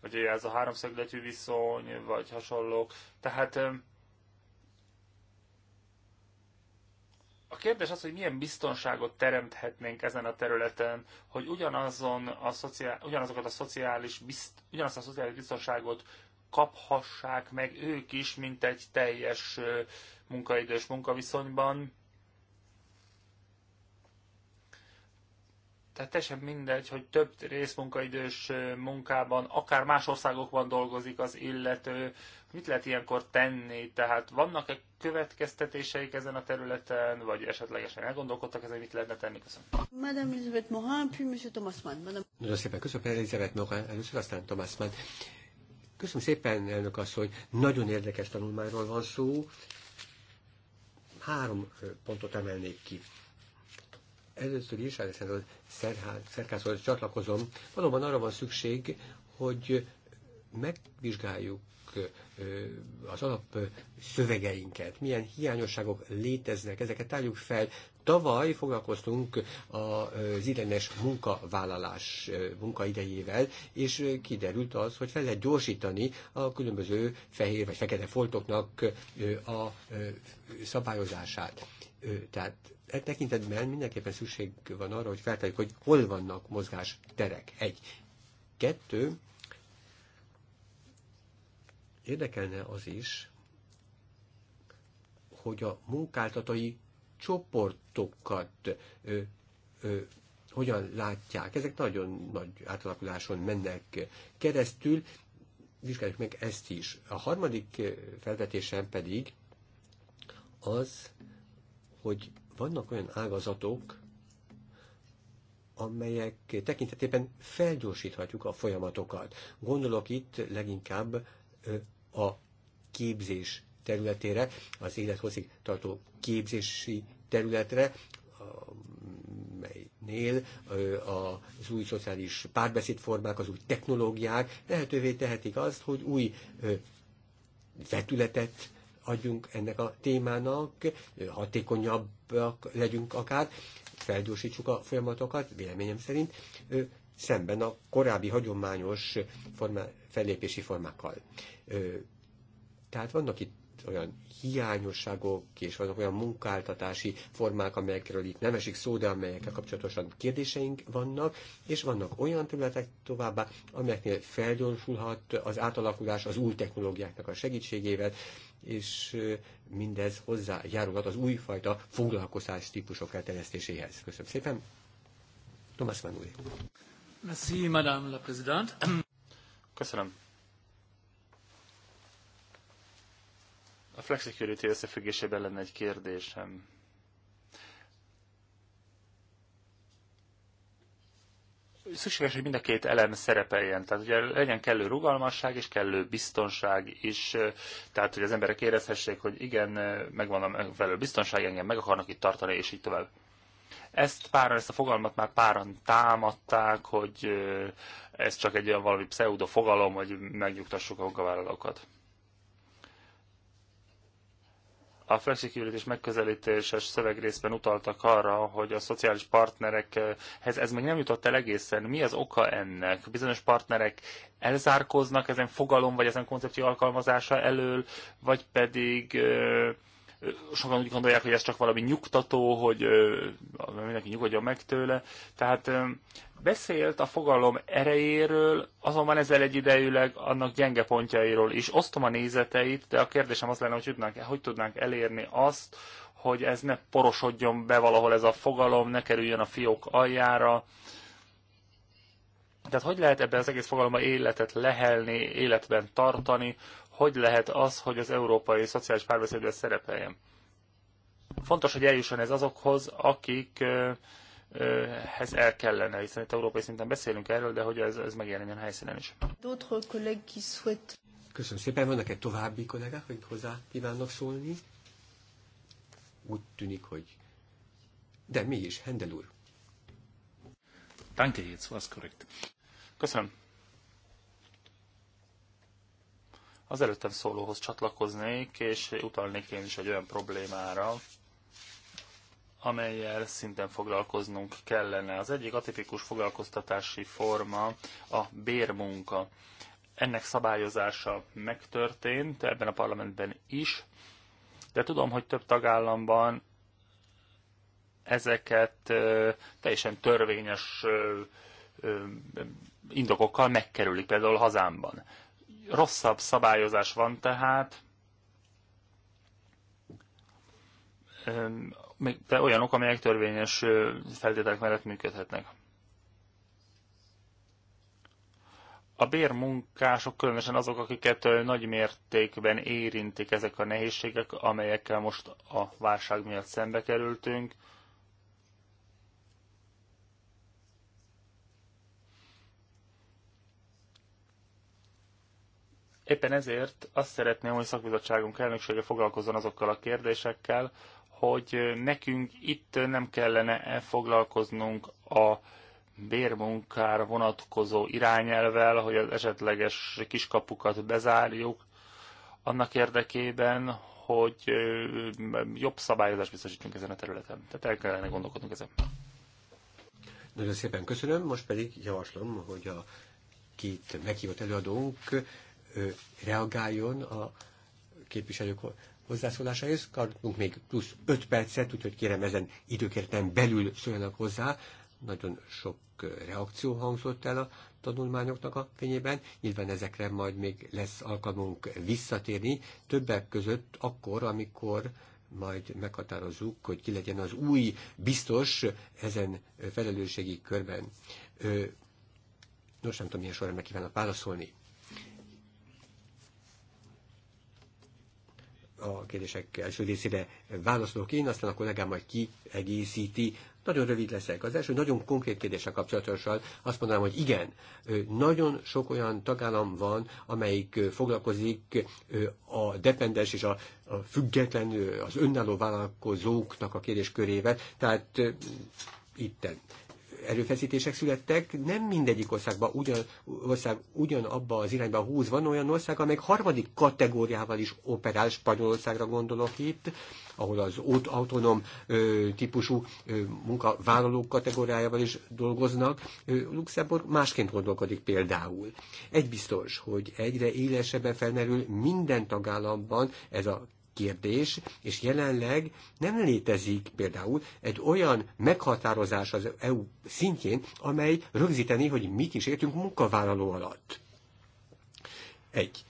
vagy ez a háromszögletű viszony, vagy hasonlók. Tehát A kérdés az, hogy milyen biztonságot teremthetnénk ezen a területen, hogy ugyanazon a szociál, ugyanazokat a szociális, bizt, ugyanazt a szociális biztonságot kaphassák meg ők is, mint egy teljes munkaidős munkaviszonyban, Tehát teljesen mindegy, hogy több részmunkaidős munkában, akár más országokban dolgozik az illető, mit lehet ilyenkor tenni? Tehát vannak-e következtetéseik ezen a területen, vagy esetlegesen elgondolkodtak ezen, mit lehetne tenni? Köszönöm. Madame Elizabeth Morin, puis Monsieur Thomas Mann. Madame... Nagyon szépen köszönöm, Elizabeth Morin, először aztán Thomas Mann. Köszönöm szépen, elnök asszony, nagyon érdekes tanulmányról van szó. Három pontot emelnék ki. Először is, a szerkászóhoz csatlakozom, valóban arra van szükség, hogy megvizsgáljuk az alap szövegeinket, milyen hiányosságok léteznek, ezeket álljuk fel, Tavaly foglalkoztunk az idenes munkavállalás munkaidejével, és kiderült az, hogy fel lehet gyorsítani a különböző fehér vagy fekete foltoknak a szabályozását. Tehát e tekintetben mindenképpen szükség van arra, hogy feltárjuk, hogy hol vannak mozgás terek. Egy. Kettő. Érdekelne az is, hogy a munkáltatói csoportokat ö, ö, hogyan látják. Ezek nagyon nagy átalakuláson mennek keresztül. Vizsgáljuk meg ezt is. A harmadik felvetésem pedig az, hogy vannak olyan ágazatok, amelyek tekintetében felgyorsíthatjuk a folyamatokat. Gondolok itt leginkább a képzés területére, az élethosszig tartó képzési területre, melynél az új szociális párbeszédformák, az új technológiák lehetővé tehetik azt, hogy új vetületet adjunk ennek a témának, hatékonyabbak legyünk akár, felgyorsítsuk a folyamatokat, véleményem szerint, szemben a korábbi hagyományos formá, fellépési formákkal. Tehát vannak itt olyan hiányosságok, és vannak olyan munkáltatási formák, amelyekről itt nem esik szó, de amelyekkel kapcsolatosan kérdéseink vannak, és vannak olyan területek továbbá, amelyeknél felgyorsulhat az átalakulás az új technológiáknak a segítségével, és mindez hozzájárulhat az újfajta foglalkozás típusok elterjesztéséhez. Köszönöm szépen. Tomás Manúri. Merci, Madame la Présidente. Köszönöm, A flexicurity összefüggésében lenne egy kérdésem. Szükséges, hogy mind a két elem szerepeljen. Tehát ugye legyen kellő rugalmasság és kellő biztonság is. Tehát, hogy az emberek érezhessék, hogy igen, megvan a megfelelő biztonság, engem meg akarnak itt tartani, és így tovább ezt páran, ezt a fogalmat már páran támadták, hogy ez csak egy olyan valami pseudo fogalom, hogy megnyugtassuk a vállalókat. A flexicurity és megközelítéses szövegrészben utaltak arra, hogy a szociális partnerekhez ez még nem jutott el egészen. Mi az oka ennek? Bizonyos partnerek elzárkoznak ezen fogalom vagy ezen koncepció alkalmazása elől, vagy pedig sokan úgy gondolják, hogy ez csak valami nyugtató, hogy mindenki nyugodjon meg tőle. Tehát beszélt a fogalom erejéről, azonban ezzel egyidejűleg annak gyenge pontjairól is. Osztom a nézeteit, de a kérdésem az lenne, hogy tudnánk, hogy tudnánk elérni azt, hogy ez ne porosodjon be valahol ez a fogalom, ne kerüljön a fiók aljára. Tehát hogy lehet ebben az egész fogalomban életet lehelni, életben tartani, hogy lehet az, hogy az európai szociális párbeszédben szerepeljen. Fontos, hogy eljusson ez azokhoz, akik ez el kellene, hiszen itt európai szinten beszélünk erről, de hogy ez, ez megjelenjen helyszínen is. Köszönöm szépen, vannak egy további kollégák, hogy hozzá kívánnak szólni? Úgy tűnik, hogy... De mi is, Hendel úr. Danke, jetzt was korrekt. Köszönöm. Az előttem szólóhoz csatlakoznék, és utalnék én is egy olyan problémára, amelyel szinten foglalkoznunk kellene. Az egyik atipikus foglalkoztatási forma a bérmunka. Ennek szabályozása megtörtént ebben a parlamentben is, de tudom, hogy több tagállamban ezeket teljesen törvényes indokokkal megkerülik, például hazámban. Rosszabb szabályozás van tehát, de olyanok, amelyek törvényes feltételek mellett működhetnek. A bérmunkások, különösen azok, akiket nagy mértékben érintik ezek a nehézségek, amelyekkel most a válság miatt szembe kerültünk, Éppen ezért azt szeretném, hogy szakbizottságunk elnöksége foglalkozzon azokkal a kérdésekkel, hogy nekünk itt nem kellene foglalkoznunk a bérmunkára vonatkozó irányelvel, hogy az esetleges kiskapukat bezárjuk, annak érdekében, hogy jobb szabályozást biztosítsunk ezen a területen. Tehát el kellene gondolkodnunk ezen. Nagyon szépen köszönöm, most pedig javaslom, hogy a két meghívott előadónk reagáljon a képviselők hozzászólásához. Kartunk még plusz 5 percet, úgyhogy kérem ezen időkereten belül szóljanak hozzá. Nagyon sok reakció hangzott el a tanulmányoknak a fényében. Nyilván ezekre majd még lesz alkalmunk visszatérni, többek között akkor, amikor majd meghatározzuk, hogy ki legyen az új biztos ezen felelősségi körben. Nos, nem tudom, milyen meg kívánok válaszolni. a kérdések első részére válaszolok én, aztán a kollégám majd kiegészíti. Nagyon rövid leszek. Az első nagyon konkrét kérdése kapcsolatosan azt mondanám, hogy igen, nagyon sok olyan tagállam van, amelyik foglalkozik a dependens és a, a független, az önálló vállalkozóknak a kérdéskörével, tehát itten erőfeszítések születtek, nem mindegyik országban ugyan, ország ugyanabba az irányba húz. Van olyan ország, amely harmadik kategóriával is operál, Spanyolországra gondolok itt, ahol az autonóm típusú ö, munkavállalók kategóriájával is dolgoznak. Ö, Luxemburg másként gondolkodik például. Egy biztos, hogy egyre élesebben felmerül minden tagállamban ez a kérdés, és jelenleg nem létezik például egy olyan meghatározás az EU szintjén, amely rögzíteni, hogy mit is értünk munkavállaló alatt. Egy,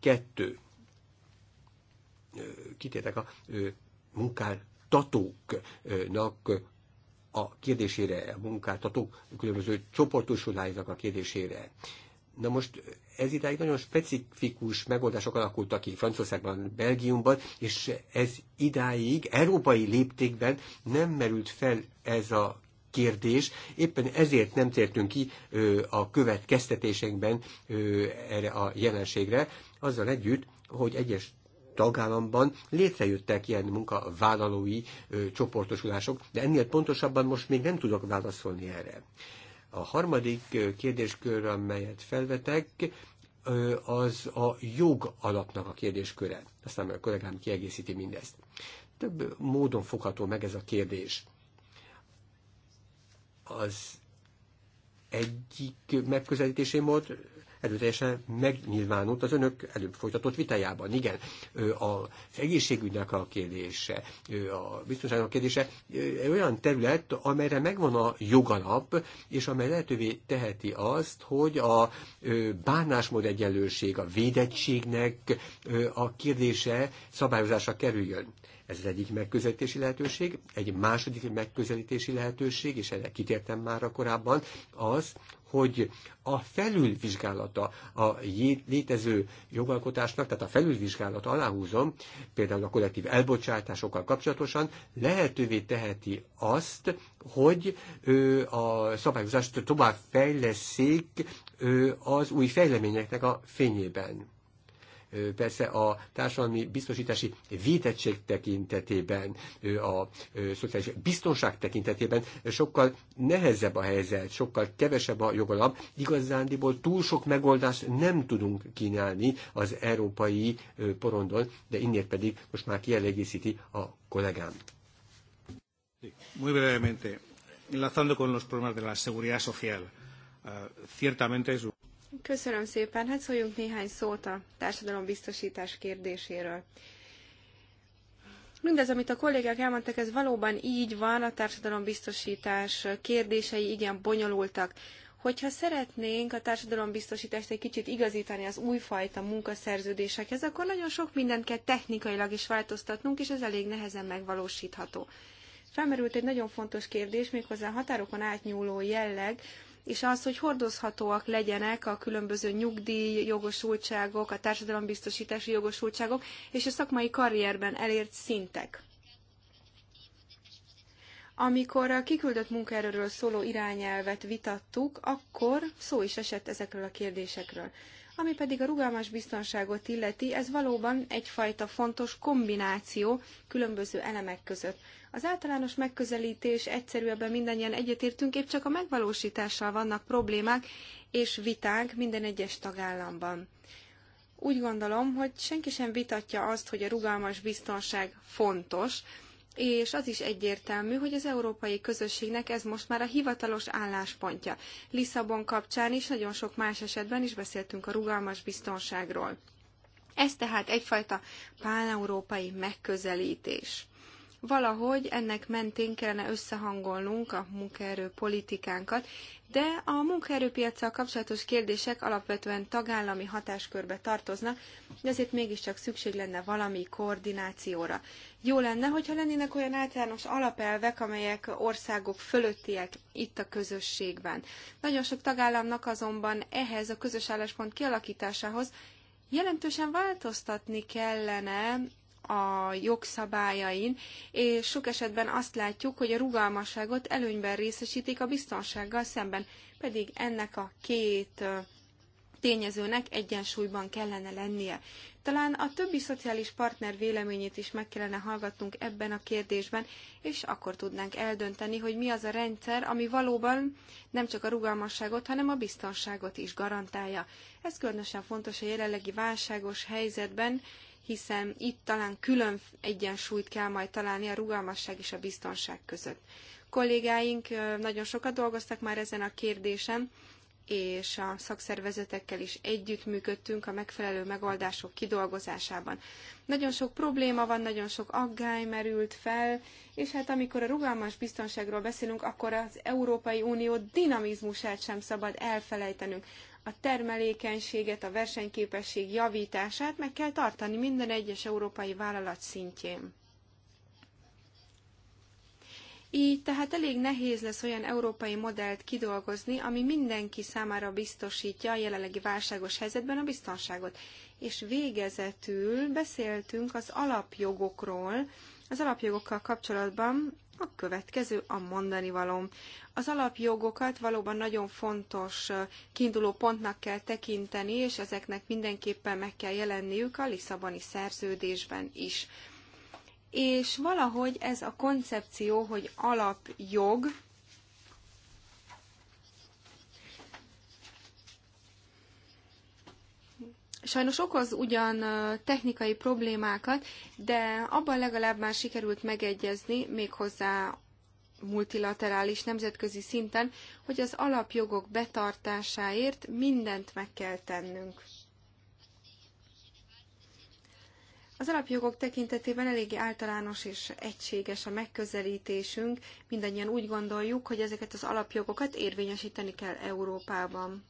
kettő, kitétek a munkáltatóknak a kérdésére, a munkáltatók különböző csoportosuláinak a kérdésére. Na most ez idáig nagyon specifikus megoldások alakultak ki Franciaországban, Belgiumban, és ez idáig európai léptékben nem merült fel ez a kérdés. Éppen ezért nem tértünk ki ö, a következtetésekben ö, erre a jelenségre, azzal együtt, hogy egyes tagállamban létrejöttek ilyen munkavállalói ö, csoportosulások, de ennél pontosabban most még nem tudok válaszolni erre. A harmadik kérdéskör, amelyet felvetek, az a jog alapnak a kérdésköre. Aztán a kollégám kiegészíti mindezt. Több módon fogható meg ez a kérdés. Az egyik megközelítési mód erőteljesen megnyilvánult az önök előbb folytatott vitájában. Igen, az egészségügynek a kérdése, a biztonságnak a kérdése olyan terület, amelyre megvan a jogalap, és amely lehetővé teheti azt, hogy a bánásmód egyenlőség, a védettségnek a kérdése szabályozásra kerüljön. Ez az egyik megközelítési lehetőség. Egy második megközelítési lehetőség, és erre kitértem már a korábban, az, hogy a felülvizsgálata a létező jogalkotásnak, tehát a felülvizsgálat aláhúzom, például a kollektív elbocsátásokkal kapcsolatosan lehetővé teheti azt, hogy a szabályozást tovább fejleszik az új fejleményeknek a fényében persze a társadalmi biztosítási védettség tekintetében, a szociális biztonság tekintetében sokkal nehezebb a helyzet, sokkal kevesebb a jogalap. Igazándiból túl sok megoldást nem tudunk kínálni az európai porondon, de innét pedig most már kielégíti a kollégám. Muy brevemente, enlazando con los problemas de la seguridad social, uh, ciertamente es Köszönöm szépen. Hát szóljunk néhány szót a társadalombiztosítás kérdéséről. Mindez, amit a kollégák elmondtak, ez valóban így van, a társadalombiztosítás kérdései igen bonyolultak. Hogyha szeretnénk a társadalombiztosítást egy kicsit igazítani az újfajta munkaszerződésekhez, akkor nagyon sok mindent kell technikailag is változtatnunk, és ez elég nehezen megvalósítható. Felmerült egy nagyon fontos kérdés, méghozzá határokon átnyúló jelleg, és az, hogy hordozhatóak legyenek a különböző nyugdíj, jogosultságok, a társadalombiztosítási jogosultságok és a szakmai karrierben elért szintek. Amikor a kiküldött munkaerőről szóló irányelvet vitattuk, akkor szó is esett ezekről a kérdésekről. Ami pedig a rugalmas biztonságot illeti, ez valóban egyfajta fontos kombináció különböző elemek között. Az általános megközelítés egyszerűbben mindannyian egyetértünk, épp csak a megvalósítással vannak problémák és viták minden egyes tagállamban. Úgy gondolom, hogy senki sem vitatja azt, hogy a rugalmas biztonság fontos, és az is egyértelmű, hogy az európai közösségnek ez most már a hivatalos álláspontja. Lisszabon kapcsán is, nagyon sok más esetben is beszéltünk a rugalmas biztonságról. Ez tehát egyfajta páneurópai megközelítés valahogy ennek mentén kellene összehangolnunk a munkaerő politikánkat, de a munkaerőpiacsal kapcsolatos kérdések alapvetően tagállami hatáskörbe tartoznak, de azért mégiscsak szükség lenne valami koordinációra. Jó lenne, hogyha lennének olyan általános alapelvek, amelyek országok fölöttiek itt a közösségben. Nagyon sok tagállamnak azonban ehhez a közös álláspont kialakításához jelentősen változtatni kellene a jogszabályain, és sok esetben azt látjuk, hogy a rugalmasságot előnyben részesítik a biztonsággal szemben, pedig ennek a két tényezőnek egyensúlyban kellene lennie. Talán a többi szociális partner véleményét is meg kellene hallgatnunk ebben a kérdésben, és akkor tudnánk eldönteni, hogy mi az a rendszer, ami valóban nem csak a rugalmasságot, hanem a biztonságot is garantálja. Ez különösen fontos a jelenlegi válságos helyzetben, hiszen itt talán külön egyensúlyt kell majd találni a rugalmasság és a biztonság között. Kollégáink nagyon sokat dolgoztak már ezen a kérdésen, és a szakszervezetekkel is együttműködtünk a megfelelő megoldások kidolgozásában. Nagyon sok probléma van, nagyon sok aggály merült fel, és hát amikor a rugalmas biztonságról beszélünk, akkor az Európai Unió dinamizmusát sem szabad elfelejtenünk a termelékenységet, a versenyképesség javítását meg kell tartani minden egyes európai vállalat szintjén. Így tehát elég nehéz lesz olyan európai modellt kidolgozni, ami mindenki számára biztosítja a jelenlegi válságos helyzetben a biztonságot. És végezetül beszéltünk az alapjogokról, az alapjogokkal kapcsolatban a következő a mondani valóm. Az alapjogokat valóban nagyon fontos kiinduló pontnak kell tekinteni, és ezeknek mindenképpen meg kell jelenniük a Lisszaboni szerződésben is. És valahogy ez a koncepció, hogy alapjog, sajnos okoz ugyan technikai problémákat, de abban legalább már sikerült megegyezni, méghozzá multilaterális nemzetközi szinten, hogy az alapjogok betartásáért mindent meg kell tennünk. Az alapjogok tekintetében eléggé általános és egységes a megközelítésünk, mindannyian úgy gondoljuk, hogy ezeket az alapjogokat érvényesíteni kell Európában.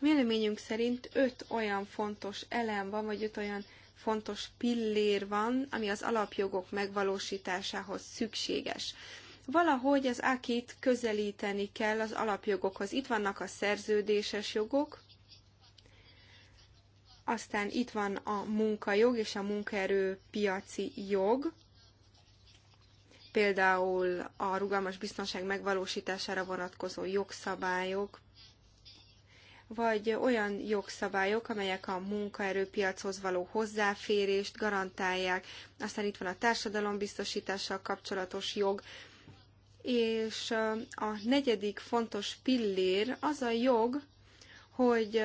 Véleményünk szerint öt olyan fontos elem van, vagy öt olyan fontos pillér van, ami az alapjogok megvalósításához szükséges. Valahogy az akit közelíteni kell az alapjogokhoz. Itt vannak a szerződéses jogok, aztán itt van a munkajog és a munkaerőpiaci jog, például a rugalmas biztonság megvalósítására vonatkozó jogszabályok, vagy olyan jogszabályok, amelyek a munkaerőpiachoz való hozzáférést garantálják. Aztán itt van a társadalombiztosítással kapcsolatos jog, és a negyedik fontos pillér az a jog, hogy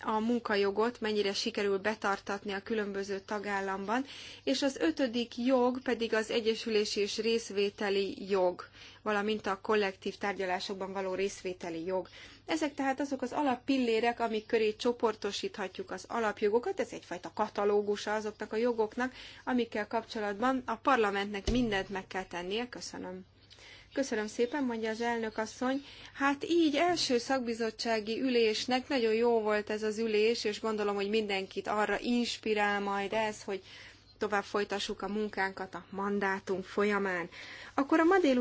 a munkajogot mennyire sikerül betartatni a különböző tagállamban, és az ötödik jog pedig az egyesülési és részvételi jog, valamint a kollektív tárgyalásokban való részvételi jog. Ezek tehát azok az alappillérek, amik köré csoportosíthatjuk az alapjogokat, ez egyfajta katalógusa azoknak a jogoknak, amikkel kapcsolatban a parlamentnek mindent meg kell tennie. Köszönöm. Köszönöm szépen, mondja az elnök asszony. Hát így első szakbizottsági ülésnek nagyon jó volt ez az ülés, és gondolom, hogy mindenkit arra inspirál majd ez, hogy tovább folytassuk a munkánkat a mandátum folyamán. Akkor a ma